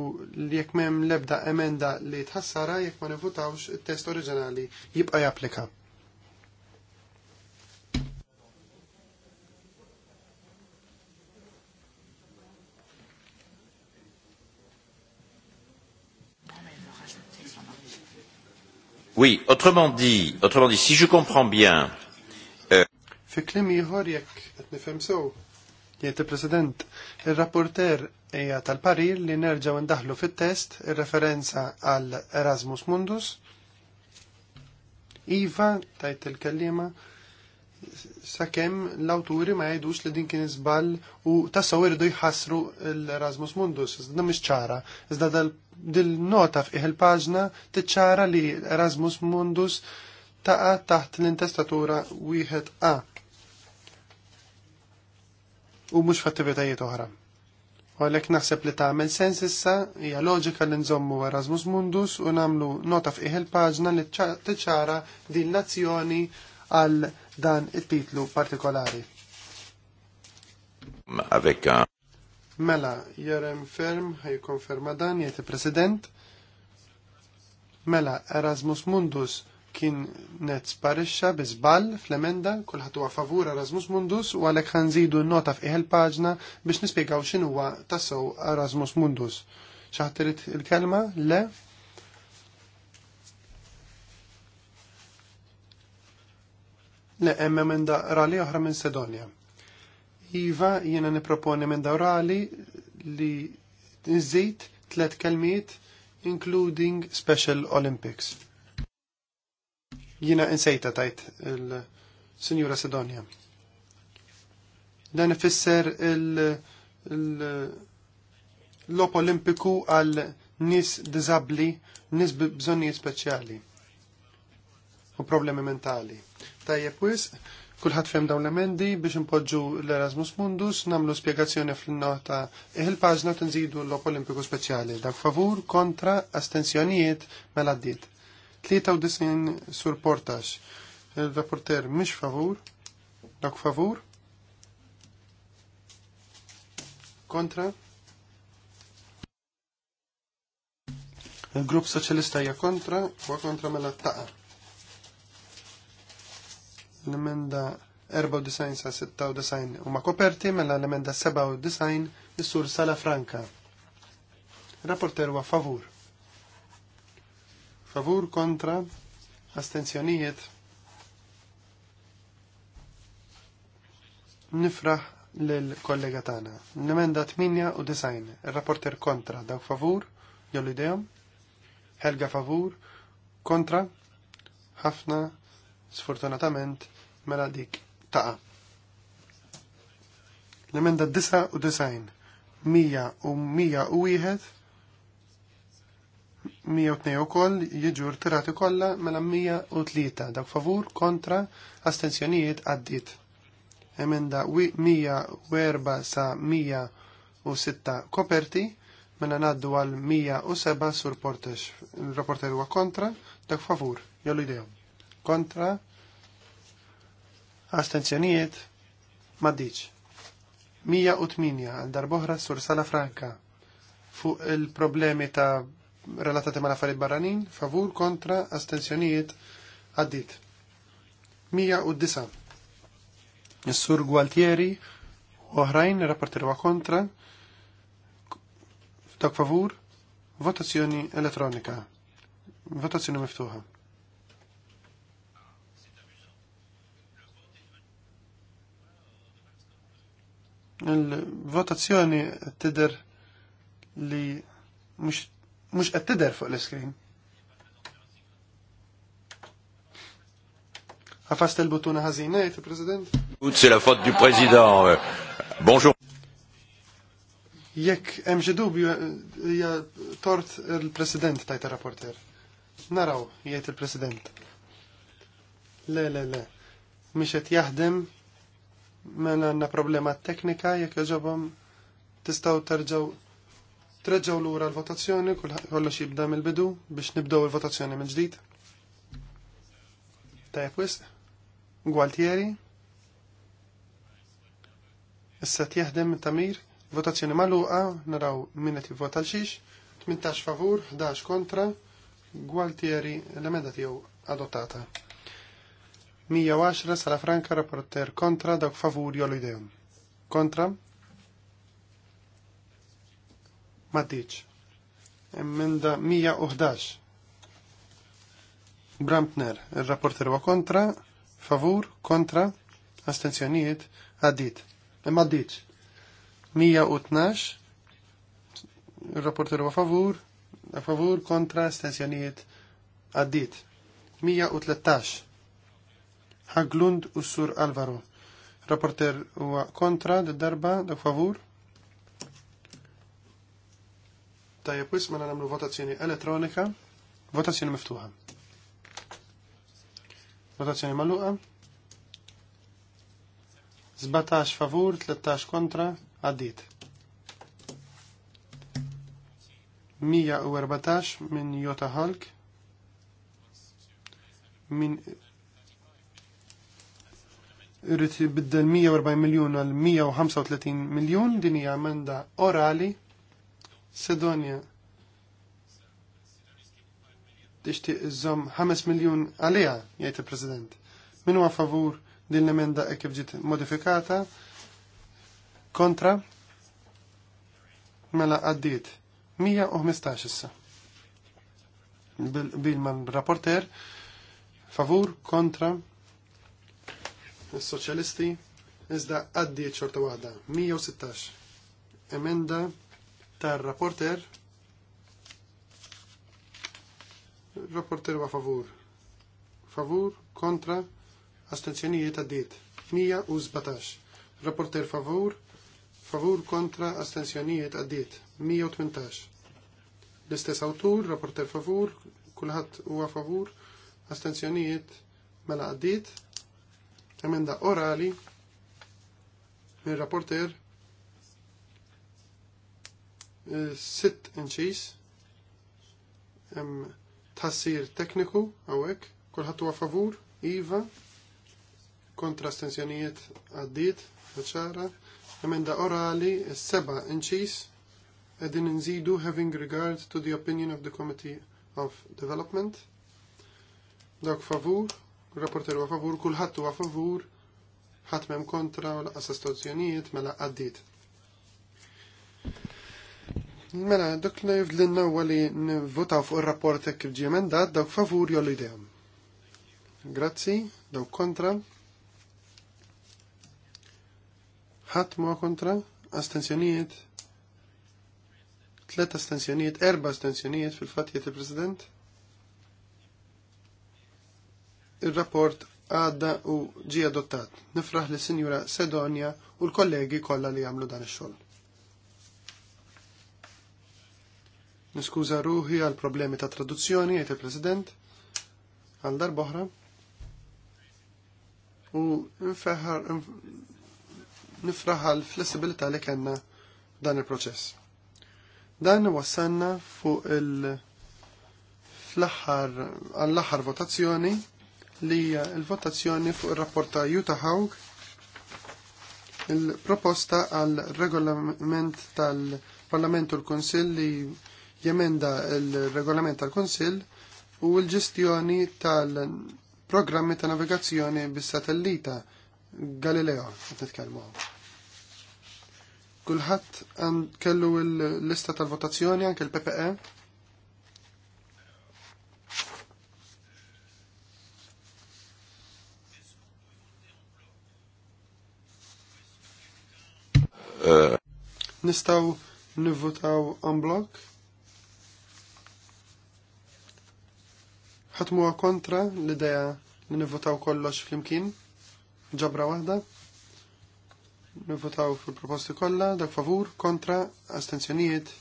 li jekk m'hemm l-ebda emenda li tħassara jekk ma nivutawx it-test oriġinali jibqa' japplika. Oui, autrement dit, autrement dit, si je comprends bien. Euh jiet il-President, il-rapporter hija tal-parir li nerġaw ndaħlu fit-test ir-referenza għal Erasmus Mundus. Iva, tajt il-kellima, sakemm l-awturi ma jgħidux li din kien iżball u tassaw irdu jħassru l-Erasmus Mundus, iżda mhix ċara, iżda dil-nota fih il-paġna tiċċara li Erasmus Mundus taqa' taħt l-intestatura wieħed A u mhux f'attivitajiet oħra. U għalek naħseb li tagħmel sens issa hija loġika li nżommu Erasmus Mundus u nagħmlu nota f'iħ il-paġna li tċara din l-azzjoni għal dan it-titlu partikolari. Avekka. Mela, Jerem Ferm konferma dan jgħid il-President. Mela, Erasmus Mundus kien net sparixxa bi żball fl-emenda kulħadd huwa favur Erasmus Mundus u għalhekk ħanżidu n-nota fih paġna biex nispjegaw x'in huwa tassew Erasmus Mundus. Xaħat il-kelma? Le? Le, hemm emenda rali oħra minn Sedonja. Iva, jiena niproponi emenda rali li nżid tliet kelmiet including Special Olympics. Jina insejta tajt il-Sinjura Sidonia. Dan ifisser l-lop olimpiku għal nis dizabli, nis bżonni speċjali u problemi mentali. Tajjeb wis, kullħat fem dawn l-emendi biex impoġġu l-Erasmus Mundus, namlu spiegazzjoni fl-nota il-paġna tinżidu l-Olimpiku Speċjali. Dak favur, kontra, astensjonijiet, mela d 93 sur portax. Il-rapporter mish favur, dak favur. Kontra. Il-grupp soċjalista hija kontra, Wa kontra mela taqa. L-emenda 94 sa 96 huma koperti mela l-emenda 97 is-sur Sala Franka. Rapporter huwa favur. Favur kontra astenzjonijiet. Nifraħ lill-kollega tagħna. Nemenda 8 u 9. Ir-rapporter kontra dawk favur jollu idejhom. Helga favur kontra ħafna sfortunatament mela dik taqa. L-emenda 9 u 9. 100 u 1. 102 ukoll jieġur tirati kollha mela 103 dak favur kontra astenzjonijiet għaddit. Emenda 104 sa 106 koperti mela naddu għal 107 sur portex. Il-rapporter huwa kontra dak favur jollu idejhom. Kontra astenzjonijiet maddiċ. 108 għal darboħra sur sala franka fuq il-problemi ta' relatati ma' affarijiet barranin, favur kontra astensjonijiet għaddit. 109. Is-Sur Gualtieri oħrajn rapporter wa kontra dak favur votazzjoni elettronika. Votazzjoni miftuħa. Il-votazzjoni tider li mux mhux qed tidher fuq l-iskrin. Għafast il-butuna ħażina jgħid eh, il-President? C'est la faute du Président. Bonjour. Jekk hemm xi dubju eh, hija tort il-President tajta rapporter. Naraw jgħid il-President. Le, le, le. Mhix qed jaħdem mela għandna problema teknika jekk jogħġobhom tistgħu terġgħu Treġġaw lura l-votazzjoni, kollox jibda mill-bidu biex nibdew il-votazzjoni minn ġdid. Tajab wisq. Gualtieri. Issa tjeħdem tamir. Votazzjoni magħluqa, naraw min qed jivvota l-xiex. 18 favur, 11 kontra. Gualtieri l-emenda tiegħu adottata. 110 sala Franca rapporter kontra dawk favur jollu idejhom. Kontra, Matic. Emenda 111. Brampner, il-rapporter wa kontra, favur, kontra, astenzjoniet, għadit. Matic. 112. Il-rapporter wa favur, a favur, kontra, astenzjonijiet, għadit. 113. Haglund Usur Alvaro. Rapporter wa kontra, d-darba, da favur, Tajja pwis mela nagħmlu votazzjoni elettronika, votazzjoni miftuħa. Votazzjoni magħluqa. 17 favur, 13 kontra, għaddit. 114 minn Jota Hulk minn irrid biddel 140 miljon għal 135 miljun din hija emenda orali Sedonja tixtieq iżżomm 5 miljun għalija, jgħid il-President. Min huwa din l-emenda e ġiet modifikata? Kontra? Mela għaddit. 115 issa. Bilman rapporter favur kontra is-soċjalisti iżda għaddit xorta għada. 116. Emenda tar-rapporter. Rapporter wa favur. Favur, kontra, astenzjonijiet għaddit. 117. Rapporter favur, favur kontra astenzjonijiet għaddit. 118. L-istess autur, rapporter favur, kulħadd huwa favur, astenzjonijiet mela għaddit. Emenda orali, mir rapporter sitt inċis, tassir tekniku għawek, kullħat huwa għafavur, IVA, kontra stenzjonijiet għaddit, ċara, emenda orali, seba inċis, edin nżidu having regard to the opinion of the Committee of Development. Dawk favur, rapporter u għafavur, kulħadd huwa għafavur, ħadd kontra u l-assastazzjonijiet mela għaddit. Mela, dok li jivdlinna u għali nvotaw fuq il-rapport kif ġi emendat, dawk favur jollu idejhom. Grazzi, dawk kontra. Ħadd ma kontra, astensjonijiet. Tlet astensjonijiet, erba astensjonijiet fil-fatt jiet il-President. Il-rapport għadda u ġi adottat. Nifraħ li Sinjura Sedonja u l-kollegi kollha li għamlu dan ix-xogħol. Niskuża ruħi għal problemi ta' traduzzjoni, għajt il-President, għal darboħra. U nfeħar, nifraħal flessibilità li kellna dan il-proċess. Dan wassanna fuq il- fl-aħħar għall-aħħar votazzjoni li il l-votazzjoni fuq ir-rapport ta' Utah Hawk il-proposta għal regolament tal-Parlament u l-Konsill li jemenda il-regolament tal-Konsil u l-ġestjoni tal-programmi ta' navigazzjoni bis-satellita Galileo, nitkellmu. Kulħadd kellu l-lista tal-votazzjoni anke l-PPE. Uh. Nistaw nivvotaw on block? ħatmuha kontra l-idea li nivvotaw kollox flimkien, ġabra waħda. Nivvotaw fil-proposti kollha, dak favur, kontra, astenzjonijiet.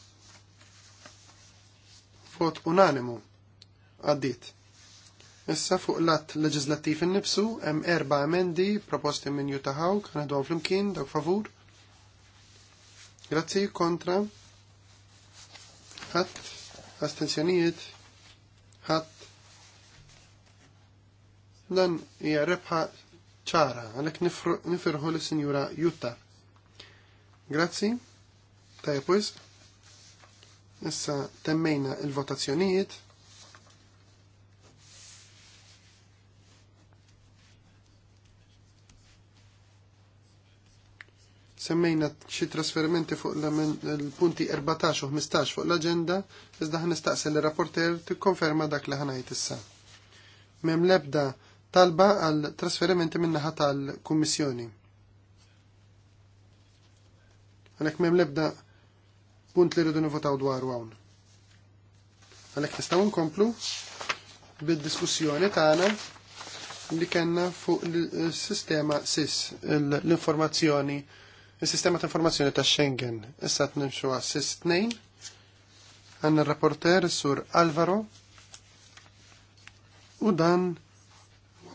Vot unanimu għaddit. Issa fuq l-att leġislattiv innibsu hemm erba amendi proposti minn Juta Hawk għandhom flimkien dak favur. Grazzi kontra ħadd astenzjonijiet, ħadd Dan hija rebħa ċara, għalhekk nifirħu lis sinjura Jutta. Grazzi, tajjeb Issa temmejna l votazzjonijiet semmejna xi trasferimenti fuq il-punti 14 u 15 fuq l-agenda, iżda ħan l rapporter tikkonferma dak li ħanajt issa. Mem lebda talba għal trasferimenti minnaħa tal-Kummissjoni. Għalek mem lebda punt li rridu nivotaw dwar għawn. Għalek nistaw nkomplu bid-diskussjoni tagħna li kena fuq l-sistema SIS, l-informazzjoni, il-sistema ta' informazzjoni ta' Schengen. Issa t-nimxu SIS 2, għanna rapporter sur Alvaro, u dan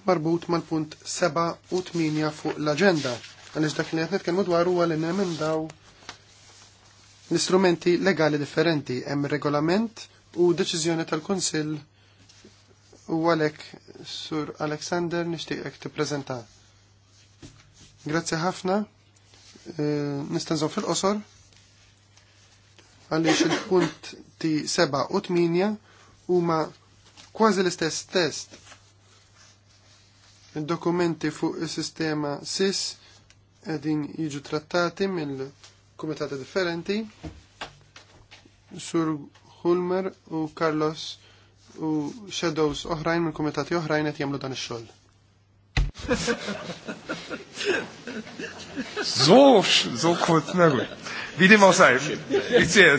marbut mal-punt 7 u 8 fuq l-agenda. Għalix dak li għetnet kelmu dwar huwa li daw l-istrumenti legali differenti, hemm regolament u deċiżjoni tal-Kunsill u għalek sur Alexander nishtiqek t-prezenta. Grazie ħafna, e, eh, nistanżon fil-qosor, għalix il-punt ti 7 u 8 u ma kważi l-istess test il dokumenti fuq il sistema SIS edin jiġu trattati mill komitati differenti. Sur Hulmer u Carlos u shadows oħrajn mill komitati oħrajn qed jagħmlu dan ix-xogħol. so, so kurz, na gut. Wie dem auch sei. Ich sehe,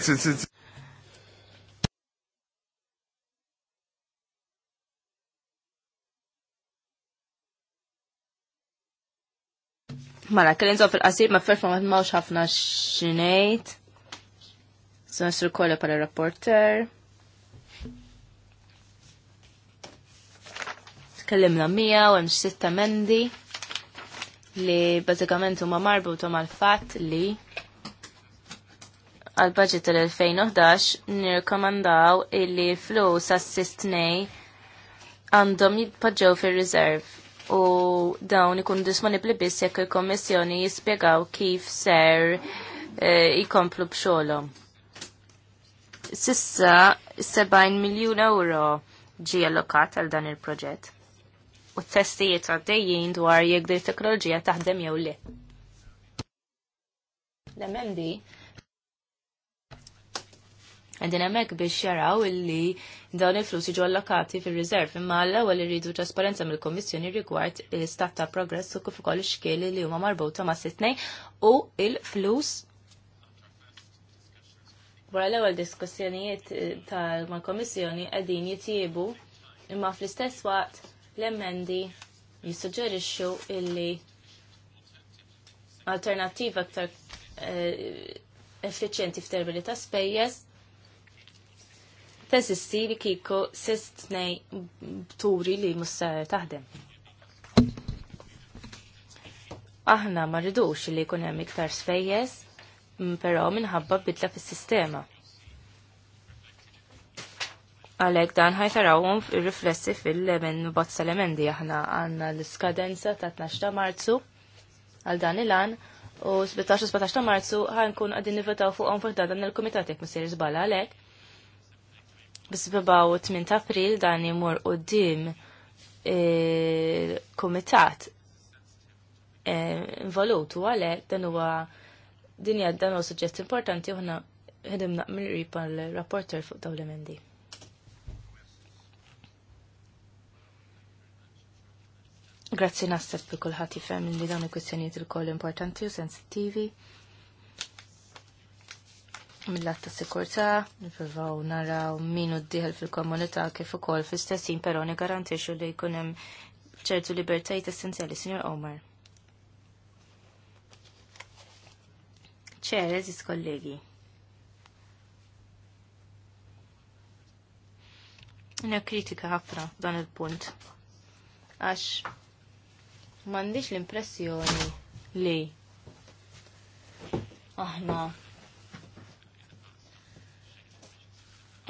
Mala, kellin il qasib ma ferfa ma mawx ħafna xinejt. Sanstru kolla pala rapporter. Tkellimna mija u hemm sitta mendi li bażikament huma marbutu mal-fatt li għal budget tal-2011 nirkomandaw illi flus assistnej għandhom jitpoġġew fir-reserve u dawn ikun disponibli biss jekk il-Kommissjoni jispjegaw kif ser jikomplu eh, jkomplu b'xogħolhom. Sissa 70 miljun euro ġi allokat għal dan il-proġett. U t-testijiet għaddejjin dwar jekk dir teknoloġija taħdem jew le. L-MMD għandin hemmhekk biex jaraw illi dawn il-flus jiġu allokati fir reserv imma l-ewwel irridu trasparenza mill-Kummissjoni rigward l-istat ta' progress u kif ukoll ix-xkiel li huma marbuta ma' sitnej u il-flus wara l-ewwel diskussjonijiet eh, tal-Kommissjoni qegħdin jitjiebu imma fl-istess waqt l-emendi jissuġġerixxu illi alternativa aktar eh, effiċjenti f'termini ta' spejjeż teżisti li kiko sest nej turi li musa taħdem. Aħna ma rridux li jkun hemm iktar sfejjes, però minħabba bidla fis-sistema. Għalek dan ħajtarawhom riflessi fil-lemen bozz elementi aħna għandna l-iskadenza ta' 12 ta' Marzu għal dan il-an u 17-17 ta' Marzu ħankun għadin nivvotaw fuqhom fuq dan il-kumitat jekk missier żbala għalhekk u 7 ta' april dan jimur u dim komitat eh, involut u għalek dan huwa dan huwa suġġett importanti u ħna ħedem naqmirri pal rapporter fuq dawn l-emendi. Grazzi naħseb li kulħadd jifhem li dawn il-kwistjonijiet il-koll importanti u sensittivi mill-att ta' sikurtà, nipprovaw naraw min diħel fil-komunità kif ukoll stessin pero però garantiexu li jkun hemm ċertu libertajiet essenzjali, Sr. Omar. Ċer, eżis kollegi. Ina kritika ħafna dan il-punt. Għax m'għandix l-impressjoni li aħna ah,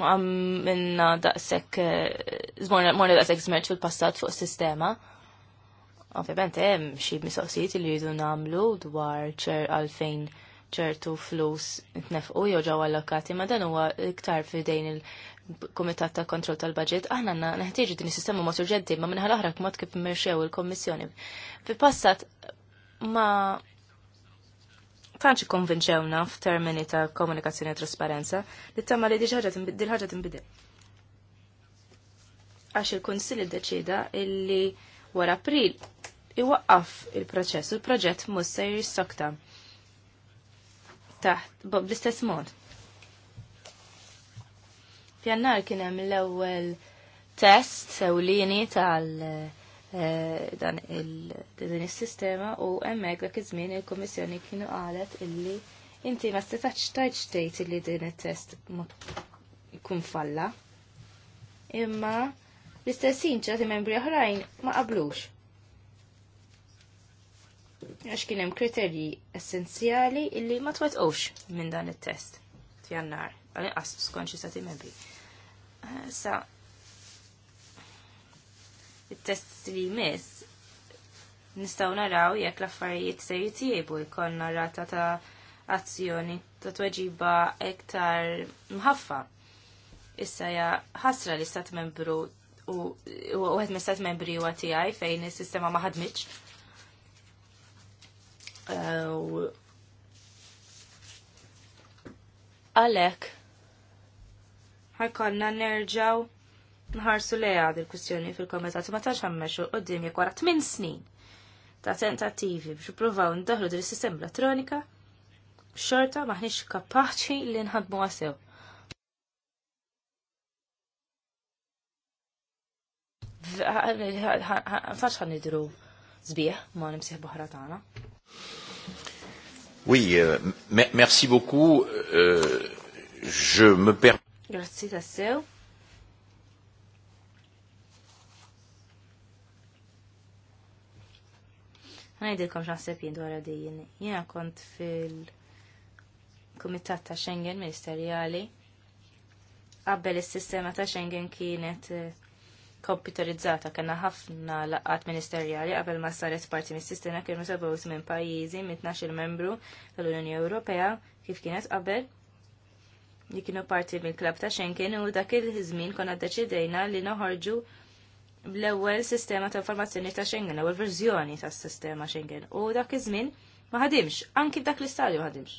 għamminna daqsek, eh, morna daqsek zmerċ fil-passat fuq sistema. Ovvijament, hemm xi misoqsijiet li jridu nagħmlu dwar ċer għalfejn ċertu flus nefqu jew ġew allokati, ma dan huwa iktar fidejn il-Kumitat ta' Kontroll tal-Baġit. Aħna għandna neħtieġu din is-sistema mod urġenti, ma minħal aħra kmod kif immerxew il-Kommissjoni. Fil-passat ma tanċi konvinċewna f'termini ta' komunikazzjoni u trasparenza li tamma li diġħaġa dil-ħagġa Għax il-Konsil id-deċida illi wara april iwaqqaf il-proċess u l-proġett mhux se jissokta taħt bl-istess mod. Fjannar kien hemm l-ewwel test sewlieni tal- Eh, dan din is-sistema u hemmhekk dak iż-żmien il-Kummissjoni kienu qalet illi inti ma setax tajt xtejt illi din it-test kun falla. Imma l istessin inċa membri oħrajn ma qablux. Għax kien hemm kriterji essenzjali illi ma twetqux minn dan it-test f'jannar, għal-inqas skonċi eh, sa' membri. Sa' it-test li jmiss nistaw naraw jekk l-affarijiet se jitjiebu jkollna rata ta' azzjoni ta' tweġiba iktar mħaffa. Issa ja ħasra li stat membru u għed me stat membri u għatijaj fejn il-sistema maħadmiċ. Għalek, ħarkonna nerġaw nħarsu leja dil-kwistjoni fil-komitat ma tax ħammeċu u d-dinja kwara 8 snin ta' tentativi biex provaw ndaħlu dil sistema elettronika xorta maħniex kapaċi li nħadmu għasew. Faċ ħan idru zbieħ ma nimsieħ buħra tagħna. Oui, euh, merci beaucoup. Euh, je me permets. Grazie tassew. Għanajdilkom xaħseb jien dwar għadijin. Jena kont fil-Kumitat ta' Schengen Ministerjali. Qabel is-sistema ta' Schengen kienet eh, komputerizzata kena ħafna laqat ministerjali qabel ma saret parti mis-sistema kienu sabu minn pajjiżi minn 12 membru tal-Unjoni Ewropea kif kienet qabel li kienu parti mill-klab ta' Schengen u dak il-ħizmin konna deċidejna li noħorġu l-ewwel sistema ta' informazzjoni ta' Schengen, l-ewwel verżjoni tas sistema Schengen. U dak iż-żmien ma ħadimx, anki dak l-istadju ħadimx.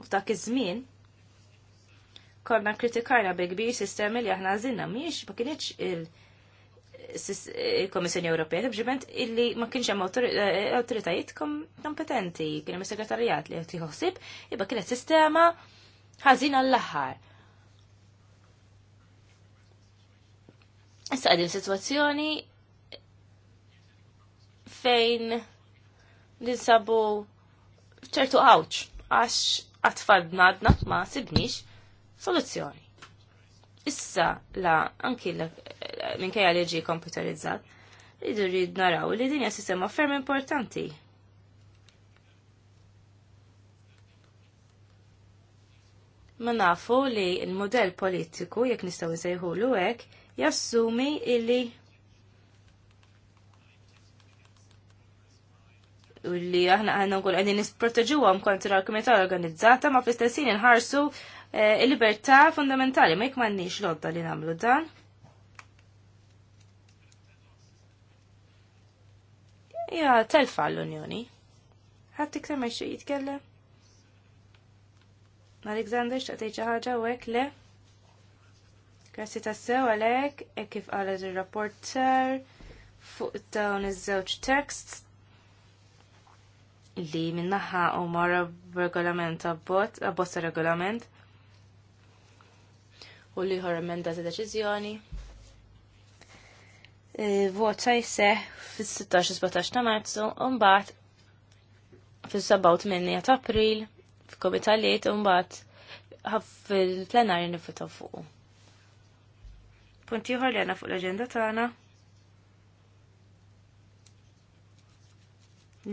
U dak iż-żmien konna kritikajna bi kbir sistemi li aħna għażilna mhijiex ma kienx il- il-Komissjoni Ewropea, tibġiment illi ma kienx hemm eh, awtoritajiet kompetenti, kien hemm segretarjat li qed jħossib, iba kienet sistema ħażin għall-aħħar. Issa għadin situazzjoni fejn ninsabu ċertu għawċ għax għatfad nadna ma sibniex soluzzjoni. Issa la anki minkejja li ġi komputerizzat, rridu rrid naraw li dinja sistema ferm importanti. Ma nafu li il-modell politiku, jekk nistgħu l hekk, jassumi illi li aħna għanna nkun għedin nisproteġuhom kontra l-kumità organizzata ma fl-istessin inħarsu eh, il-libertà fundamentali ma jekk m'għandniex lodda li nagħmlu dan. Ja, telfa l-Unjoni. Ħadd iktar ma jitkellem? Alexander xtaqtej xi ħaġa u hekk le? Grazzi tassew għalek, e kif għalet il-rapporter fuq dawn iż-żewġ text li minnaħħa u mara regolament abbozz abbozza regolament u li ħor emenda ta' deċiżjoni. E, Vota jseħ fis-16-17 ta' Marzu u bat fis-7 ta' April f'komitaliet un-bat fil-plenarju nifutaw fuq. Punti uħar li għandna fuq l-aġenda tagħna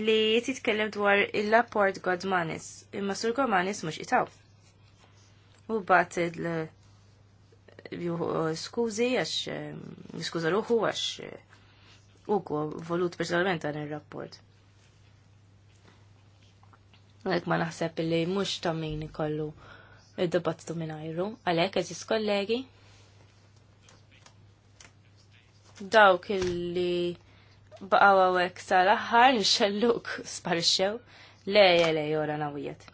li titkellem dwar il-rapport Godmanis, imma sur Godmanis mhux itaw. U bat il- skużi għax skuza ruħu għax eh, u volut personalment għan il-rapport. Għalek ma naħseb li mux tammin kollu id-debattu minn għajru, għalek għaziz kollegi dawk illi baqaw għawek sal aħħar nxelluk sparixxew leja leja ora nawijiet.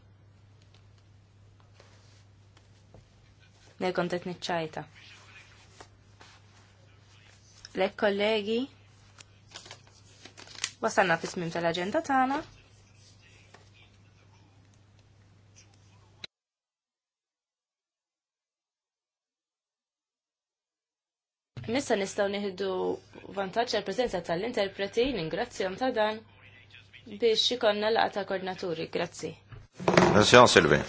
Lej kontet nitċajta. Lek kollegi, wasanna fis-mim tal-agenda tagħna. Nissa nistaw nieħdu vantaġġ għal prezenza tal-interpreti, ningrazzjom ta' dan biex ikonna laqa ta' koordinaturi. Grazzi. Grazzi, Silvi.